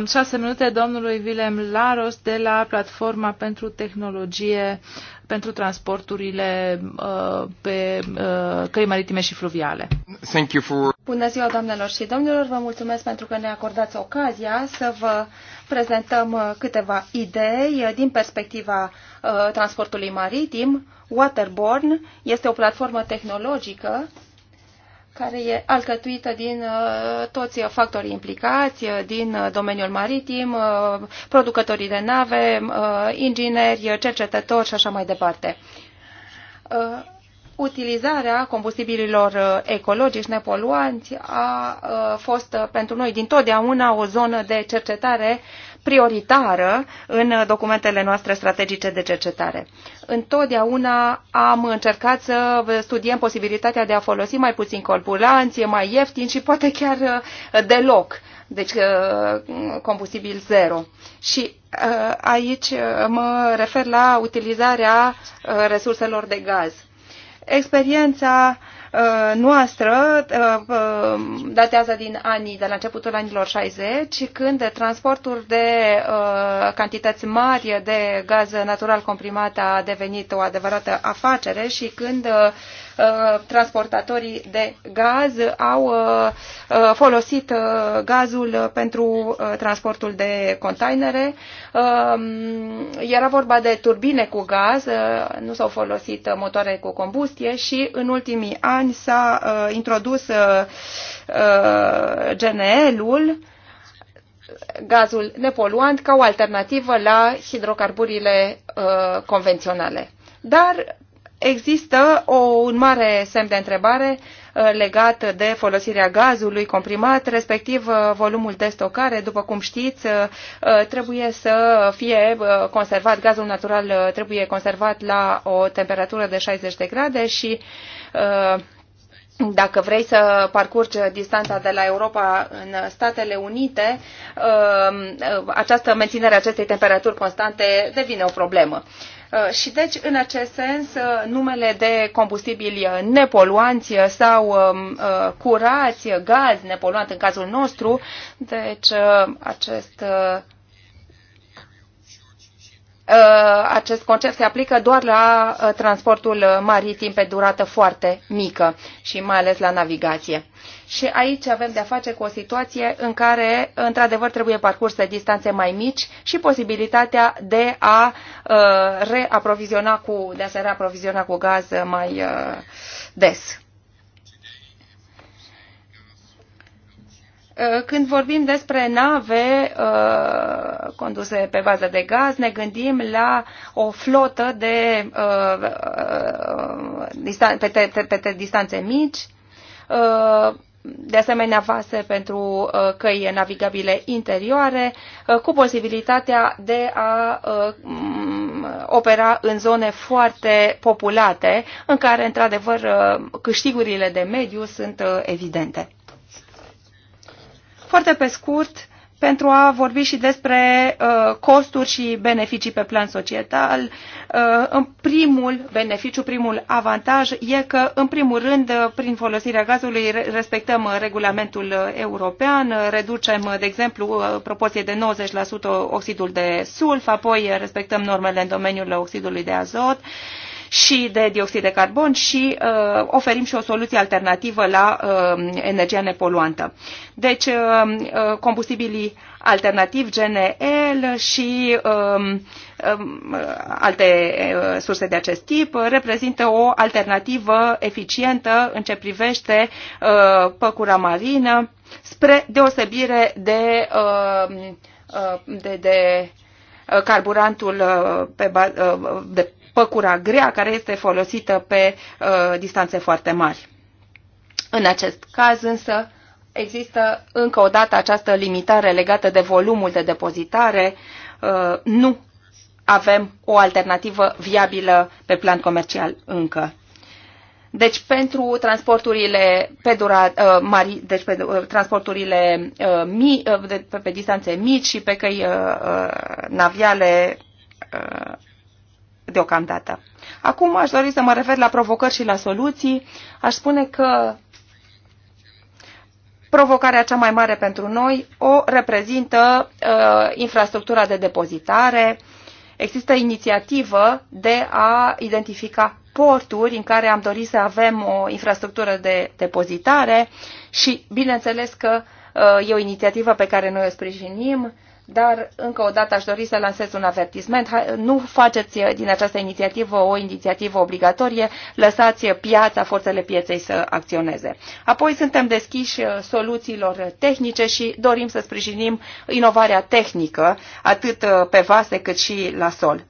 Uh, șase minute domnului Willem Laros de la Platforma pentru Tehnologie uh, pentru transporturile uh, pe uh, căi maritime și fluviale.
Thank you for... Bună ziua, doamnelor și domnilor! Vă mulțumesc pentru că ne acordați ocazia să vă prezentăm uh, câteva idei uh, din perspectiva uh, transportului maritim. Waterborne este o platformă tehnologică care e alcătuită din uh, toți factorii implicați, uh, din uh, domeniul maritim, producătorii de nave, ingineri, cercetători și așa mai departe. Utilizarea combustibililor ecologici nepoluanți a fost pentru noi dintotdeauna o zonă de cercetare prioritară în documentele noastre strategice de cercetare. Întotdeauna am încercat să studiem posibilitatea de a folosi mai puțin corpulanți, mai ieftin și poate chiar uh, deloc deci uh, combustibil zero. Și uh, aici mă refer la utilizarea resurselor de gaz. Experiența Uh, noastră uh, uh, datează din anii, de la începutul anilor 60, când transportul de cantități mari de gaz natural comprimat a devenit o adevărată afacere și când Uh, transportatorii de gaz au uh, uh, folosit gazul pentru transportul de containere. Um, era vorba de turbine cu gaz, nu s-au folosit motoare cu combustie și în ultimii ani s-a introdus GNL-ul gazul nepoluant ca o alternativă la hidrocarburile uh, convenționale. Dar există o, un mare semn de întrebare uh, legat de folosirea gazului comprimat, respectiv uh, volumul de stocare. După cum știți, uh, trebuie să fie conservat, gazul natural trebuie conservat la o temperatură de 60 de grade și dacă vrei să parcurgi distanța de la Europa în Statele Unite, această menținere acestei temperaturi constante devine o problemă. Uh, și deci, în acest sens, uh, numele de combustibili uh, nepoluanți sau um, curați, gaz nepoluant în cazul nostru, deci acest Uh, acest concept se aplică doar la uh, transportul maritim pe durată foarte mică și mai ales la navigație. Și aici avem de-a face cu o situație în care, într-adevăr, trebuie parcurse distanțe mai mici și posibilitatea de a uh, reaproviziona cu, de a se reaproviziona cu gaz mai des. Uh, când vorbim despre nave uh, conduse pe bază de gaz, ne gândim la o flotă de, uh, uh distan- pe, pe, pe, pe distanțe mici, uh, de asemenea vase pentru uh, căi navigabile interioare, cu posibilitatea de a opera în zone foarte populate, în care, într-adevăr, câștigurile de mediu sunt evidente. Foarte pe scurt, pentru a vorbi și despre uh, costuri și beneficii pe plan societal. Uh, în primul beneficiu, primul avantaj e că, în primul rând, uh, prin folosirea gazului respectăm uh, regulamentul uh, european, reducem, de exemplu, proporție de 90% oxidul de sulf, apoi respectăm normele în domeniul oxidului de azot. Uh, și de dioxid de carbon și uh, oferim și o soluție alternativă la uh, energia nepoluantă. Deci, uh, uh combustibilii alternativi, GNL și um, um, uh, alte surse de acest tip uh, reprezintă o alternativă eficientă în ce privește uh, păcura marină spre deosebire de, de, de carburantul pe, de păcura grea care este folosită pe uh, distanțe foarte mari. În acest caz însă există încă o dată această limitare legată de volumul de depozitare. Uh, nu avem o alternativă viabilă pe plan comercial încă. Deci pentru transporturile pe, dura, uh, mari, deci pe uh, transporturile uh, mi, uh, de, pe, pe distanțe mici și pe căi uh, uh, naviale uh, deocamdată. Acum aș dori să mă refer la provocări și la soluții. Aș spune că provocarea cea mai mare pentru noi o reprezintă uh, infrastructura de depozitare. Există inițiativă de a identifica porturi în care am dorit să avem o infrastructură de depozitare și bineînțeles că uh, e o inițiativă pe care noi o sprijinim dar încă o dată aș dori să lansez un avertisment. Nu faceți uh, din această inițiativă o inițiativă obligatorie, lăsați piața, forțele pieței să acționeze. Apoi suntem deschiși uh, soluțiilor tehnice și dorim să sprijinim inovarea tehnică, atât uh, pe vase cât și la sol.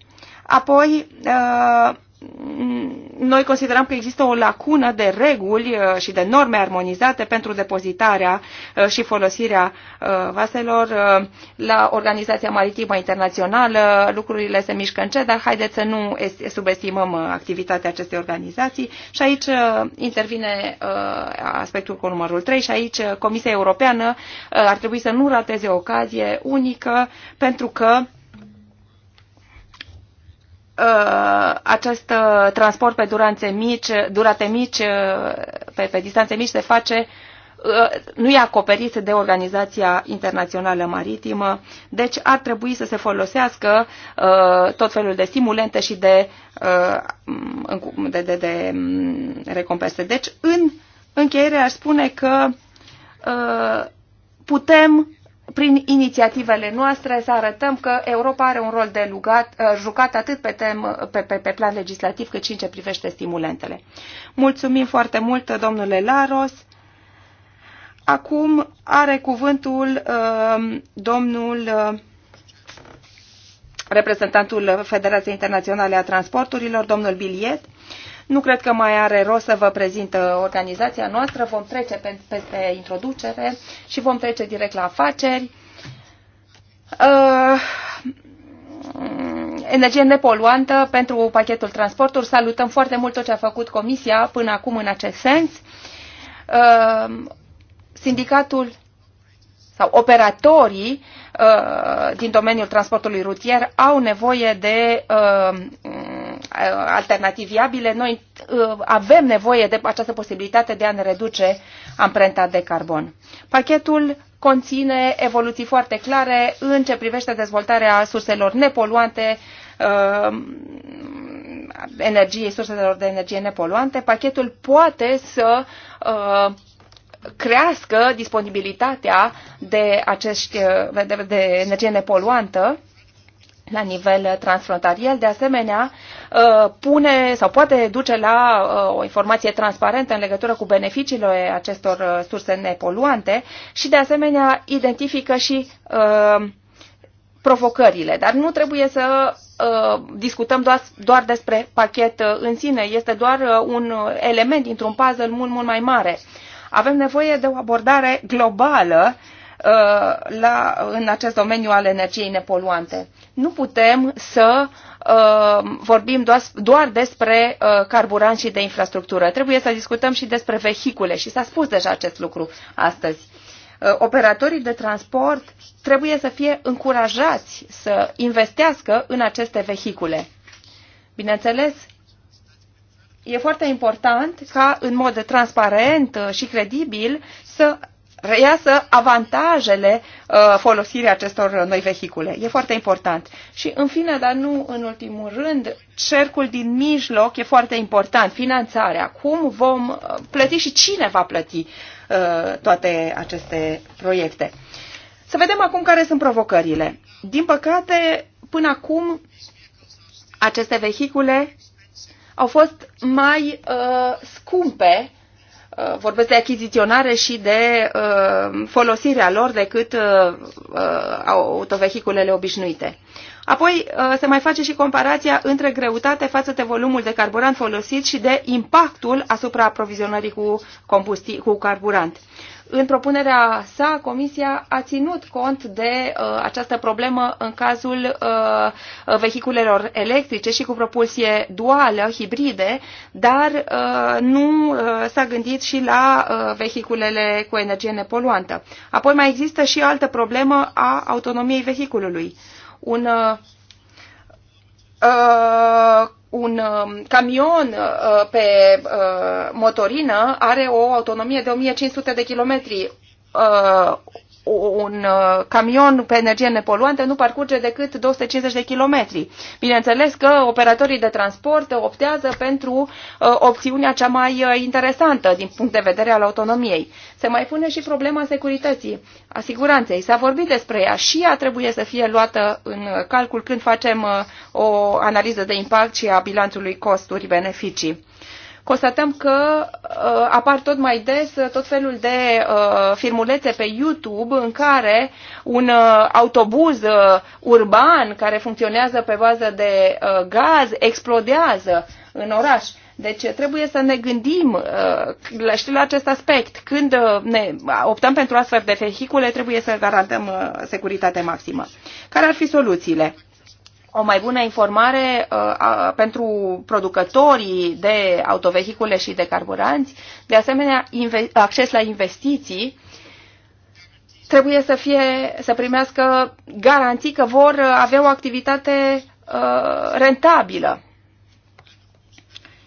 Apoi, noi considerăm că există o lacună de reguli uh, și de norme armonizate pentru depozitarea uh, și folosirea uh, vaselor la Organizația Maritimă Internațională. Lucrurile se mișcă încet, dar haideți să nu subestimăm activitatea acestei organizații. Și aici intervine aspectul cu numărul 3 și aici Comisia Europeană ar trebui să nu rateze o ocazie unică pentru că Uh, acest uh, transport pe duranțe mici, durate mici, uh, pe, pe distanțe mici se face nu e acoperit de Organizația Internațională Maritimă, deci ar trebui să se folosească tot felul de stimulente și de, de, de, de mm, recompense. Deci, în încheiere, aș spune că putem prin inițiativele noastre să arătăm că Europa are un rol de lugat, uh, jucat atât pe, tem, uh, pe, pe, pe plan legislativ cât și în ce privește stimulentele. Mulțumim foarte mult, domnule Laros. Acum are cuvântul uh, domnul reprezentantul Federației Internaționale a Transporturilor, domnul Biliet. Nu cred că mai are rost să vă prezint uh, organizația noastră. Vom trece pe, peste introducere și vom trece direct la afaceri. Uh, energie nepoluantă pentru pachetul transporturi. Salutăm foarte mult tot ce a făcut Comisia până acum în acest sens. Uh, sindicatul sau operatorii uh, din domeniul transportului rutier au nevoie de uh, alternativ viabile, noi uh, avem nevoie de această posibilitate de a ne reduce amprenta de carbon. Pachetul conține evoluții foarte clare în ce privește dezvoltarea surselor nepoluante, uh, energiei, surselor de energie nepoluante. Pachetul poate să uh, crească disponibilitatea de, acești, de, de energie nepoluantă la nivel transfrontalier. De asemenea, uh, pune sau poate duce la uh, o informație transparentă în legătură cu beneficiile acestor uh, surse nepoluante și, de asemenea, identifică și provocările. Dar nu trebuie să discutăm doar, doar despre pachet în sine. Este doar un element dintr-un puzzle mult, mult mai mare. Avem nevoie de o abordare globală la, în acest domeniu al energiei nepoluante. Nu putem să uh, vorbim doar, despre carburanți uh, carburant și de infrastructură. Trebuie să discutăm și despre vehicule și s-a spus deja acest lucru astăzi. Uh, operatorii de transport trebuie să fie încurajați să investească în aceste vehicule. Bineînțeles, e foarte important ca în mod transparent și credibil să reiasă avantajele uh, folosirii acestor noi vehicule. E foarte important. Și în fine, dar nu în ultimul rând, cercul din mijloc e foarte important. Finanțarea. Cum vom uh, plăti și cine va plăti uh, toate aceste proiecte. Să vedem acum care sunt provocările. Din păcate, până acum, aceste vehicule au fost mai uh, scumpe Uh, vorbesc de achiziționare și de uh, folosirea lor decât uh, autovehiculele obișnuite. Apoi se mai face și comparația între greutate față de volumul de carburant folosit și de impactul asupra aprovizionării cu, cu carburant. În propunerea sa, Comisia a ținut cont de uh, această problemă în cazul uh, vehiculelor electrice și cu propulsie duală, hibride, dar uh, nu uh, s-a gândit și la uh, vehiculele cu energie nepoluantă. Apoi mai există și altă problemă a autonomiei vehiculului. Un uh, uh un um, camion uh, pe uh, motorină are o autonomie de 1500 de kilometri uh, un uh, camion pe energie nepoluantă nu parcurge decât 250 de kilometri. Bineînțeles că operatorii de transport optează pentru uh, opțiunea cea mai uh, interesantă din punct de vedere al autonomiei. Se mai pune și problema securității, a siguranței. S-a vorbit despre ea și ea trebuie să fie luată în calcul când facem o analiză de impact și a bilanțului costuri-beneficii constatăm că uh, apar tot mai des uh, tot felul de uh, firmulețe pe YouTube în care un uh, autobuz uh, urban care funcționează pe bază de uh, gaz explodează în oraș. Deci uh, trebuie să ne gândim uh, la acest aspect. Când uh, ne optăm pentru astfel de vehicule, trebuie să garantăm uh, securitate maximă. Care ar fi soluțiile? o mai bună informare uh, a, pentru producătorii de autovehicule și de carburanți, de asemenea acces la investiții trebuie să, fie, să primească garanții că vor avea o activitate uh, rentabilă.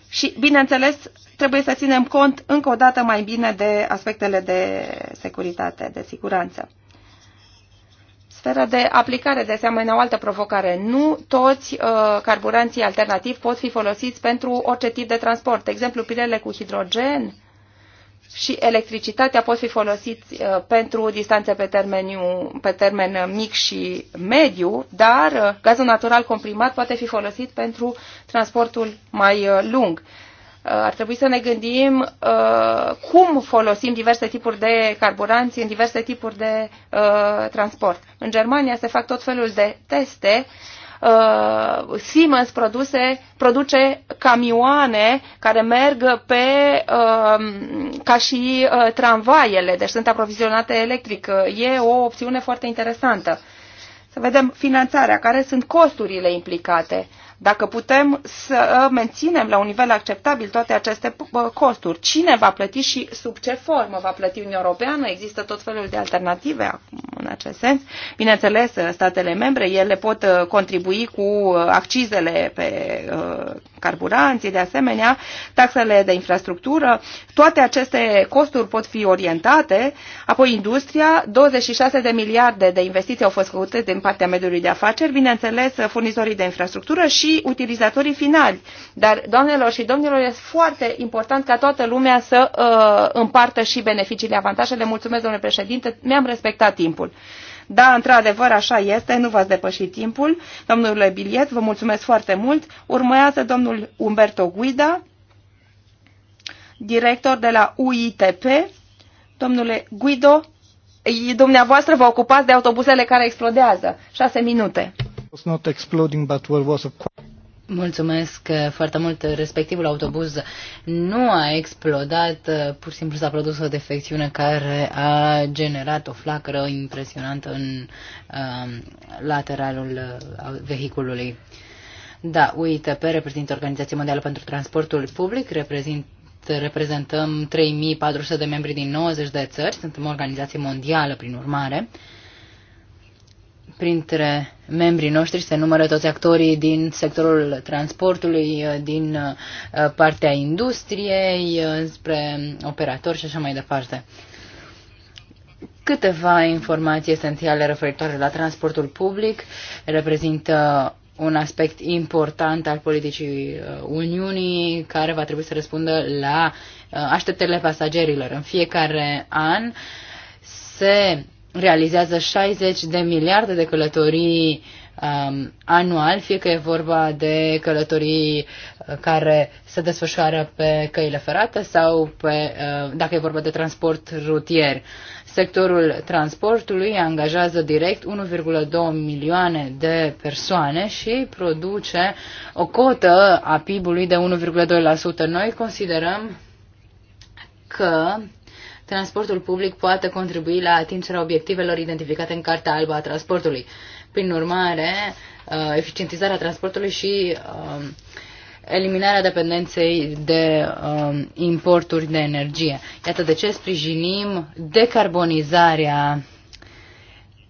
Și, bineînțeles, trebuie să ținem cont încă o dată mai bine de aspectele de securitate, de siguranță. Sfera de aplicare, de asemenea, o altă provocare. Nu toți uh, carburanții alternativi pot fi folosiți pentru orice tip de transport. De exemplu, pilele cu hidrogen și electricitatea pot fi folosiți uh, pentru distanțe pe, termen pe termen mic și mediu, dar uh, gazul natural comprimat poate fi folosit pentru transportul mai uh, lung. Uh, Uh, ar trebui să ne gândim uh, cum folosim diverse tipuri de carburanți în diverse tipuri de uh, transport. În Germania se fac tot felul de teste uh, Siemens produse, produce camioane care merg pe uh, ca și uh, tramvaiele, deci sunt aprovizionate electric. E o opțiune foarte interesantă. Să vedem finanțarea, care sunt costurile implicate. Uh, dacă putem să menținem la un nivel acceptabil toate aceste uh, costuri. Cine va plăti și sub ce formă va plăti Uniunea Europeană? Există tot felul de alternative în acest sens. Bineînțeles, uh, statele membre, ele pot uh, contribui cu accizele pe carburanții, de asemenea, taxele de infrastructură. Toate aceste costuri pot fi orientate. Apoi industria, 26 de miliarde de investiții au fost făcute din partea mediului de afaceri, bineînțeles, furnizorii de infrastructură și și utilizatorii finali. Dar, doamnelor și domnilor, este foarte important ca toată lumea să uh, împartă și beneficiile, avantajele. Mulțumesc, domnule președinte, mi-am respectat timpul. Da, într-adevăr, așa este, nu v-ați depășit timpul. Domnule Biliet, vă mulțumesc foarte mult. Urmează domnul Umberto Guida, director de la UITP. Domnule Guido, dumneavoastră vă ocupați de autobuzele care explodează. Șase minute.
Mulțumesc foarte mult. Respectivul autobuz nu a explodat, pur și simplu s-a produs o defecțiune care a generat o flacără impresionantă în um, uh, lateralul vehiculului. Da, UITP reprezintă Organizația Mondială pentru Transportul Public, reprezint, reprezentăm 3400 de membri din 90 de țări, suntem o organizație mondială prin urmare. Uh, printre membrii noștri se numără toți actorii din sectorul transportului, din uh, partea industriei, uh, spre operatori și așa mai departe. Câteva informații esențiale referitoare la transportul public reprezintă un aspect important al politicii uh, Uniunii care va trebui să răspundă la așteptările pasagerilor. În fiecare an se realizează 60 de miliarde de călătorii um, anual, fie că e vorba de călătorii uh, care se desfășoară pe căile ferate sau pe, uh, dacă e vorba de transport rutier. Sectorul transportului angajează direct 1,2 milioane de persoane și produce o cotă a PIB-ului de 1,2%. Noi considerăm că transportul public poate contribui la atingerea obiectivelor identificate în Carta Albă a Transportului. Prin urmare, uh, eficientizarea transportului și um, eliminarea dependenței de um, importuri de energie. Iată de ce sprijinim decarbonizarea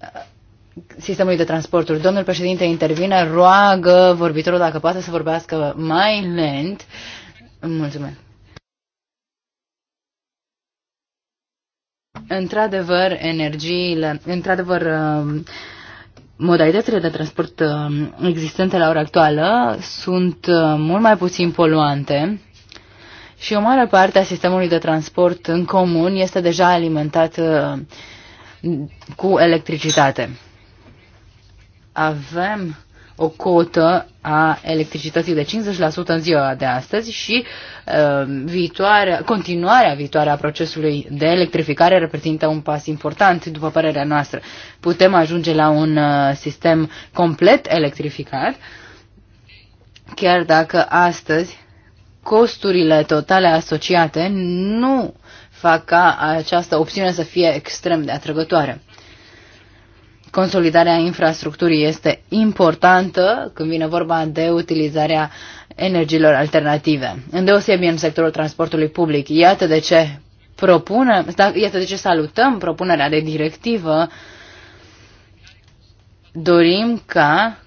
uh, sistemului de transporturi. Domnul președinte intervine, roagă vorbitorul dacă poate să vorbească mai lent. Mulțumesc. Într-adevăr, energiile, într-adevăr, uh, modalitățile de transport uh, existente la ora actuală sunt uh, mult mai puțin poluante și o mare parte a sistemului de transport în comun este deja alimentat cu electricitate. Avem o cotă a electricității de 50% în ziua de astăzi și uh, viitoare, continuarea viitoare a procesului de electrificare reprezintă un pas important, după părerea noastră. Putem ajunge la un uh, sistem complet electrificat, chiar dacă astăzi costurile totale asociate nu fac ca această opțiune să fie extrem de atrăgătoare. Consolidarea infrastructurii este importantă când vine vorba de utilizarea energiilor alternative, îndeosebi în sectorul transportului public. Iată de ce propunem, da, iată de ce salutăm propunerea de directivă. Dorim ca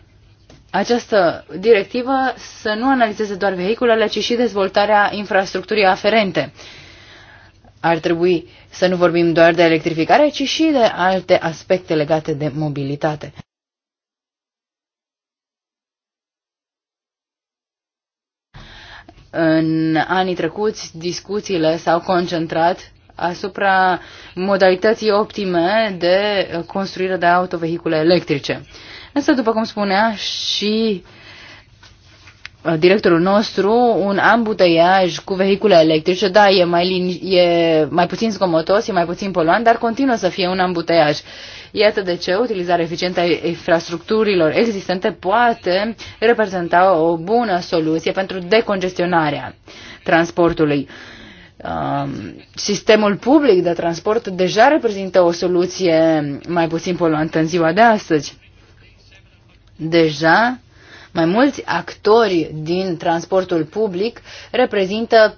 această directivă să nu analizeze doar vehiculele, ci și dezvoltarea infrastructurii aferente. Ar trebui să nu vorbim doar de electrificare, ci și de alte aspecte legate de mobilitate. În anii trecuți, discuțiile s-au concentrat asupra modalității optime de construire de autovehicule electrice. Însă, după cum spunea și uh, Uh, directorul nostru un ambuteiaj cu vehicule electrice. Da, e mai, lin, e mai puțin zgomotos, e mai puțin poluant, dar continuă să fie un ambuteiaj. Iată de ce utilizarea eficientă a infrastructurilor existente poate reprezenta o bună soluție pentru decongestionarea transportului. Um, sistemul public de transport deja reprezintă o soluție mai puțin poluantă în ziua de astăzi. Deja mai mulți actori din transportul public reprezintă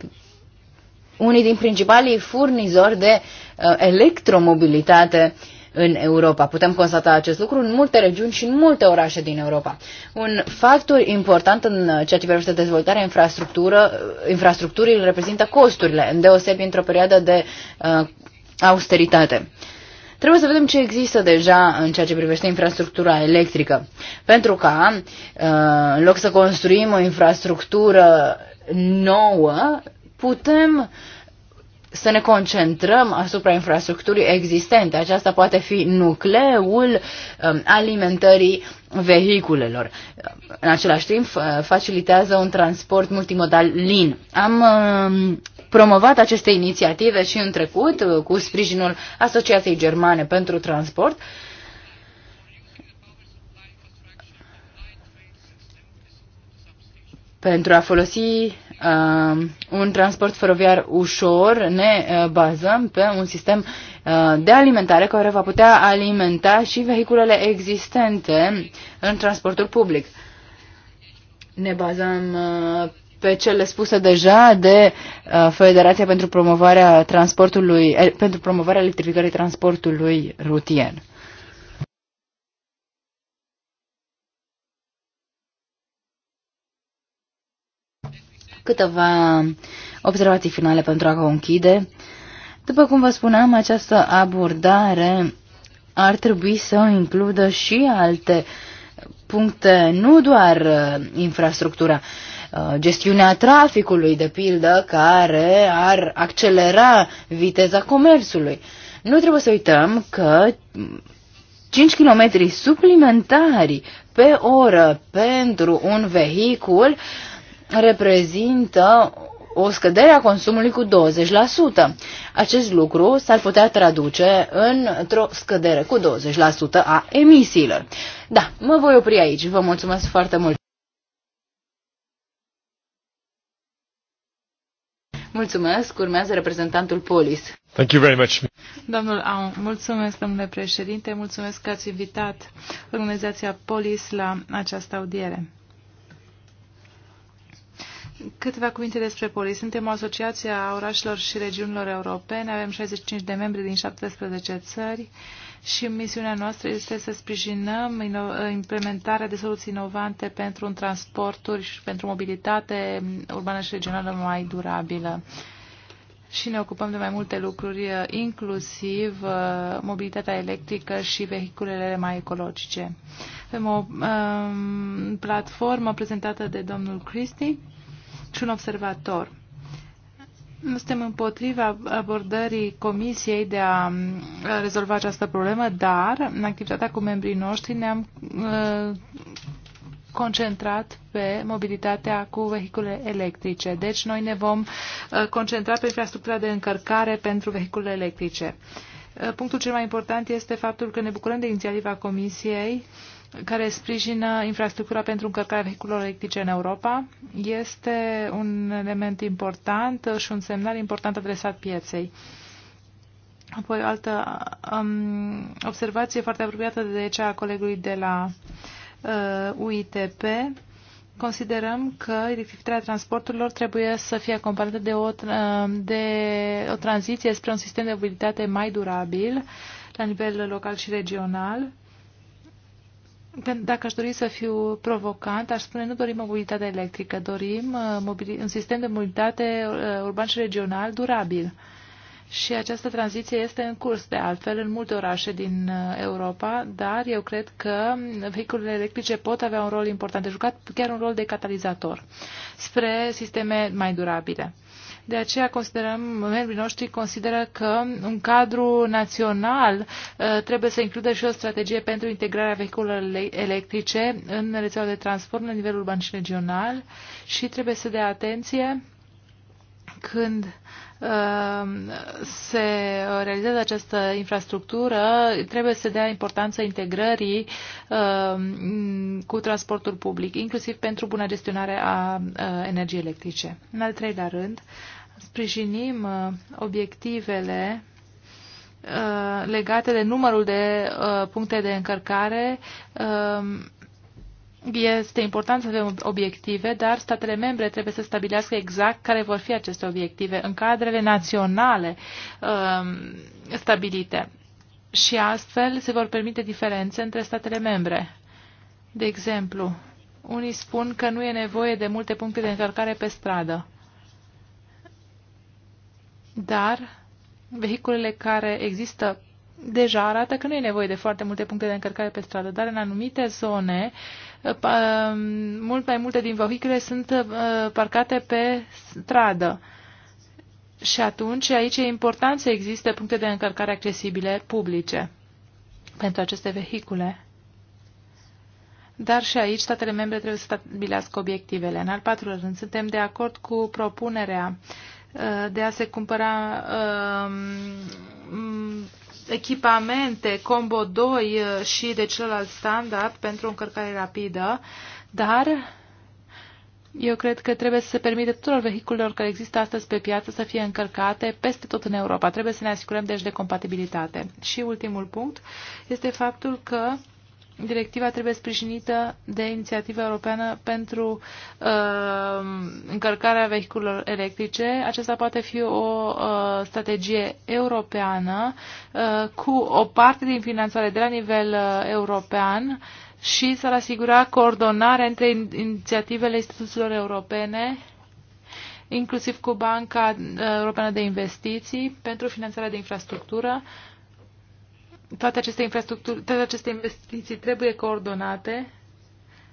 unii din principalii furnizori de uh, electromobilitate în Europa. Putem constata acest lucru în multe regiuni și în multe orașe din Europa. Un factor important în ceea ce privește dezvoltarea infrastructură, infrastructurii reprezintă costurile, îndeosebi într-o perioadă de uh, austeritate. Trebuie să vedem ce există deja în ceea ce privește infrastructura electrică. Pentru ca, uh, în loc să construim o infrastructură nouă, putem să ne concentrăm asupra infrastructurii existente. Aceasta poate fi nucleul um, alimentării vehiculelor. În același timp, uh, facilitează un transport multimodal lin. Am um, promovat aceste inițiative și în trecut uh, cu sprijinul Asociației Germane pentru Transport. Pentru a folosi uh, un transport feroviar ușor, ne uh, bazăm pe un sistem uh, de alimentare care va putea alimenta și vehiculele existente în transportul public. Ne bazăm uh, pe cele spuse deja de uh, Federația pentru promovarea transportului, pentru promovarea electrificării transportului rutier. Câteva observații finale pentru a conchide. După cum vă spuneam, această abordare ar trebui să includă și alte puncte, nu doar uh, infrastructura. Uh, gestiunea traficului, de pildă, care ar accelera viteza comerțului. Nu trebuie să uităm că 5 km suplimentari pe oră pentru un vehicul reprezintă o scădere a consumului cu 20%. Acest lucru s-ar putea traduce într-o scădere cu 20% a emisiilor. Da, mă voi opri aici. Vă mulțumesc foarte mult! Mulțumesc. Urmează reprezentantul Polis.
Thank you very much.
Domnul Aung, mulțumesc, domnule președinte. Mulțumesc că ați invitat organizația Polis la această audiere. Câteva cuvinte despre Polis. Suntem o asociație a orașelor și regiunilor europene. Avem 65 de membri din 17 țări și misiunea noastră este să sprijinăm implementarea de soluții inovante pentru un transporturi și pentru mobilitate urbană și regională mai durabilă. Și ne ocupăm de mai multe lucruri, inclusiv uh, mobilitatea electrică și vehiculele mai ecologice. Avem o um, platformă prezentată de domnul Cristi și un observator nu suntem împotriva abordării Comisiei de a rezolva această problemă, dar în activitatea cu membrii noștri ne-am concentrat pe mobilitatea cu vehicule electrice. Deci noi ne vom concentra pe infrastructura de încărcare pentru vehicule electrice. punctul cel mai important este faptul că ne bucurăm de inițiativa Comisiei uh, care sprijină infrastructura pentru încărcarea vehiculelor electrice în Europa. Este un element important și un semnal important adresat pieței. Apoi o altă um, observație foarte apropiată de cea a colegului de la uh, UITP. Considerăm că electrificarea transporturilor trebuie să fie acompaniată de o, de o tranziție spre un sistem de mobilitate mai durabil la nivel local și regional dacă aș dori să fiu provocant, aș spune nu dorim mobilitate electrică, dorim uh, un sistem de mobilitate uh, urban și regional durabil. Și această tranziție este în curs, de altfel, în multe orașe din uh, Europa, dar eu cred că vehiculele electrice pot avea un rol important de jucat, chiar un rol de catalizator spre sisteme mai durabile. De aceea considerăm, membrii noștri consideră că un cadru național uh, trebuie să includă și o strategie pentru integrarea vehiculelor electrice în rețeaua de transport la nivel urban și regional și trebuie să dea atenție când Ehm, se realizează această infrastructură, trebuie să dea importanță integrării ehm, cu transportul public, inclusiv pentru bună gestionare a energiei electrice. În al treilea rând, sprijinim obiectivele legate de numărul de puncte de încărcare ehm, este important să avem obiective, dar statele membre trebuie să stabilească exact care vor fi aceste obiective în cadrele naționale um, stabilite. Și astfel se vor permite diferențe între statele membre. De exemplu, unii spun că nu e nevoie de multe puncte de încărcare pe stradă. Dar vehiculele care există deja arată că nu e nevoie de foarte multe puncte de încărcare pe stradă, dar în anumite zone uh, mult mai multe din vehicule sunt uh, parcate pe stradă. Și atunci aici e important să existe puncte de încărcare accesibile publice pentru aceste vehicule. Dar și aici statele membre trebuie să stabilească obiectivele. În al patrulea rând, suntem de acord cu propunerea uh, de a se cumpăra uh, echipamente Combo 2 uh, și de celălalt standard pentru o încărcare rapidă, dar eu cred că trebuie să se permite tuturor vehiculelor care există astăzi pe piață să fie încărcate peste tot în Europa. Trebuie să ne asigurăm deci de compatibilitate. Și ultimul punct este faptul că Directiva trebuie sprijinită de inițiativa europeană pentru uh, încărcarea vehiculelor electrice. Aceasta poate fi o uh, strategie europeană uh, cu o parte din finanțare de la nivel uh, european și s-ar asigura coordonarea între inițiativele instituțiilor europene inclusiv cu Banca uh, Europeană de Investiții pentru finanțarea de infrastructură, uh, toate aceste infrastructuri, toate aceste investiții trebuie coordonate.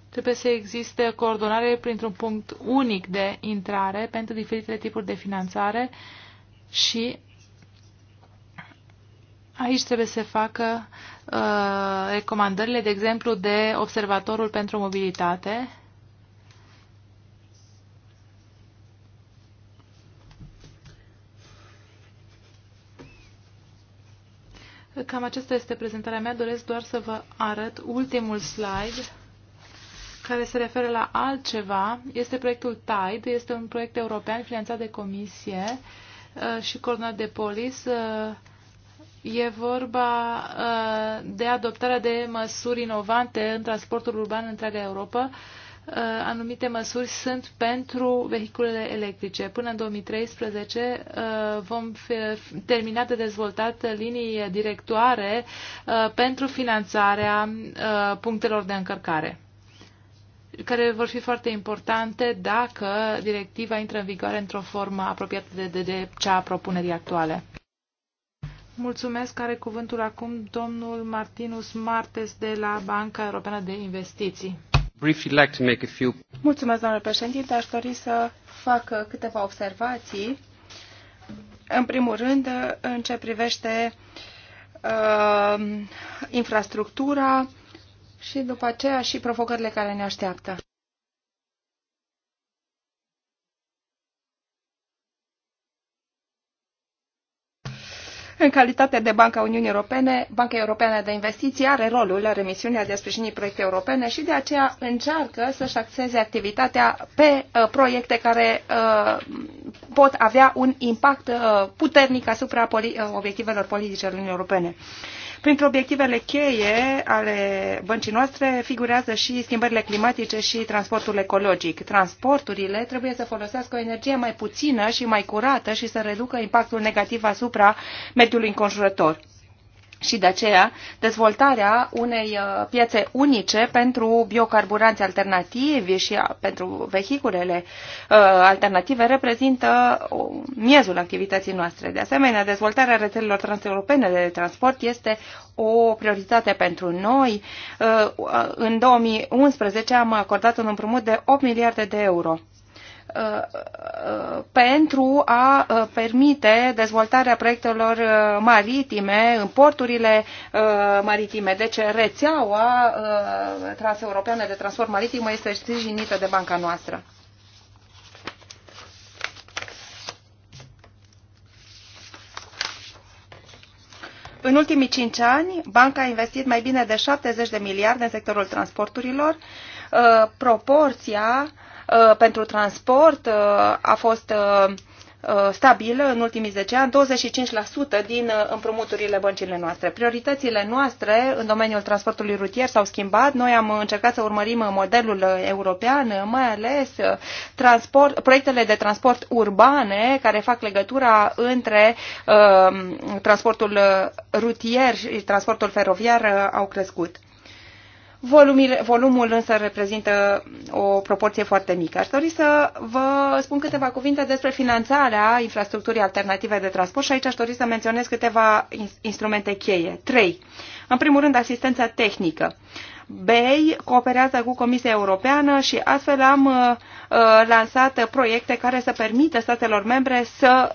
Trebuie să existe coordonare printr-un punct unic de intrare pentru diferitele tipuri de finanțare și aici trebuie să facă uh, recomandările, de exemplu, de observatorul pentru mobilitate Cam aceasta este prezentarea mea. Doresc doar să vă arăt ultimul slide care se referă la altceva. Este proiectul TIDE, este un proiect european finanțat de comisie uh, și coordonat de polis. Uh, e vorba uh, de adoptarea de măsuri inovante în transportul urban în întreaga Europa Uh, anumite măsuri sunt pentru vehiculele electrice. Până în 2013 uh, vom fi uh, de dezvoltat linii directoare pentru finanțarea punctelor de încărcare care vor fi foarte importante dacă directiva intră în vigoare într-o formă apropiată de, de, de cea a propunerii actuale. Mulțumesc. Are cuvântul acum domnul Martinus Martes de la Banca Europeană de Investiții. Mulțumesc, domnule președinte. Aș dori să fac câteva
observații. În primul rând, în ce privește uh, infrastructura și după aceea și provocările care ne așteaptă. În calitate de Banca Uniunii Europene, Banca Europeană de Investiții are rolul, are misiunea de a sprijini proiecte europene și de aceea încearcă să-și axeze activitatea pe uh, proiecte care uh, pot avea un impact uh, puternic asupra obiectivelor politice ale Uniunii Europene. Printre obiectivele cheie ale băncii noastre figurează și schimbările climatice și transportul ecologic. Transporturile trebuie să folosească o energie mai puțină și mai curată și să reducă impactul negativ asupra mediului înconjurător și de aceea dezvoltarea unei uh, piețe unice pentru biocarburanți alternativi și uh, pentru vehiculele uh, alternative reprezintă miezul activității noastre. De asemenea, dezvoltarea rețelelor transeuropene de transport este o prioritate pentru noi. În 2011 am acordat un împrumut de 8 miliarde de euro pentru a permite dezvoltarea proiectelor maritime în porturile maritime. Deci rețeaua transeuropeană de transport maritim este sprijinită de banca noastră. În ultimii cinci ani, banca a investit mai bine de 70 de miliarde în sectorul transporturilor, proporția Uh, pentru transport uh, a fost uh, stabilă în ultimii 10 ani, 25% din împrumuturile băncile noastre. Prioritățile noastre în domeniul transportului rutier s-au schimbat. Noi am încercat să urmărim modelul european, mai ales transport, proiectele de transport urbane care fac legătura între uh, transportul rutier și transportul feroviar uh, au crescut. Volumile, volumul însă reprezintă o proporție foarte mică. Aș dori să vă spun câteva cuvinte despre finanțarea infrastructurii alternative de transport și aici aș dori să menționez câteva instrumente cheie. 3. În primul rând, asistența tehnică. BEI cooperează cu Comisia Europeană și astfel am uh, Uh, lansat proiecte care să permită statelor membre să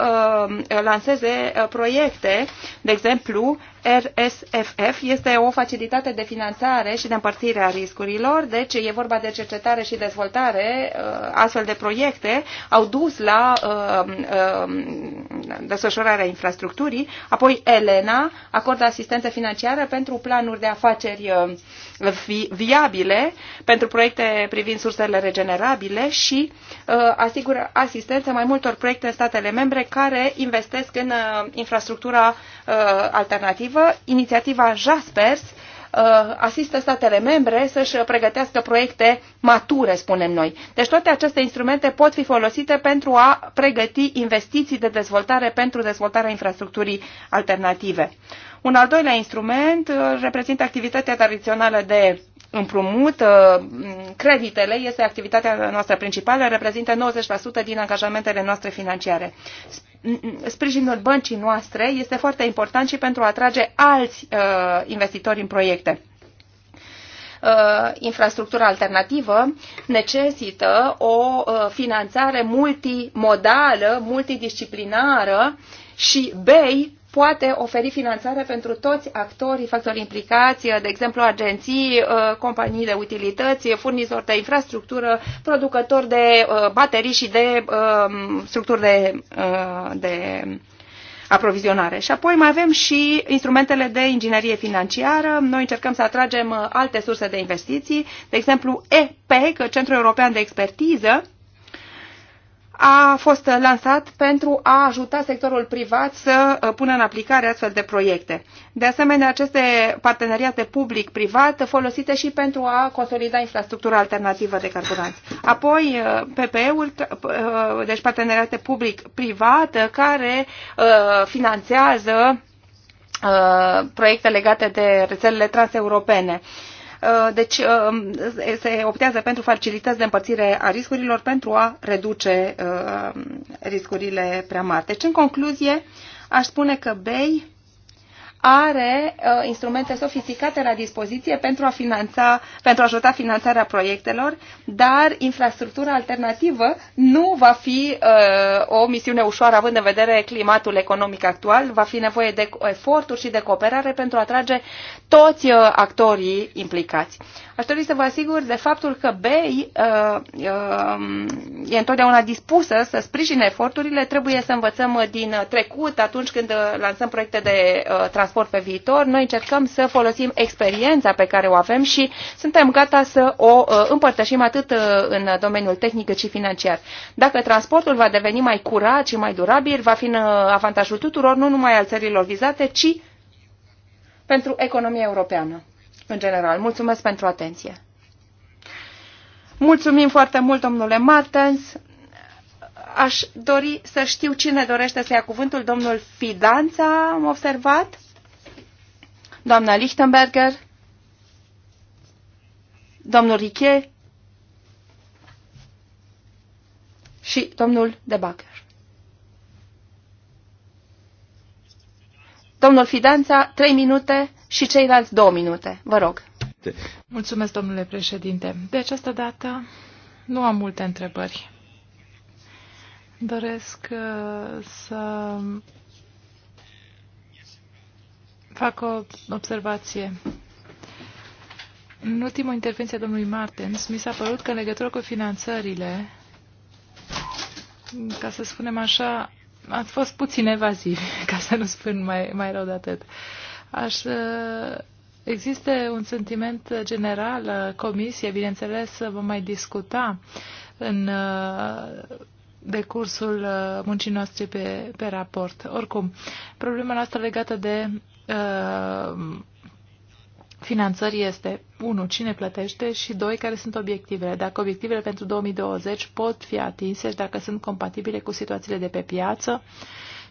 uh, lanseze uh, proiecte, de exemplu, RSFF este o facilitate de finanțare și de împărțire a riscurilor, deci e vorba de cercetare și dezvoltare. Astfel de proiecte au dus la desfășurarea infrastructurii. Apoi Elena acordă asistență financiară pentru planuri de afaceri viabile, pentru proiecte privind sursele regenerabile și uh, asigură asistență mai multor proiecte în statele membre care investesc în uh, infrastructura uh, alternativă. Inițiativa JASPERS asistă statele membre să-și pregătească proiecte mature, spunem noi. Deci toate aceste instrumente pot fi folosite pentru a pregăti investiții de dezvoltare pentru dezvoltarea infrastructurii alternative. Un al doilea instrument reprezintă activitatea tradițională de împrumută mm, creditele este activitatea noastră principală, reprezintă 90% din angajamentele noastre financiare. Mm, mm, sprijinul băncii noastre este foarte important și pentru a atrage alți uh, investitori în proiecte uh, infrastructura alternativă necesită o uh, finanțare multimodală, multidisciplinară și BEI poate oferi finanțare pentru toți actorii, factori implicați, de exemplu agenții, uh, companii de utilități, furnizori de infrastructură, producători de uh, baterii și de um, structuri de, uh, de aprovizionare. Și apoi mai avem și instrumentele de inginerie financiară. Noi încercăm să atragem alte surse de investiții, de exemplu EPEC, Centrul European de Expertiză, a fost lansat pentru a ajuta sectorul privat să uh, pună în aplicare astfel de proiecte. De asemenea, aceste parteneriate public-privat folosite și pentru a consolida infrastructura alternativă de carburanți. Apoi, uh, PPE-ul, uh, deci parteneriate public-privat, care finanțează proiecte legate de rețelele transeuropene. Uh, deci uh, um, se optează pentru facilități de împărțire a riscurilor pentru a reduce uh, riscurile prea mari. Deci, în concluzie, aș spune că BEI are uh, instrumente sofisticate la dispoziție pentru a, finanța, pentru a ajuta finanțarea proiectelor, dar infrastructura alternativă nu va fi uh, o misiune ușoară, având în vedere climatul economic actual. Va fi nevoie de eforturi și de cooperare pentru a atrage toți uh, actorii implicați. Aș dori să vă asigur de faptul că BEI uh, uh, e întotdeauna dispusă să sprijine eforturile. Trebuie să învățăm din trecut atunci când uh, lansăm proiecte de uh, transport transport pe viitor. Noi încercăm să folosim experiența pe care o avem și suntem gata să o uh, împărtășim atât uh, în domeniul tehnic cât și financiar. Dacă transportul va deveni mai curat și mai durabil, va fi în uh, avantajul tuturor, nu numai al țărilor vizate, ci pentru economia europeană în general. Mulțumesc pentru atenție. Mulțumim foarte mult, domnule Martens. Aș dori să știu cine dorește să ia cuvântul. Domnul Fidanța, am observat. Doamna Lichtenberger? Domnul Riche? Și domnul Debacher. Domnul Fidanța, trei minute și ceilalți două minute. Vă rog.
Mulțumesc, domnule președinte. De această dată nu am multe întrebări. Doresc uh, să fac o observație. În ultima intervenție a domnului Martens, mi s-a părut că în legătură cu finanțările, ca să spunem așa, ați fost puțin evaziv, ca să nu spun mai, mai rău de atât. Aș, uh, există un sentiment general, uh, comisie, bineînțeles, uh, vom mai discuta în de cursul uh, muncii noastre pe, pe raport. Oricum, problema noastră legată de uh, finanțări este, 1. Cine plătește și, doi, Care sunt obiectivele? Dacă obiectivele pentru 2020 pot fi atinse și dacă sunt compatibile cu situațiile de pe piață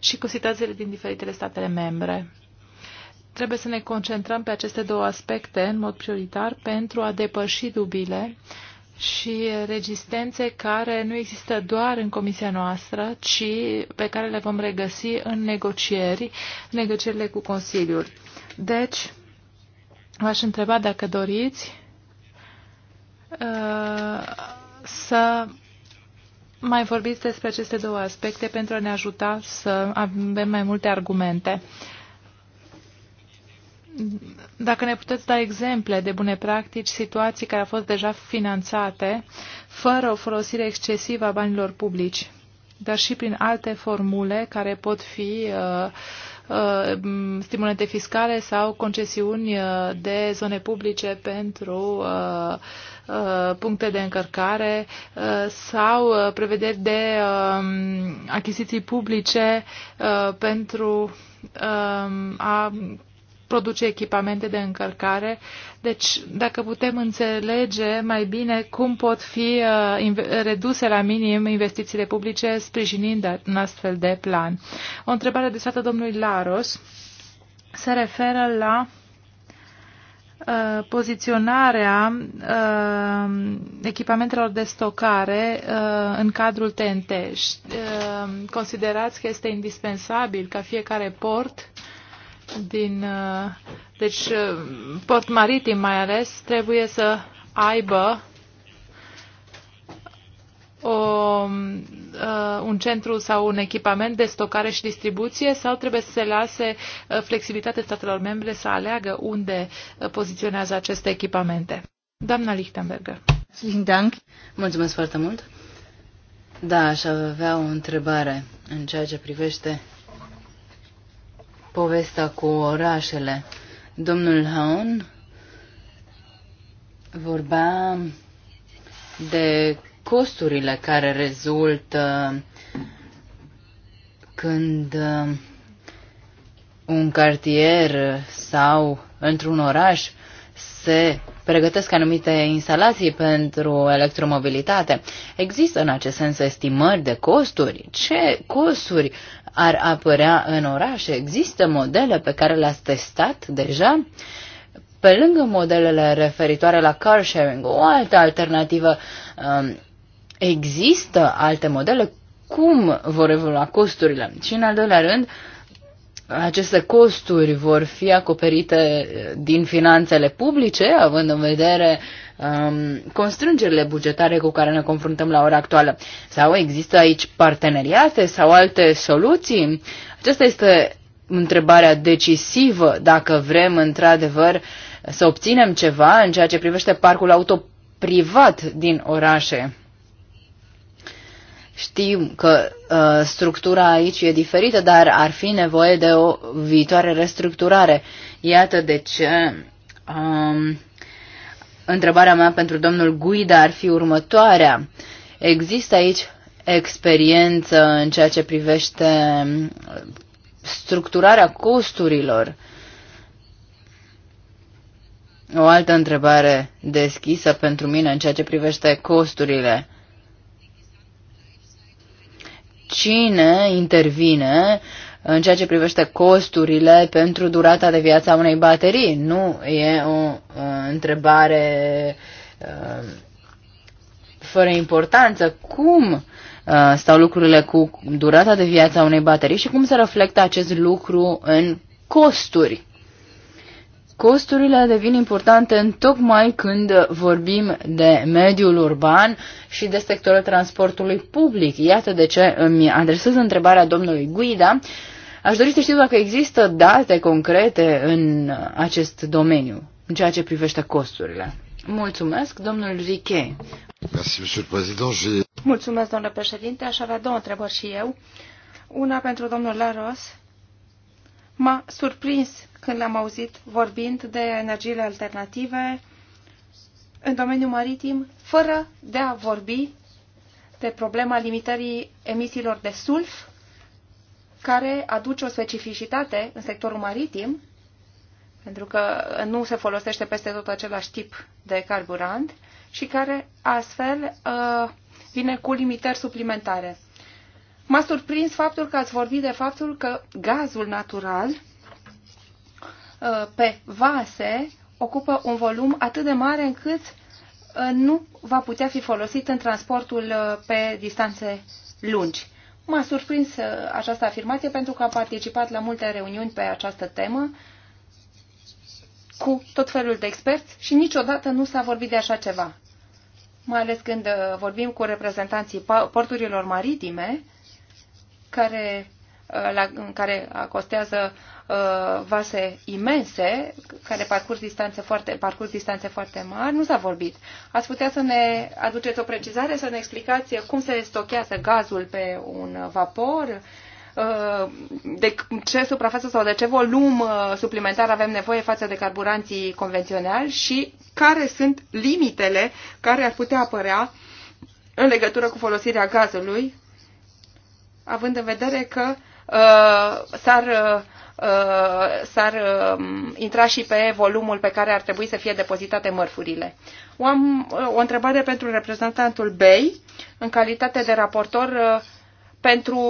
și cu situațiile din diferitele statele membre. Trebuie să ne concentrăm pe aceste două aspecte în mod prioritar pentru a depăși dubile și rezistențe care nu există doar în comisia noastră, ci pe care le vom regăsi în negocieri, negocierile cu Consiliul. Deci, v-aș întreba dacă doriți uh, să mai vorbiți despre aceste două aspecte pentru a ne ajuta să avem mai multe argumente dacă ne puteți da exemple de bune practici, situații care au fost deja finanțate fără o folosire excesivă a banilor publici, dar și prin alte formule care pot fi uh, uh, stimulente fiscale sau concesiuni uh, de zone publice pentru uh, uh puncte de încărcare uh, sau prevederi de um, achiziții publice pentru um, a produce echipamente de încălcare. Deci, dacă putem înțelege mai bine cum pot fi uh, reduse la minim investițiile publice sprijinind un astfel de plan. O întrebare adresată domnului Laros se referă la uh, poziționarea uh, echipamentelor de stocare uh, în cadrul TNT. Uh, considerați că este indispensabil ca fiecare port din, uh, deci uh, port maritim mai ales, trebuie să aibă o, uh, un centru sau un echipament de stocare și distribuție sau trebuie să se lase flexibilitate statelor membre să aleagă unde poziționează aceste echipamente. Doamna Lichtenberger.
Mulțumesc foarte mult. Da, aș avea o întrebare în ceea ce privește povestea cu orașele. Domnul Haun vorbea de costurile care rezultă când uh, un cartier sau într-un oraș se pregătesc anumite instalații pentru electromobilitate. Există în acest sens estimări de costuri? Ce costuri ar apărea în oraș? Există modele pe care le-ați testat deja? Pe lângă modelele referitoare la car sharing, o altă alternativă, um, există alte modele? Cum vor evolua costurile? Și în al doilea rând, uh, aceste costuri vor fi acoperite eh, din finanțele publice, având în vedere um, constrângerile bugetare cu care ne confruntăm la ora actuală? Sau există aici parteneriate sau alte soluții? Aceasta este întrebarea decisivă dacă vrem într-adevăr să obținem ceva în ceea ce privește parcul auto privat din orașe. Știm că uh, structura aici e diferită, dar ar fi nevoie de o viitoare restructurare. Iată de ce um, întrebarea mea pentru domnul Guida ar fi următoarea. Există aici experiență în ceea ce privește um, structurarea costurilor? O altă întrebare deschisă pentru mine în ceea ce privește costurile cine intervine în ceea ce privește costurile pentru durata de viață a unei baterii. Nu e o uh, întrebare uh, fără importanță. Cum uh, stau lucrurile cu durata de viață a unei baterii și cum se reflectă acest lucru în costuri? costurile devin importante în tocmai când vorbim de mediul urban și de sectorul transportului public. Iată de ce îmi adresez întrebarea domnului Guida. Aș dori să știu dacă există date concrete în acest domeniu, în ceea ce privește costurile. Mulțumesc, domnul Riche. Mulțumesc,
domnule președinte. Aș avea două întrebări și eu. Una pentru domnul Laros. M-a surprins când l-am auzit vorbind de energiile alternative în domeniul maritim, fără de a vorbi de problema limitării emisiilor de sulf, care aduce o specificitate în sectorul maritim, pentru că nu se folosește peste tot același tip de carburant și care astfel uh, vine cu limitări suplimentare. M-a surprins faptul că ați vorbit de faptul că gazul natural Uh, pe vase ocupă un volum atât de mare încât uh, nu va putea fi folosit în transportul uh, pe distanțe lungi. M-a surprins această afirmație pentru că am participat la multe reuniuni pe această temă cu tot felul de experți și niciodată nu s-a vorbit de așa ceva. Mai ales când vorbim cu reprezentanții porturilor maritime, care, la, care acostează Uh, vase imense care parcurs distanțe foarte, parcurs distanțe foarte mari, nu s-a vorbit. Ați putea să ne aduceți o precizare, să ne explicați cum se stochează gazul pe un vapor, uh, de ce suprafață sau de ce volum uh, suplimentar avem nevoie față de carburanții convenționali și care sunt limitele care ar putea apărea în legătură cu folosirea gazului, având în vedere că uh, s-ar uh, Uh, s-ar um, intra și pe volumul pe care ar trebui să fie depozitate mărfurile. O, am, uh, o întrebare pentru reprezentantul BEI, în calitate de raportor uh, pentru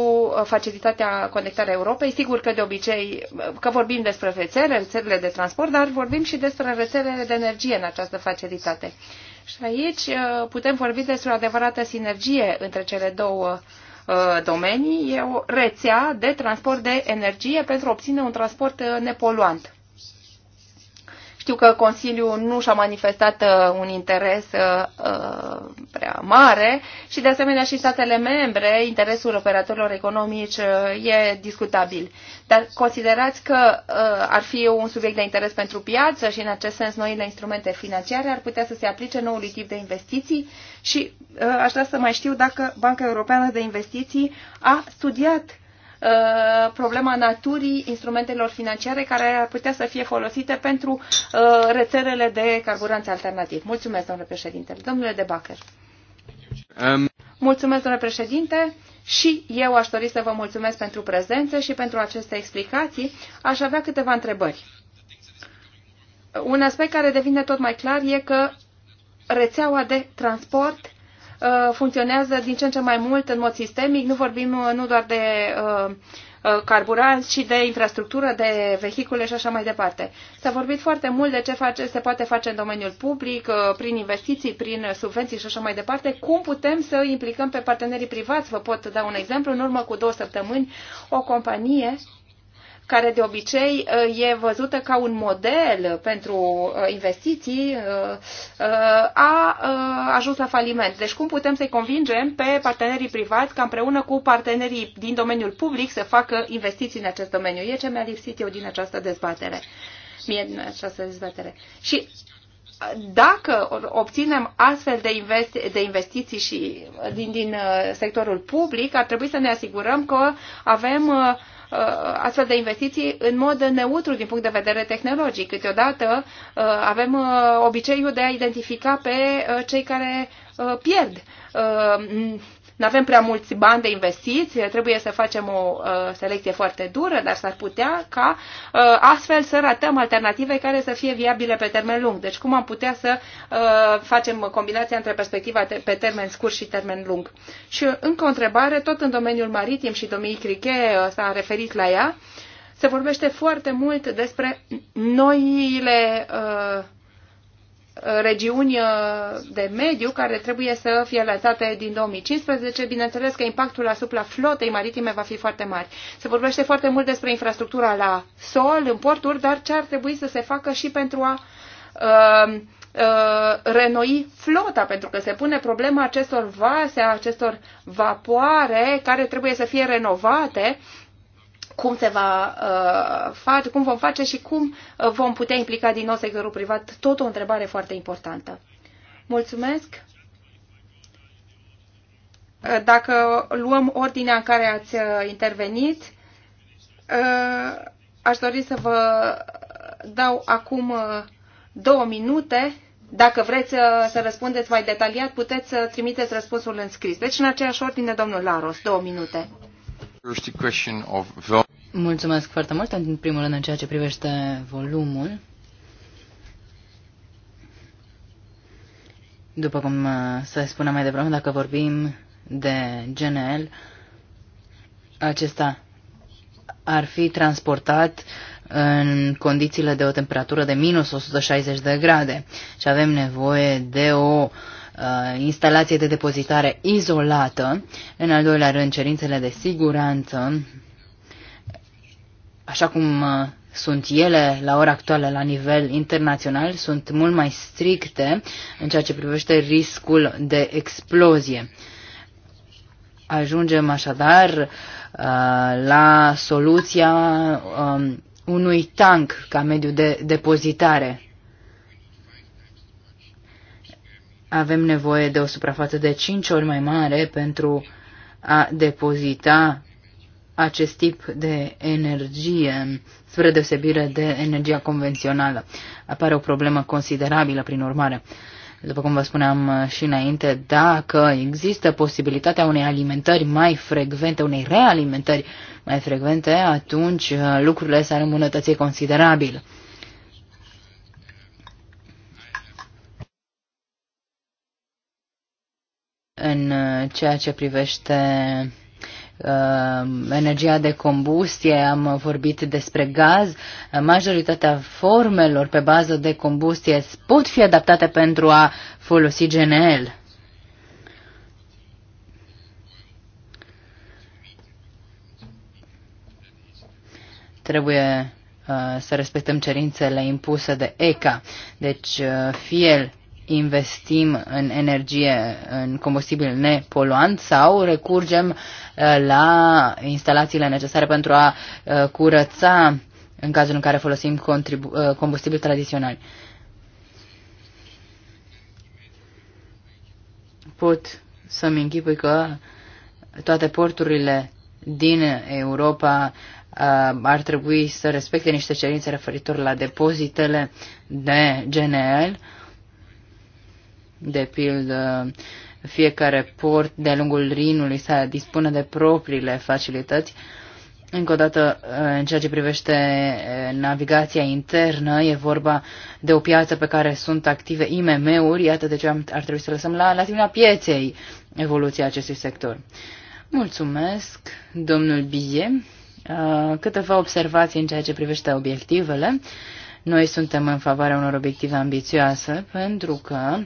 facilitatea conectarea Europei. Sigur că de obicei, că vorbim despre rețele, rețelele de transport, dar vorbim și despre rețelele de energie în această facilitate. Și aici putem vorbi despre o adevărată sinergie între cele două uh, Uh, domenii e o rețea de transport de energie pentru a obține un transport uh, nepoluant. Știu că Consiliul nu și-a manifestat uh, un interes uh,
uh,
prea mare și, de asemenea, și statele membre, interesul operatorilor economici e discutabil. Dar considerați că ar fi un subiect de interes pentru piață și, în acest sens, noile instrumente financiare ar putea să se aplice noului tip de investiții și aș vrea să mai știu dacă Banca Europeană de Investiții a studiat Uh, problema naturii instrumentelor financiare care ar putea să fie folosite pentru uh, rețelele de carburanți alternativi. Mulțumesc, domnule președinte. Domnule De Bacher. Um... Mulțumesc, domnule președinte. Și eu aș dori să vă mulțumesc pentru prezență și pentru aceste explicații. Aș avea câteva întrebări. Un aspect care devine tot mai clar e că rețeaua de transport Uh, funcționează din ce în ce mai mult în mod sistemic. Nu vorbim uh, nu doar de uh, carburanți, ci de infrastructură, de vehicule și așa mai departe. S-a vorbit foarte mult de ce face, se poate face în domeniul public, prin investiții, prin subvenții și așa mai departe. Cum putem să implicăm pe partenerii privați? Vă pot da un exemplu. În urmă cu două săptămâni, o companie care de obicei uh, e văzută ca un model pentru uh, investiții, uh, a ajuns la faliment. Deci cum putem să-i convingem pe partenerii privați ca împreună cu partenerii din domeniul public să facă investiții în acest domeniu? E ce mi-a lipsit eu din această dezbatere. Mie din această dezbatere. Și dacă obținem astfel de, investi- de investiții și din, din sectorul public, ar trebui să ne asigurăm că avem uh, Uh, astfel de investiții în mod neutru din punct de vedere tehnologic. Câteodată uh, avem uh, obiceiul de a identifica pe cei care pierd nu avem prea mulți bani de investiți, trebuie să facem o uh, selecție foarte dură, dar s-ar putea ca uh, astfel să ratăm alternative care să fie viabile pe termen lung. Deci cum am putea să uh, facem combinația între perspectiva pe termen scurt și termen lung. Și încă o întrebare, tot în domeniul maritim și domeniul Criche s-a referit la ea, se vorbește foarte mult despre noile uh, regiuni uh, de mediu care trebuie să fie lansate din 2015. Bineînțeles că impactul asupra flotei maritime va fi foarte mare. Se vorbește foarte mult despre infrastructura la sol, în porturi, dar ce ar trebui să se facă și pentru a uh, uh, renoi flota, pentru că se pune problema acestor vase, acestor vapoare care trebuie să fie renovate cum se va uh, face, cum vom face și cum uh, vom putea implica din nou sectorul privat, tot o întrebare foarte importantă. Mulțumesc! Uh, dacă luăm ordinea în care ați uh, intervenit, aș dori să vă dau acum două minute. Dacă vreți să răspundeți mai detaliat, puteți să trimiteți răspunsul în scris. Deci, în aceeași ordine, domnul Laros, două minute.
Mulțumesc foarte mult, în primul rând, în ceea ce privește volumul. După cum uh, se spune mai devreme, dacă vorbim de GNL, acesta ar fi transportat în condițiile de o temperatură de minus 160 de grade și avem nevoie de o uh, uh, instalație de depozitare izolată, în al doilea rând cerințele de siguranță, așa cum uh, sunt ele la ora actuală la nivel internațional, sunt mult mai stricte în ceea ce privește riscul de explozie. Ajungem așadar uh, la soluția uh, unui tank ca mediu de depozitare. avem nevoie de o suprafață de 5 ori mai mare pentru a depozita acest tip de energie, spre deosebire de energia convențională. Apare o problemă considerabilă, prin urmare. După cum vă spuneam și înainte, dacă există posibilitatea unei alimentări mai frecvente, unei realimentări mai frecvente, atunci uh, lucrurile s-ar îmbunătăți considerabil. În uh, ceea ce privește uh, energia de combustie, am vorbit despre gaz. Majoritatea formelor pe bază de combustie pot fi adaptate pentru a folosi GNL. Trebuie uh, să respectăm cerințele impuse de ECA. Deci uh, fiel investim în energie, în combustibil nepoluant sau recurgem uh, la instalațiile necesare pentru a uh, curăța în cazul în care folosim uh, combustibil tradițional. Pot să-mi închipui că toate porturile din Europa ar trebui să respecte niște cerințe referitor la depozitele de GNL de pildă, fiecare port de-a lungul Rinului să dispună de propriile facilități. Încă o dată, în ceea ce privește navigația internă, e vorba de o piață pe care sunt active IMM-uri, iată de ce ar trebui să lăsăm la latimea pieței evoluția acestui sector. Mulțumesc, domnul Bie. Câteva observații în ceea ce privește obiectivele. Noi suntem în favoarea unor obiective ambițioase pentru că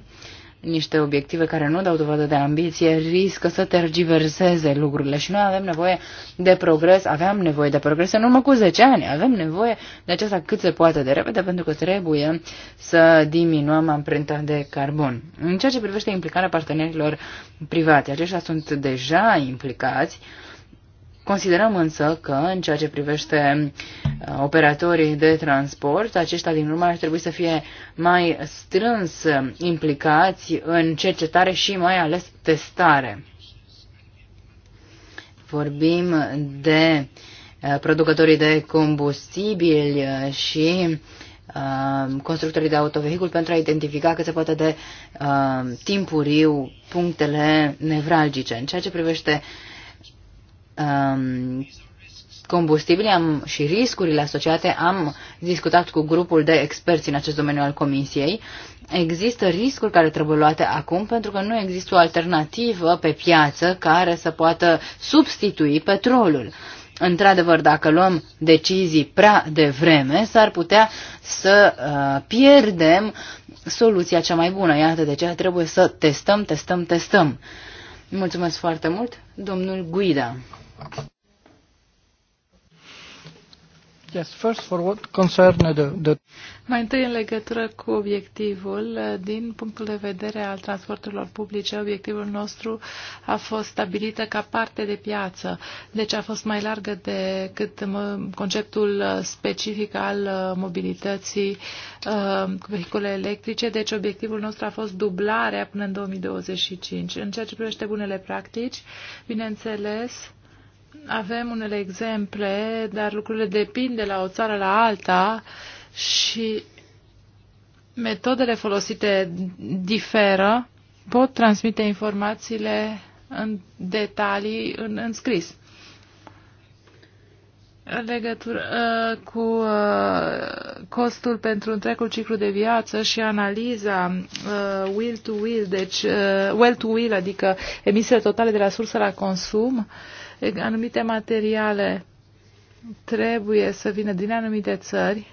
niște obiective care nu dau dovadă de ambiție riscă să tergiverseze lucrurile și noi avem nevoie de progres, aveam nevoie de progres în urmă cu 10 ani, avem nevoie de acesta cât se poate de repede pentru că trebuie să diminuăm amprenta de carbon. În ceea ce privește implicarea partenerilor privați, aceștia sunt deja implicați, uh, Considerăm însă că, în ceea ce privește uh, operatorii de transport, aceștia din urmă ar trebui să fie mai strâns implicați în cercetare și mai ales testare. Vorbim de uh, producătorii de combustibili uh, și constructorii de autovehicul pentru a identifica cât se poate de uh, timpuriu punctele nevralgice. În ceea ce privește um, combustibili am, și riscurile asociate am discutat cu grupul de experți în acest domeniu al Comisiei. Există riscuri care trebuie luate acum pentru că nu există o alternativă pe piață care să poată substitui petrolul. Într-adevăr, dacă luăm decizii prea devreme, s-ar putea să uh, pierdem soluția cea mai bună. Iată de ce trebuie să testăm, testăm, testăm. Mulțumesc foarte mult, domnul Guida. Yes, first for what
concerns the, the... Mai întâi în legătură cu obiectivul, din punctul de vedere al transporturilor publice, obiectivul nostru a fost stabilită ca parte de piață, deci a fost mai largă decât conceptul specific al uh, mobilității uh, cu vehicule electrice, deci obiectivul nostru a fost dublarea până în 2025. În ceea ce privește bunele practici, bineînțeles, avem unele exemple, dar lucrurile depind de la o țară la alta și metodele folosite diferă, pot transmite informațiile în detalii în, în scris. În legătură uh, cu uh, costul pentru întregul ciclu de viață și analiza uh, will to will, deci uh, well to will, adică emisiile totale de la sursă la consum, uh, anumite materiale trebuie să vină din anumite țări.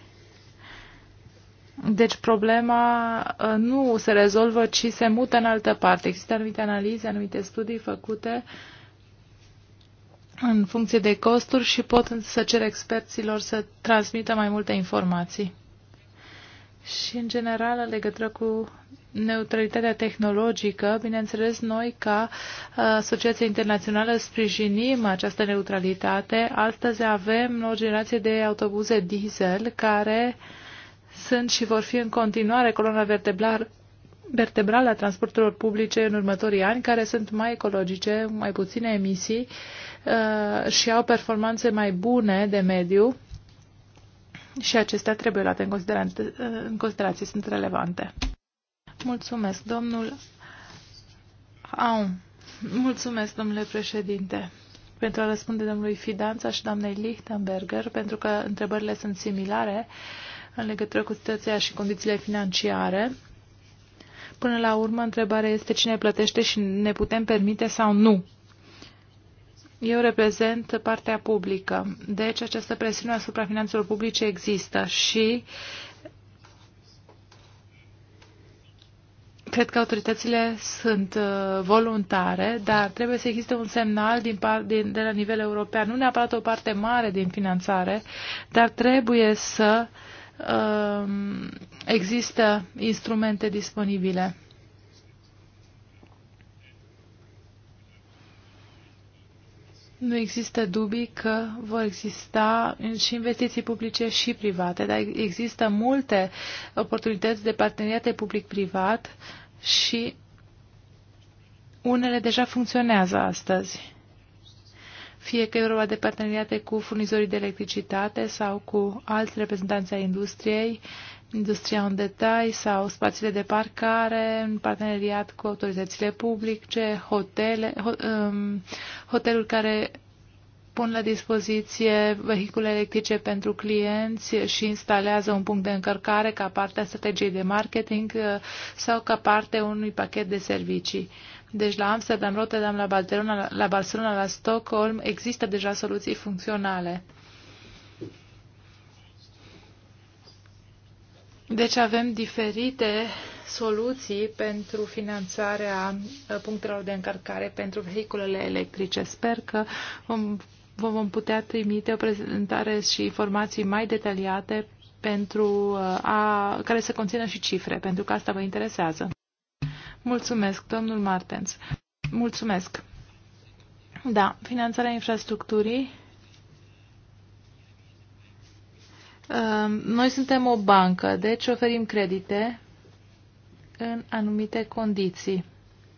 Deci problema uh, nu se rezolvă, ci se mută în altă parte. Există anumite analize, anumite studii făcute în funcție de costuri și pot să cer experților să transmită mai multe informații. Și, în general, în legătură cu neutralitatea tehnologică, bineînțeles, noi ca uh, Asociație Internațională sprijinim această neutralitate. Astăzi avem o generație de autobuze diesel care sunt și vor fi în continuare coloana vertebrală vertebrale a transporturilor publice în următorii ani, care sunt mai ecologice, mai puține emisii uh, și au performanțe mai bune de mediu și acestea trebuie luate în, considerație, în considerație, sunt relevante. Mulțumesc, domnul Au. Mulțumesc, domnule președinte. Pentru a răspunde domnului Fidanța și doamnei Lichtenberger, pentru că întrebările sunt similare în legătură cu situația și condițiile financiare. Până la urmă, întrebarea este cine plătește și ne putem permite sau nu eu reprezent partea publică, deci această presiune asupra finanțelor publice există și cred că autoritățile sunt uh, voluntare, dar trebuie să existe un semnal din par, din, de la nivel european, nu neapărat o parte mare din finanțare, dar trebuie să um, există instrumente disponibile. nu există dubii că vor exista și investiții publice și private, dar există multe oportunități de parteneriate public-privat și unele deja funcționează astăzi. Fie că e vorba de parteneriate cu furnizorii de electricitate sau cu alți reprezentanți ai industriei, industria în detai sau spațiile de parcare, în parteneriat cu autoritățile publice, hotele, um, hoteluri care pun la dispoziție vehicule electrice pentru clienți și instalează un punct de încărcare ca parte a strategiei de marketing uh, sau ca parte unui pachet de servicii. Deci la Amsterdam, Rotterdam, la Barcelona, la Stockholm există deja soluții funcționale. Deci avem diferite soluții pentru finanțarea uh, punctelor de încărcare pentru vehiculele electrice. Sper că vom, vom putea trimite o prezentare și informații mai detaliate pentru uh, a, care să conțină și cifre, pentru că asta vă interesează. Mulțumesc, domnul Martens. Mulțumesc. Da, finanțarea infrastructurii Um, noi suntem o bancă, deci oferim credite în anumite condiții.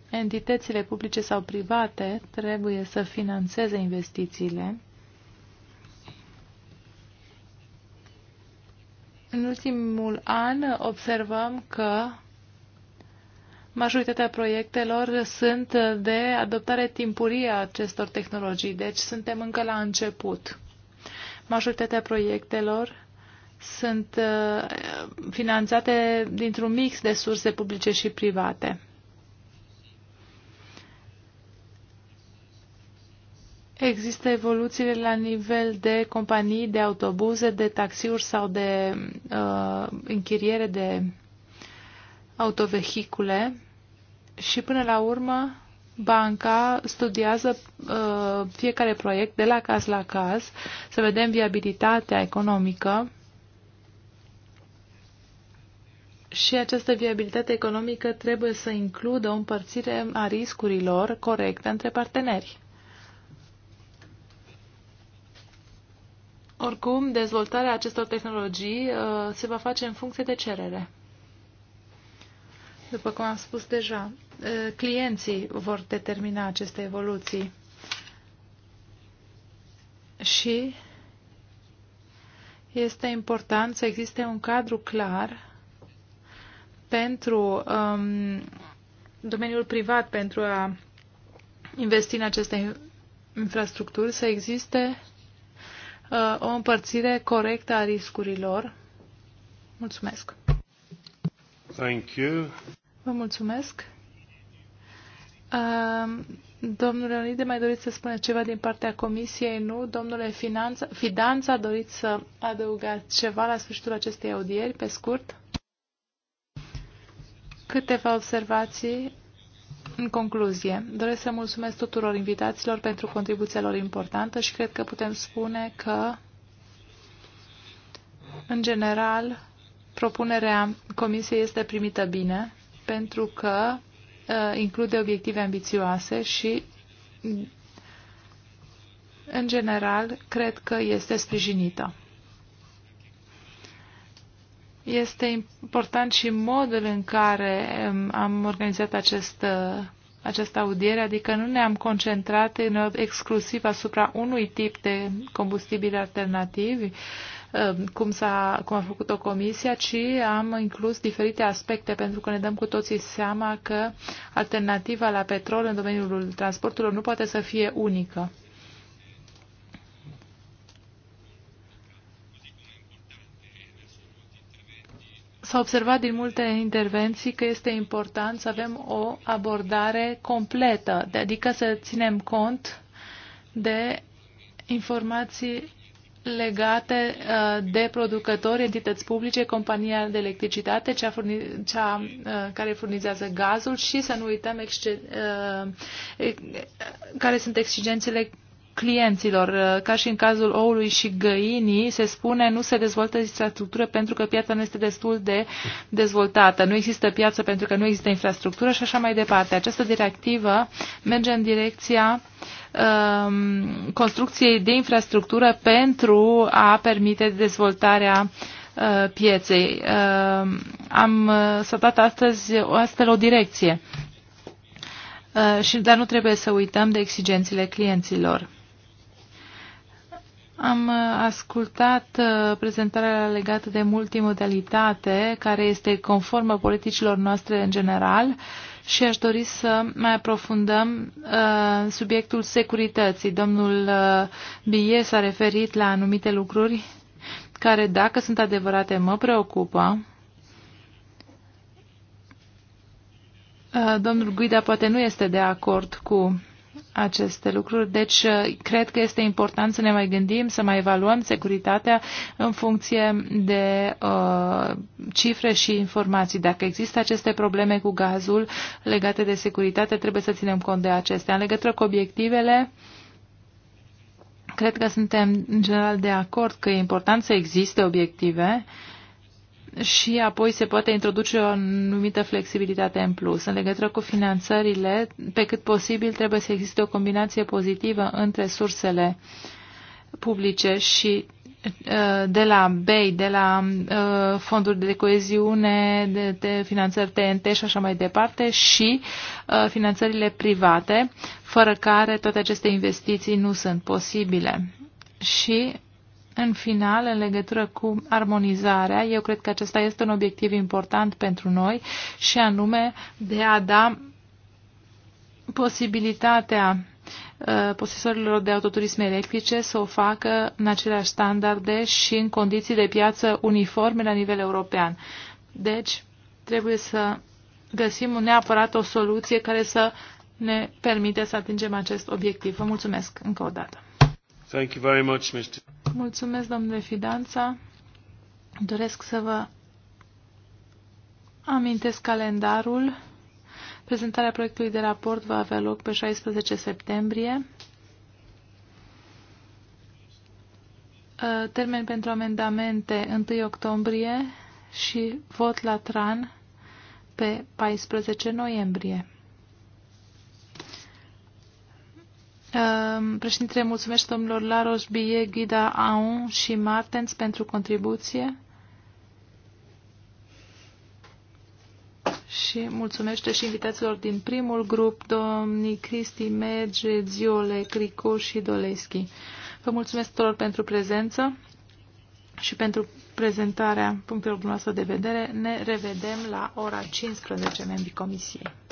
Entitățile publice sau private trebuie să financeze investițiile. În ultimul an observăm că majoritatea proiectelor sunt de adoptare timpurie a acestor tehnologii, deci suntem încă la început. Majoritatea proiectelor sunt uh, finanțate dintr-un mix de surse publice și private. Există evoluțiile la nivel de companii, de autobuze, de taxiuri sau de uh, închiriere de autovehicule și până la urmă banca studiază uh, fiecare proiect de la caz la caz să vedem viabilitatea economică și această viabilitate economică trebuie să includă o împărțire a riscurilor corectă între parteneri. Oricum, dezvoltarea acestor tehnologii uh, se va face în funcție de cerere. După cum am spus deja, uh, clienții vor determina aceste evoluții și este important să existe un cadru clar pentru um, domeniul privat pentru a investi în aceste infrastructuri, să existe uh, o împărțire corectă a riscurilor. Mulțumesc!
Thank you.
Vă mulțumesc! Uh, domnule Leonide, mai doriți să spuneți ceva din partea Comisiei? Nu. Domnule Finanța, Fidanța, doriți să adăugați ceva la sfârșitul acestei audieri, pe scurt? Câteva observații în concluzie, doresc să mulțumesc tuturor invitaților pentru contribuția lor importantă și cred că putem spune că, în general, propunerea Comisiei este primită bine pentru că uh, include obiective ambițioase și, în general, cred că este sprijinită. Este important și modul în care um, am organizat acest, uh, această audiere, adică nu ne-am concentrat în, exclusiv asupra unui tip de combustibili alternativi, um, cum, a cum a făcut-o comisia, ci am inclus diferite aspecte, pentru că ne dăm cu toții seama că alternativa la petrol în domeniul transporturilor nu poate să fie unică. S-a observat din multe intervenții că este important să avem o abordare completă, adică să ținem cont de informații legate uh, de producători, entități publice, compania de electricitate, cea, furni, cea uh, care furnizează gazul și să nu uităm exce, uh, care sunt exigențele clienților. Uh, ca și în cazul oului și găinii, se spune nu se dezvoltă infrastructură pentru că piața nu este destul de dezvoltată. Nu există piață pentru că nu există infrastructură și așa mai departe. Această directivă merge în direcția um, construcției de infrastructură pentru a permite dezvoltarea uh, pieței. Um, am uh, sătat astăzi astfel o direcție, și, dar nu trebuie să uităm de exigențele clienților am uh, ascultat uh, prezentarea legată de multimodalitate, care este conformă politicilor noastre în general și aș dori să mai aprofundăm uh, subiectul securității. Domnul uh, Bie s-a referit la anumite lucruri care, dacă sunt adevărate, mă preocupă. Uh, domnul Guida poate nu este de acord cu aceste lucruri. Deci, uh, cred că este important să ne mai gândim, să mai evaluăm securitatea în funcție de uh, cifre și informații. Dacă există aceste probleme cu gazul legate de securitate, trebuie să ținem cont de acestea. În legătură cu obiectivele, cred că suntem în general de acord că e important să existe obiective uh, și apoi se poate introduce o anumită flexibilitate în plus. În legătură cu finanțările, pe cât posibil trebuie să existe o combinație pozitivă între sursele publice și uh, de la BEI, de la uh, fonduri de coeziune, de, de finanțări TNT și așa mai departe și uh, finanțările private, fără care toate aceste investiții nu sunt posibile. Și în final, în legătură cu armonizarea, eu cred că acesta este un obiectiv important pentru noi și anume de a da posibilitatea uh, posesorilor de autoturisme electrice să o facă în aceleași standarde și în condiții de piață uniforme la nivel european. Deci, trebuie să găsim neapărat o soluție care să ne permite să atingem acest obiectiv. Vă mulțumesc încă o dată.
Thank you very much, Mr.
Mulțumesc, domnule Fidanța. Doresc să vă amintesc calendarul. Prezentarea proiectului de raport va avea loc pe 16 septembrie. Uh, termen pentru amendamente 1 octombrie și vot la TRAN pe 14 noiembrie. Ehm, președintele mulțumesc domnilor Laros, Bie, Ghida, Aun și Martens pentru contribuție și mulțumesc și invitațiilor din primul grup, domnii Cristi, Merge, Ziole, Crico și Doleschi. Vă mulțumesc tuturor pentru prezență și pentru prezentarea punctelor noastre de vedere. Ne revedem la ora 15, membrii comisiei.